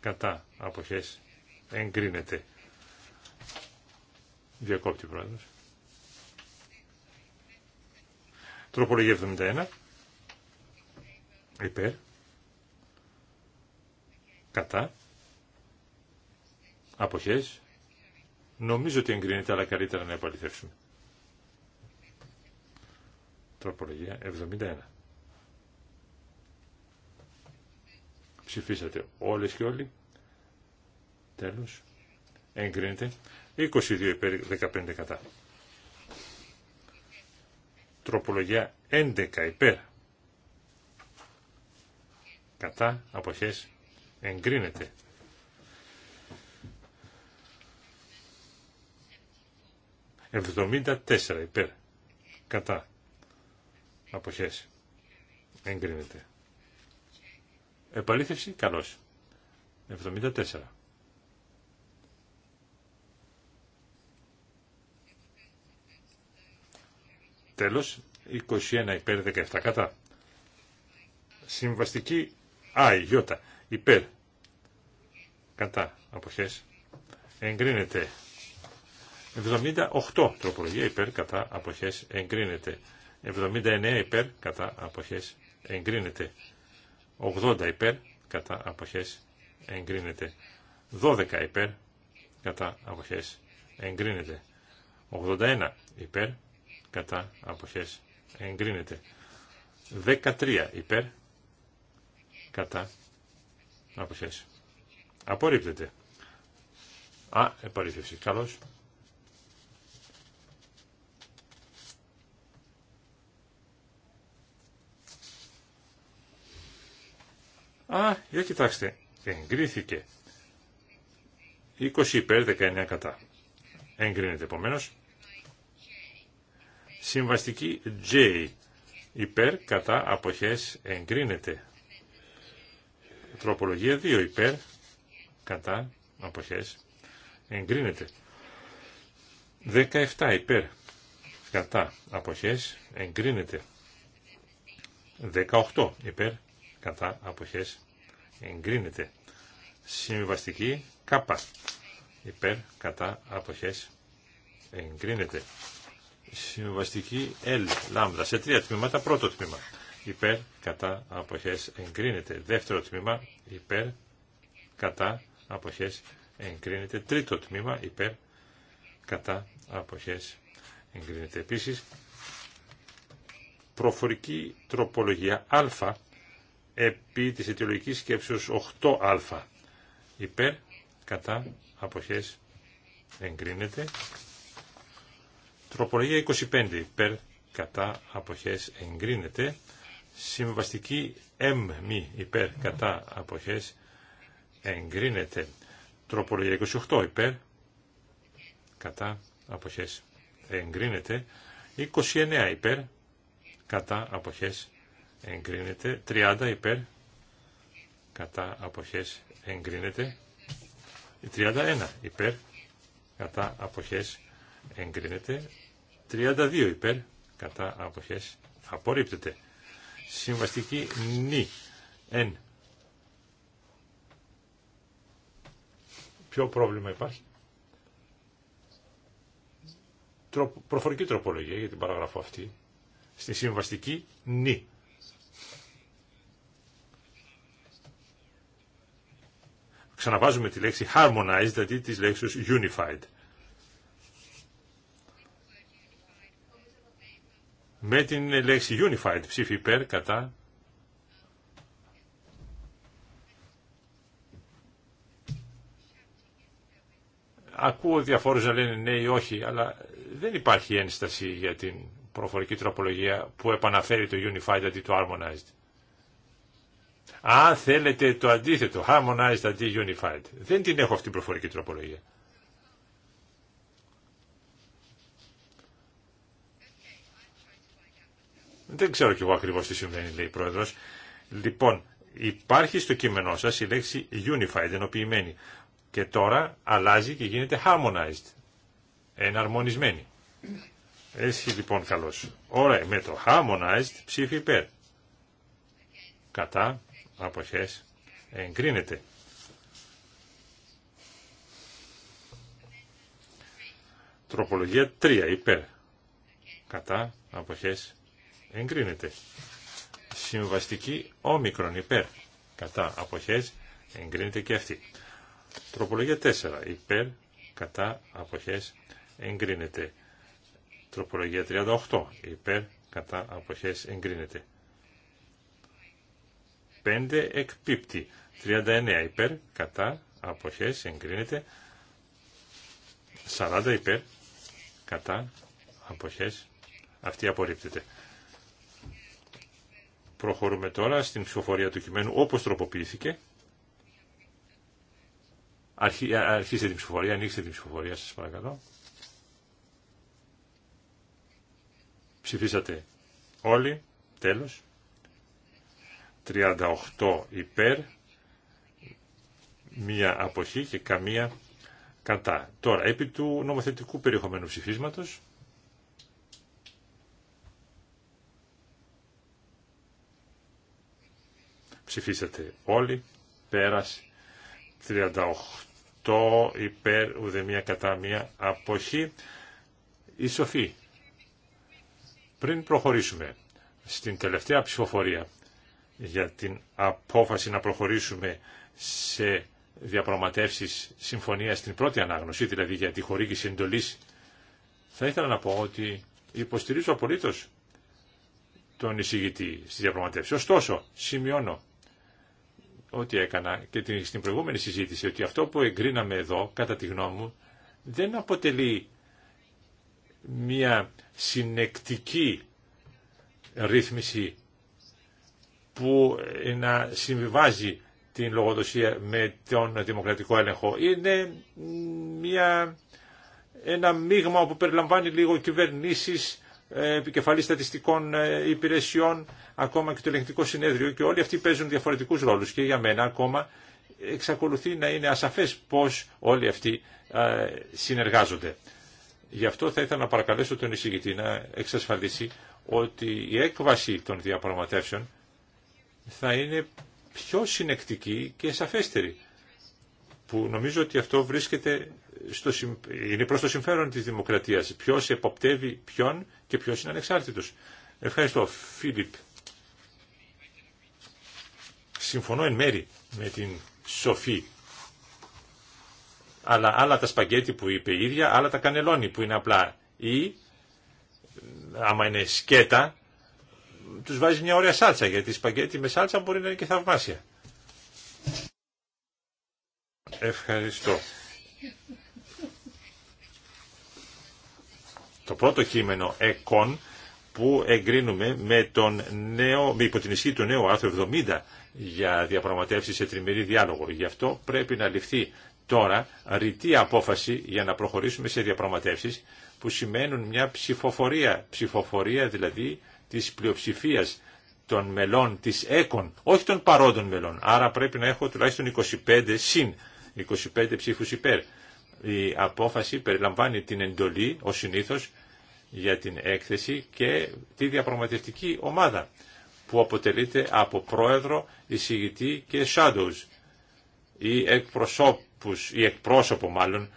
κατά αποχές εγκρίνεται. Διακόπτη πρόεδρος. Τροπολογία 71 υπέρ κατά αποχές νομίζω ότι εγκρίνεται αλλά καλύτερα να επαληθεύσουμε. Τροπολογία 71. Ψηφίσατε όλες και όλοι. Τέλος. Εγκρίνεται. 22 υπέρ 15 κατά. Τροπολογία 11 υπέρ. Κατά αποχές εγκρίνεται. 74 υπέρ. Κατά αποχές εγκρίνεται. Επαλήθευση, καλώς. 74. Τέλος, 21 υπέρ 17 κατά. Συμβαστική Α Ι, υπέρ. Κατά, αποχές. Εγκρίνεται. 78 τροπολογία υπέρ κατά αποχές εγκρίνεται. 79 υπέρ κατά αποχές εγκρίνεται. 80 υπέρ κατά αποχές εγκρίνεται 12 υπέρ κατά αποχές εγκρίνεται 81 υπέρ κατά αποχές εγκρίνεται 13 υπέρ κατά αποχές απορρίπτεται α, επαλήθευση, καλώς Α, για κοιτάξτε, εγκρίθηκε. 20 υπέρ, 19 κατά. Εγκρίνεται επομένω. Συμβαστική J. Υπέρ, κατά, αποχές, εγκρίνεται. Τροπολογία 2. Υπέρ, κατά, αποχές, εγκρίνεται. 17. Υπέρ, κατά, αποχές, εγκρίνεται. 18. Υπέρ, κατά, αποχές, εγκρίνεται. Συμβιβαστική κάπα υπέρ κατά αποχές εγκρίνεται. Συμβιβαστική L λάμδα σε τρία τμήματα. Πρώτο τμήμα υπέρ κατά αποχές εγκρίνεται. Δεύτερο τμήμα υπέρ κατά αποχές εγκρίνεται. Τρίτο τμήμα υπέρ κατά αποχές εγκρίνεται. Επίσης προφορική τροπολογία α επί της αιτιολογικής σκέψης 8α. Υπέρ, κατά, αποχές, εγκρίνεται. Τροπολογία 25. Υπέρ, κατά, αποχές, εγκρίνεται. Συμβαστική M, μη, υπέρ, κατά, αποχές, εγκρίνεται. Τροπολογία 28. Υπέρ, κατά, αποχές, εγκρίνεται. 29. Υπέρ, κατά, αποχές, εγκρίνεται. 30 υπέρ κατά αποχές εγκρίνεται. 31 υπέρ κατά αποχές εγκρίνεται. 32 υπέρ κατά αποχές απορρίπτεται. Συμβαστική νη. Εν. Ποιο πρόβλημα υπάρχει. Προφορική τροπολογία για την παραγραφό αυτή. Στη συμβαστική νη. ξαναβάζουμε τη λέξη harmonized, δηλαδή της λέξης unified. Με την λέξη unified, ψήφι υπέρ, κατά. Ακούω διαφόρους να λένε ναι ή όχι, αλλά δεν υπάρχει ένσταση για την προφορική τροπολογία που επαναφέρει το unified αντί δηλαδή το harmonized. Αν θέλετε το αντίθετο, harmonized αντί unified. Δεν την έχω αυτή την προφορική τροπολογία. Δεν ξέρω κι εγώ ακριβώς τι σημαίνει λέει η πρόεδρο. Λοιπόν, υπάρχει στο κείμενό σας η λέξη unified, ενοποιημένη. Και τώρα αλλάζει και γίνεται harmonized, εναρμονισμένη. Εσύ λοιπόν καλώς. Ωραία, με το harmonized ψήφι υπέρ. Κατά αποχές εγκρίνεται. Τροπολογία 3 υπέρ κατά αποχές εγκρίνεται. Συμβαστική όμικρον υπέρ κατά αποχές εγκρίνεται και αυτή. Τροπολογία 4 υπέρ κατά αποχές εγκρίνεται. Τροπολογία 38 υπέρ κατά αποχές εγκρίνεται. 5 εκπίπτει. 39 υπέρ, κατά, αποχές, εγκρίνεται. 40 υπέρ, κατά, αποχές, αυτή απορρίπτεται. Προχωρούμε τώρα στην ψηφοφορία του κειμένου όπως τροποποιήθηκε. Αρχι, αρχίστε την ψηφοφορία, ανοίξτε την ψηφοφορία σας παρακαλώ. Ψηφίσατε όλοι, τέλος. 38 υπέρ, μία αποχή και καμία κατά. Τώρα, επί του νομοθετικού περιεχομένου ψηφίσματος, ψηφίσατε όλοι, πέρας 38 υπέρ μια κατά μία αποχή. Η Σοφή, πριν προχωρήσουμε στην τελευταία ψηφοφορία, για την απόφαση να προχωρήσουμε σε διαπραγματεύσεις συμφωνίας στην πρώτη ανάγνωση, δηλαδή για τη χορήγηση εντολής, θα ήθελα να πω ότι υποστηρίζω απολύτως τον εισηγητή στη διαπραγματεύση Ωστόσο, σημειώνω ότι έκανα και στην προηγούμενη συζήτηση ότι αυτό που εγκρίναμε εδώ, κατά τη γνώμη μου, δεν αποτελεί μια συνεκτική ρύθμιση που να συμβιβάζει την λογοδοσία με τον δημοκρατικό έλεγχο. Είναι μια, ένα μείγμα που περιλαμβάνει λίγο κυβερνήσεις, ε, επικεφαλής στατιστικών ε, υπηρεσιών, ακόμα και το ελεγκτικό συνέδριο και όλοι αυτοί παίζουν διαφορετικούς ρόλους και για μένα ακόμα εξακολουθεί να είναι ασαφές πώς όλοι αυτοί ε, συνεργάζονται. Γι' αυτό θα ήθελα να παρακαλέσω τον εισηγητή να εξασφαλίσει ότι η έκβαση των διαπραγματεύσεων θα είναι πιο συνεκτική και σαφέστερη, που νομίζω ότι αυτό βρίσκεται στο, είναι προς το συμφέρον της δημοκρατίας. Ποιος εποπτεύει ποιον και ποιος είναι ανεξάρτητος. Ευχαριστώ, Φίλιπ. Συμφωνώ εν μέρη με την Σοφή. Αλλά άλλα τα σπαγκέτι που είπε η ίδια, άλλα τα κανελόνι που είναι απλά. Ή, άμα είναι σκέτα, τους βάζει μια ωραία σάλτσα, γιατί η με σάλτσα μπορεί να είναι και θαυμάσια. Ευχαριστώ. Το πρώτο κείμενο εκών που εγκρίνουμε με τον νέο, με υπό την ισχύ του νέου άρθρου 70 για διαπραγματεύσει σε τριμερή διάλογο. Γι' αυτό πρέπει να ληφθεί τώρα ρητή απόφαση για να προχωρήσουμε σε διαπραγματεύσει που σημαίνουν μια ψηφοφορία. Ψηφοφορία δηλαδή της πλειοψηφίας των μελών της ΕΚΟΝ, όχι των παρόντων μελών. Άρα πρέπει να έχω τουλάχιστον 25 συν, 25 ψήφους υπέρ. Η απόφαση περιλαμβάνει την εντολή, ο συνήθως, για την έκθεση και τη διαπραγματευτική ομάδα που αποτελείται από πρόεδρο, εισηγητή και shadows ή εκπροσώπους, ή εκπρόσωπο μάλλον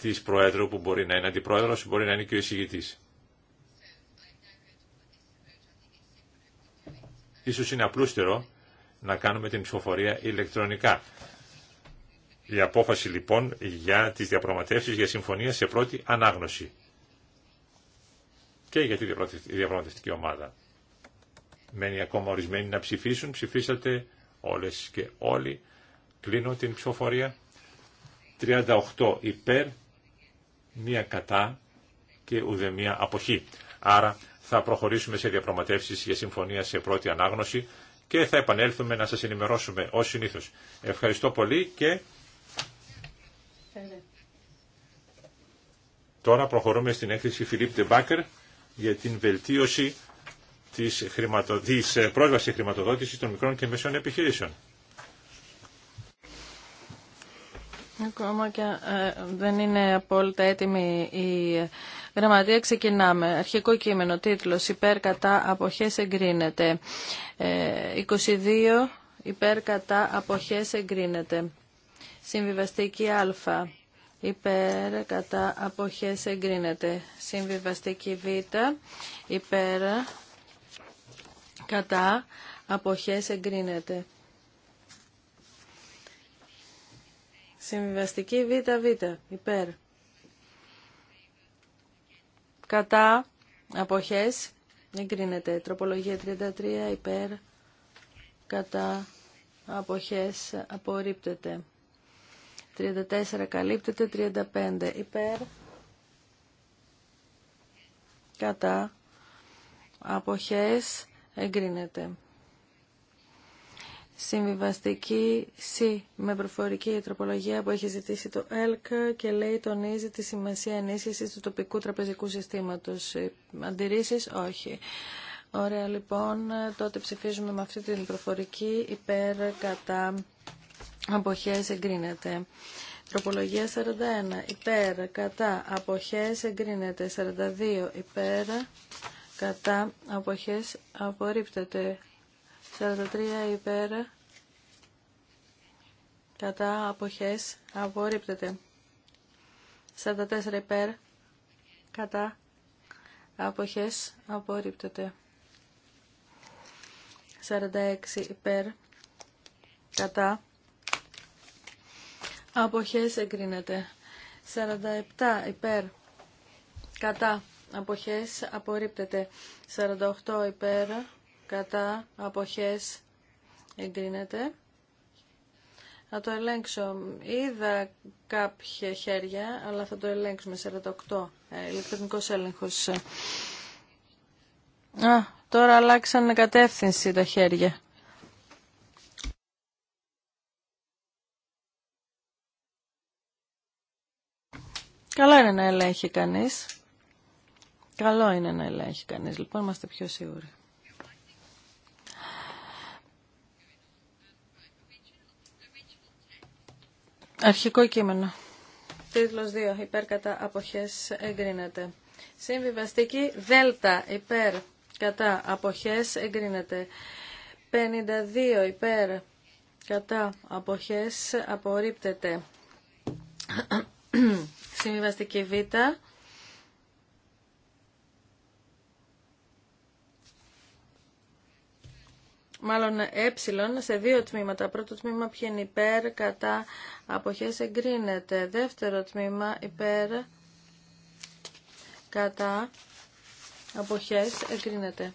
της πρόεδρου που μπορεί να είναι αντιπρόεδρος, μπορεί να είναι και ο εισηγητής. Ίσως είναι απλούστερο να κάνουμε την ψηφοφορία ηλεκτρονικά. Η απόφαση λοιπόν για τις διαπραγματεύσεις για συμφωνία σε πρώτη ανάγνωση και για τη διαπραγματευτική ομάδα. Μένει ακόμα ορισμένοι να ψηφίσουν. Ψηφίσατε όλες και όλοι. Κλείνω την ψηφοφορία. 38 υπέρ, μία κατά και ουδεμία αποχή. Άρα θα προχωρήσουμε σε διαπραγματεύσεις για συμφωνία σε πρώτη ανάγνωση και θα επανέλθουμε να σας ενημερώσουμε ως συνήθως. Ευχαριστώ πολύ και τώρα προχωρούμε στην έκθεση Φιλίπ Ντεμπάκερ για την βελτίωση της, χρηματο... της ε, χρηματοδότησης των μικρών και μεσών επιχειρήσεων. Ακόμα και ε, δεν είναι απόλυτα η Γραμματεία ξεκινάμε. Αρχικό κείμενο, τίτλος «Υπέρ κατά αποχές εγκρίνεται». 22 ε, «Υπέρ κατά αποχές εγκρίνεται». Συμβιβαστική Α. Υπέρ κατά αποχές εγκρίνεται. Συμβιβαστική Β. Υπέρ κατά αποχές εγκρίνεται. Συμβιβαστική β Υπέρ κατά αποχές εγκρίνεται. Τροπολογία 33 υπέρ κατά αποχές απορρίπτεται. 34 καλύπτεται, 35 υπέρ κατά αποχές εγκρίνεται. Συμβιβαστική C με προφορική τροπολογία που έχει ζητήσει το ΕΛΚ και λέει τονίζει τη σημασία ενίσχυσης του τοπικού τραπεζικού συστήματος. Ε, αντιρρήσεις όχι. Ωραία λοιπόν, τότε ψηφίζουμε με αυτή την προφορική υπέρ κατά αποχές εγκρίνεται. Τροπολογία 41 υπέρ κατά αποχές εγκρίνεται. 42 υπέρ κατά αποχές απορρίπτεται. 43 υπέρ κατά αποχές απορρίπτεται. 44 υπέρ κατά αποχές απορρίπτεται. 46 υπέρ κατά αποχές εγκρίνεται. 47 υπέρ κατά αποχές απορρίπτεται. 48 υπέρ κατά αποχές εγκρίνεται. Θα το ελέγξω. Είδα κάποια χέρια, αλλά θα το ελέγξουμε. 48. Ε, έλεγχο. έλεγχος. Α, τώρα αλλάξαν κατεύθυνση τα χέρια. Καλό είναι να ελέγχει κανείς. Καλό είναι να ελέγχει κανείς. Λοιπόν, είμαστε πιο σίγουροι. Αρχικό κείμενο. Τίτλος 2. Υπέρ κατά αποχές εγκρίνεται. Συμβιβαστική δέλτα υπέρ κατά αποχές εγκρίνεται. 52 υπέρ κατά αποχές απορρίπτεται. Συμβιβαστική β μάλλον ε, σε δύο τμήματα. Πρώτο τμήμα ποιο υπέρ, κατά, αποχές εγκρίνεται. Δεύτερο τμήμα υπέρ, κατά, αποχές εγκρίνεται.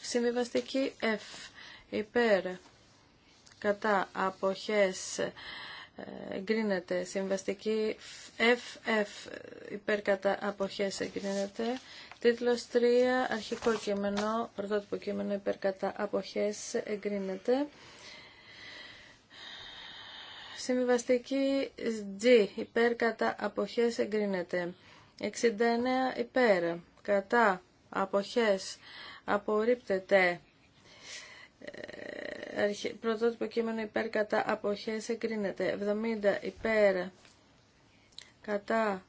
Συμβιβαστική F, υπέρ, κατά, αποχές εγκρίνεται εγκρίνεται. Συμβαστική FF Υπέρκατα κατά αποχές εγκρίνεται. Τίτλος 3 αρχικό κείμενο, πρωτότυπο κείμενο υπέρ κατά αποχές εγκρίνεται. Συμβαστική G υπέρκατα κατά αποχές εγκρίνεται. 69 υπέρ κατά αποχές απορρίπτεται. Πρωτότυπο κείμενο υπέρ κατά αποχές εγκρίνεται. 70 υπέρ κατά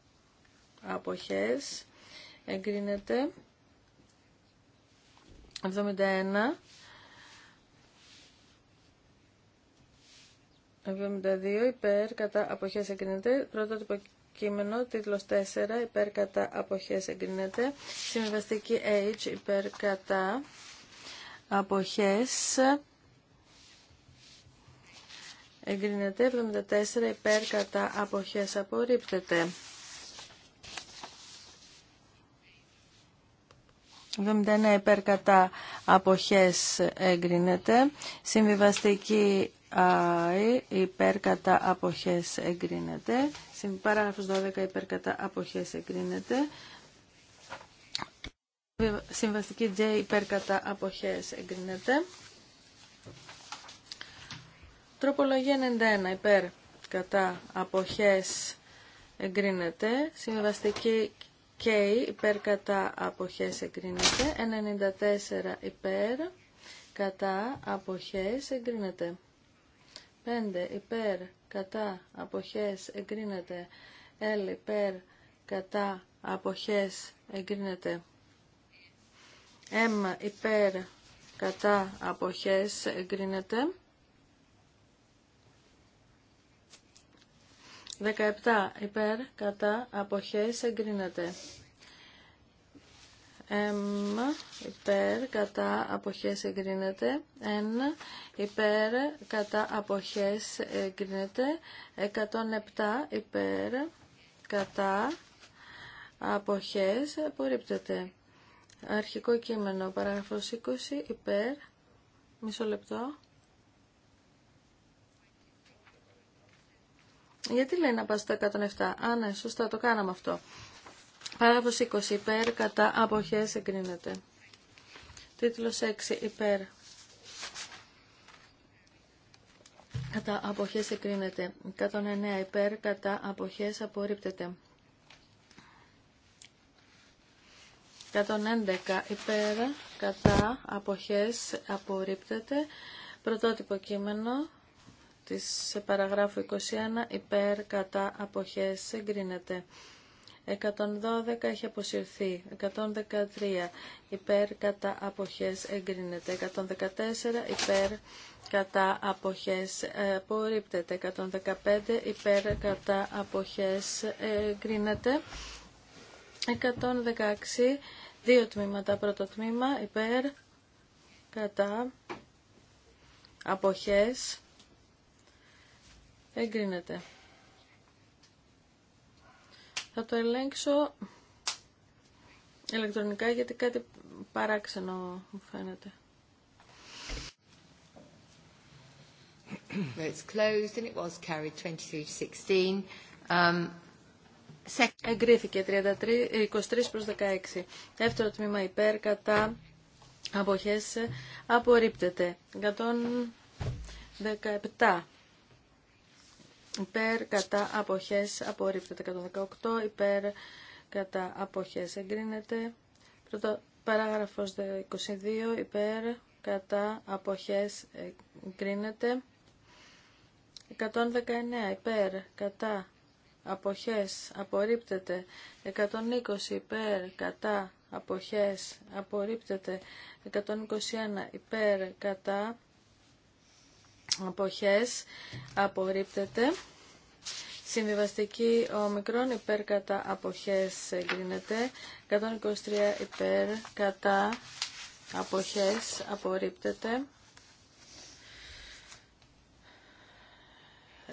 αποχές εγκρίνεται. 71 72 υπέρ κατά αποχές εγκρίνεται. Πρωτότυπο κείμενο, τίτλος 4 υπέρ κατά αποχές εγκρίνεται. Συμβαστική H υπέρ κατά αποχές Εγκρίνεται 74 υπέρ κατά αποχές απορρίπτεται. 79, υπέρ κατά αποχές εγκρίνεται. Συμβιβαστική ΑΕ υπέρ κατά αποχές εγκρίνεται. Παράγραφος 12 υπέρ κατά αποχές εγκρίνεται. Συμβαστική J υπέρ κατά αποχές εγκρίνεται. Τροπολογία 91 υπέρ κατά αποχές εγκρίνεται. Συμβαστική K υπέρ κατά αποχές εγκρίνεται. 94 υπέρ κατά αποχές εγκρίνεται. 5 υπέρ κατά αποχές εγκρίνεται. L υπέρ κατά αποχές εγκρίνεται. M υπέρ κατά αποχές εγκρίνεται. 17 υπέρ κατά αποχές εγκρίνεται. M υπέρ κατά αποχές εγκρίνεται. N υπέρ κατά αποχές εγκρίνεται. 107 υπέρ κατά αποχές απορρίπτεται. Αρχικό κείμενο, παράγραφος 20, υπέρ, μισό λεπτό. Γιατί λέει να πας στα 107. Α, ναι, σωστά, το κάναμε αυτό. Παράγραφος 20. Υπέρ κατά αποχές εγκρίνεται. Τίτλος 6. Υπέρ κατά αποχές εγκρίνεται. 109. Υπέρ κατά αποχές απορρίπτεται. 111. Υπέρ κατά αποχές απορρίπτεται. Πρωτότυπο κείμενο της παραγράφου 21 υπέρ κατά αποχές εγκρίνεται. 112 έχει αποσυρθεί. 113 υπέρ κατά αποχές εγκρίνεται. 114 υπέρ κατά αποχές απορρίπτεται. 115 υπέρ κατά αποχές εγκρίνεται. 116 δύο τμήματα. Πρώτο τμήμα υπέρ κατά αποχές Εγκρίνεται. Θα το ελέγξω ηλεκτρονικά γιατί κάτι παράξενο μου φαίνεται. It's closed and it was carried 23 16. Um, Εγκρίθηκε 23 προς 16. Δεύτερο τμήμα υπέρ κατά αποχέσεις απορρίπτεται. 117 υπέρ κατά αποχές απορρίπτεται 118 υπέρ κατά αποχές εγκρίνεται Πρώτο, παράγραφος 22 υπέρ κατά αποχές εγκρίνεται 119 υπέρ κατά αποχές απορρίπτεται 120 υπέρ κατά αποχές απορρίπτεται 121 υπέρ κατά αποχές απορρίπτεται. Συμβιβαστική ο μικρόν υπέρ κατά αποχές εγκρίνεται. 123 υπέρ κατά αποχές απορρίπτεται.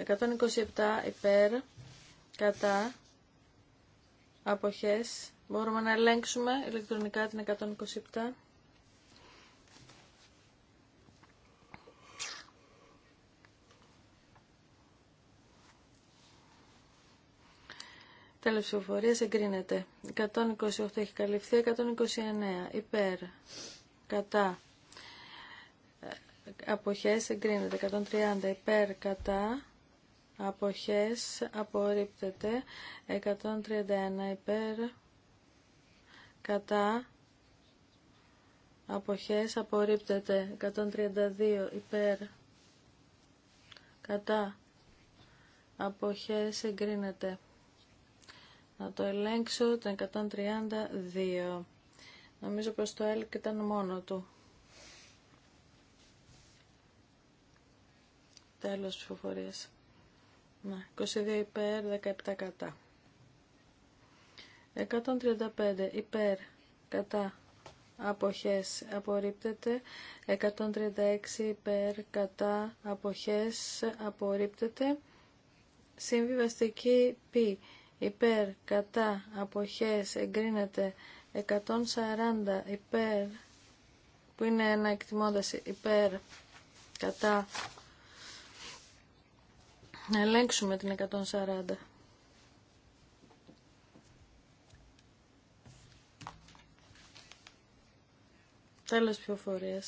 127 υπέρ κατά αποχές. Μπορούμε να ελέγξουμε ηλεκτρονικά την 127. Τέλος ψηφοφορίας εγκρίνεται. 128 έχει καλυφθεί, 129 υπέρ, κατά, αποχές εγκρίνεται. 130 υπέρ, κατά, αποχές απορρίπτεται. 131 υπέρ, κατά, αποχές απορρίπτεται. 132 υπέρ, κατά, αποχές εγκρίνεται. Να το ελέγξω το 132. Νομίζω πως το ΕΛΚ ήταν μόνο του. Τέλος ψηφοφορίας. Να, 22 υπέρ, 17 κατά. 135 υπέρ, κατά, αποχές, απορρίπτεται. 136 υπέρ, κατά, αποχές, απορρίπτεται. Συμβιβαστική π υπέρ κατά αποχές εγκρίνεται 140 υπέρ που είναι ένα εκτιμώντας υπέρ κατά να ελέγξουμε την 140 Τέλος πληροφορία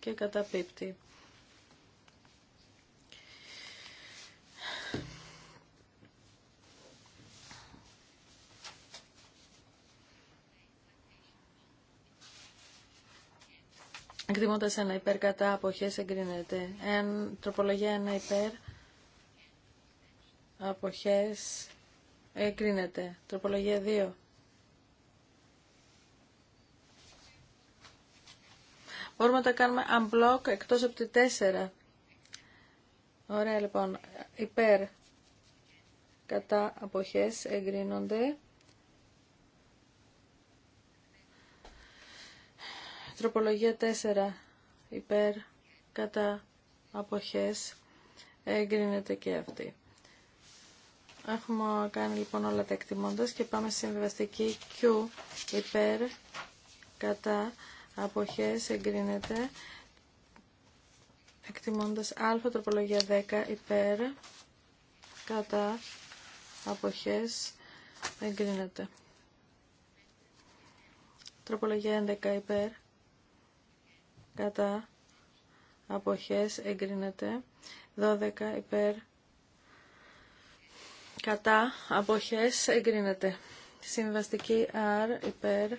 και καταπίπτει. Εκτιμώντας ένα υπέρ κατά αποχές εγκρίνεται. Εν, τροπολογία ένα υπέρ αποχές εγκρίνεται. Τροπολογία δύο. Μπορούμε να τα κάνουμε unblock εκτός από τη 4. Ωραία λοιπόν. Υπέρ κατά αποχές εγκρίνονται. Τροπολογία 4 υπέρ κατά αποχές εγκρίνεται και αυτή. Έχουμε κάνει λοιπόν όλα τα εκτιμώντας και πάμε στη συμβιβαστική Q υπέρ κατά αποχές εγκρίνεται εκτιμώντας α τροπολογία 10 υπέρ κατά αποχές εγκρίνεται. Τροπολογία 11 υπέρ κατά αποχές εγκρίνεται 12 υπέρ κατά αποχές εγκρίνεται συμβαστική R υπέρ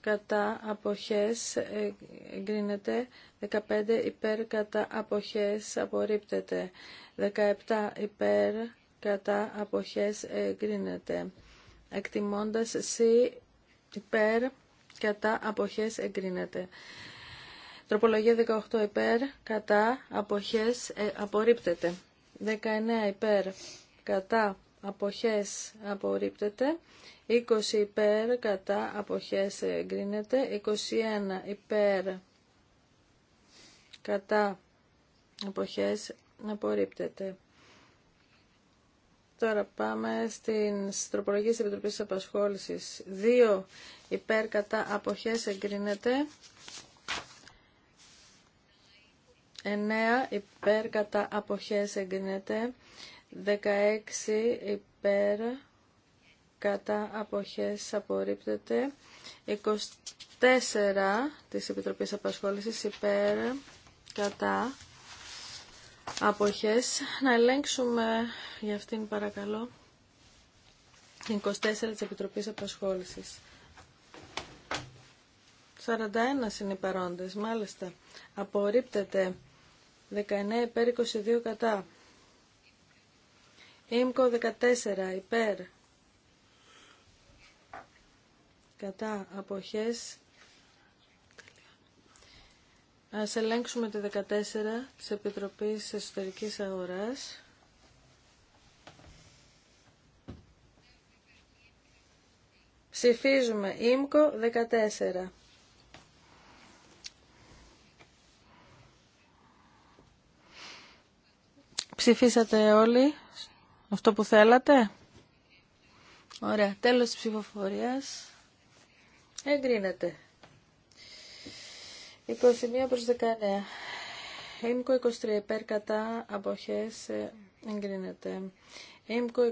κατά αποχές εγκρίνεται 15 υπέρ κατά αποχές απορρίπτεται 17 υπέρ κατά αποχές εγκρίνεται εκτιμώντας C υπέρ κατά αποχές εγκρίνεται Τροπολογία 18 υπέρ, κατά, αποχές, ε, απορρίπτεται. 19 υπέρ, κατά, αποχές, απορρίπτεται. 20 υπέρ, κατά, αποχές, εγκρίνεται. 21 υπέρ, κατά, αποχές, απορρίπτεται. Τώρα πάμε στην τροπολογία της Επιτροπής Απασχόλησης. 2 υπέρ κατά αποχές εγκρίνεται. 9 υπέρ κατά αποχές εγκρίνεται. 16 υπέρ κατά αποχές απορρίπτεται. 24 της Επιτροπής Απασχόλησης υπέρ κατά αποχές. Να ελέγξουμε για αυτήν παρακαλώ 24 της Επιτροπής Απασχόλησης. 41 είναι οι μάλιστα. Απορρίπτεται 19 υπέρ 22 κατά. Ήμκο 14 υπέρ. Κατά αποχές. Ας ελέγξουμε τη 14 της Επιτροπής Εσωτερικής Αγοράς. Ψηφίζουμε ΙΜΚΟ 14. Ψηφίσατε όλοι αυτό που θέλατε. Ωραία. Τέλος της ψηφοφορίας. Εγκρίνεται. 21 προς 19. Ήμκο 23 υπέρ κατά αποχές ε, εγκρίνεται. Ήμκο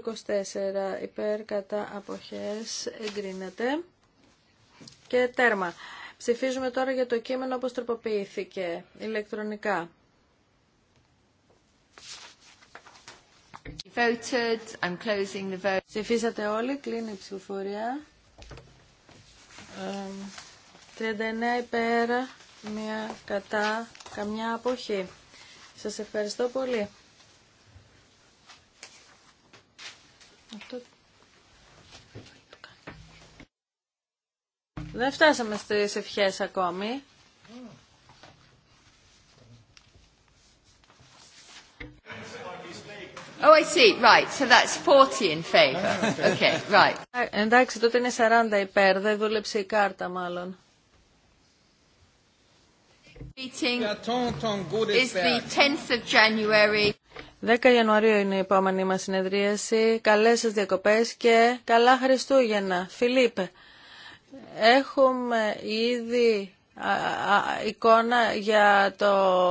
24 υπέρ κατά αποχές εγκρίνεται. Και τέρμα. Ψηφίζουμε τώρα για το κείμενο όπως τροποποιήθηκε ηλεκτρονικά. Voted. Ψηφίσατε όλοι. Κλείνει η ψηφοφορία. 39 υπέρ, μια κατά, καμιά αποχή. Σας ευχαριστώ πολύ. Δεν φτάσαμε στις ευχές ακόμη. Oh, I see. Right. So that's 40 in favor. Okay, right. Εντάξει, τότε είναι 40 υπέρ. Δεν δούλεψε η κάρτα, μάλλον. Meeting is the 10th of January. 10 Ιανουαρίου είναι η επόμενη μας συνεδρίαση. Καλές σας διακοπές και καλά Χριστούγεννα. Φιλίπε, έχουμε ήδη εικόνα για το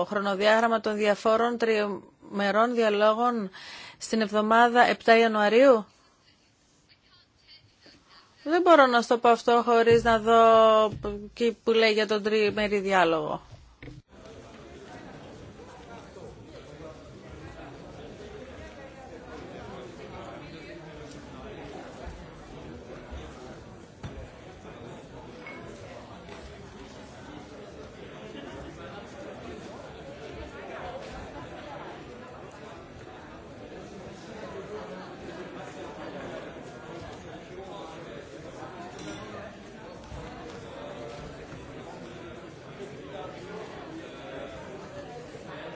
χρονοδιάγραμμα των διαφόρων τριών μερών διαλόγων στην εβδομάδα 7 Ιανουαρίου. Δεν μπορώ να στο πω αυτό χωρίς να δω και που λέει για τον τριμερή διάλογο.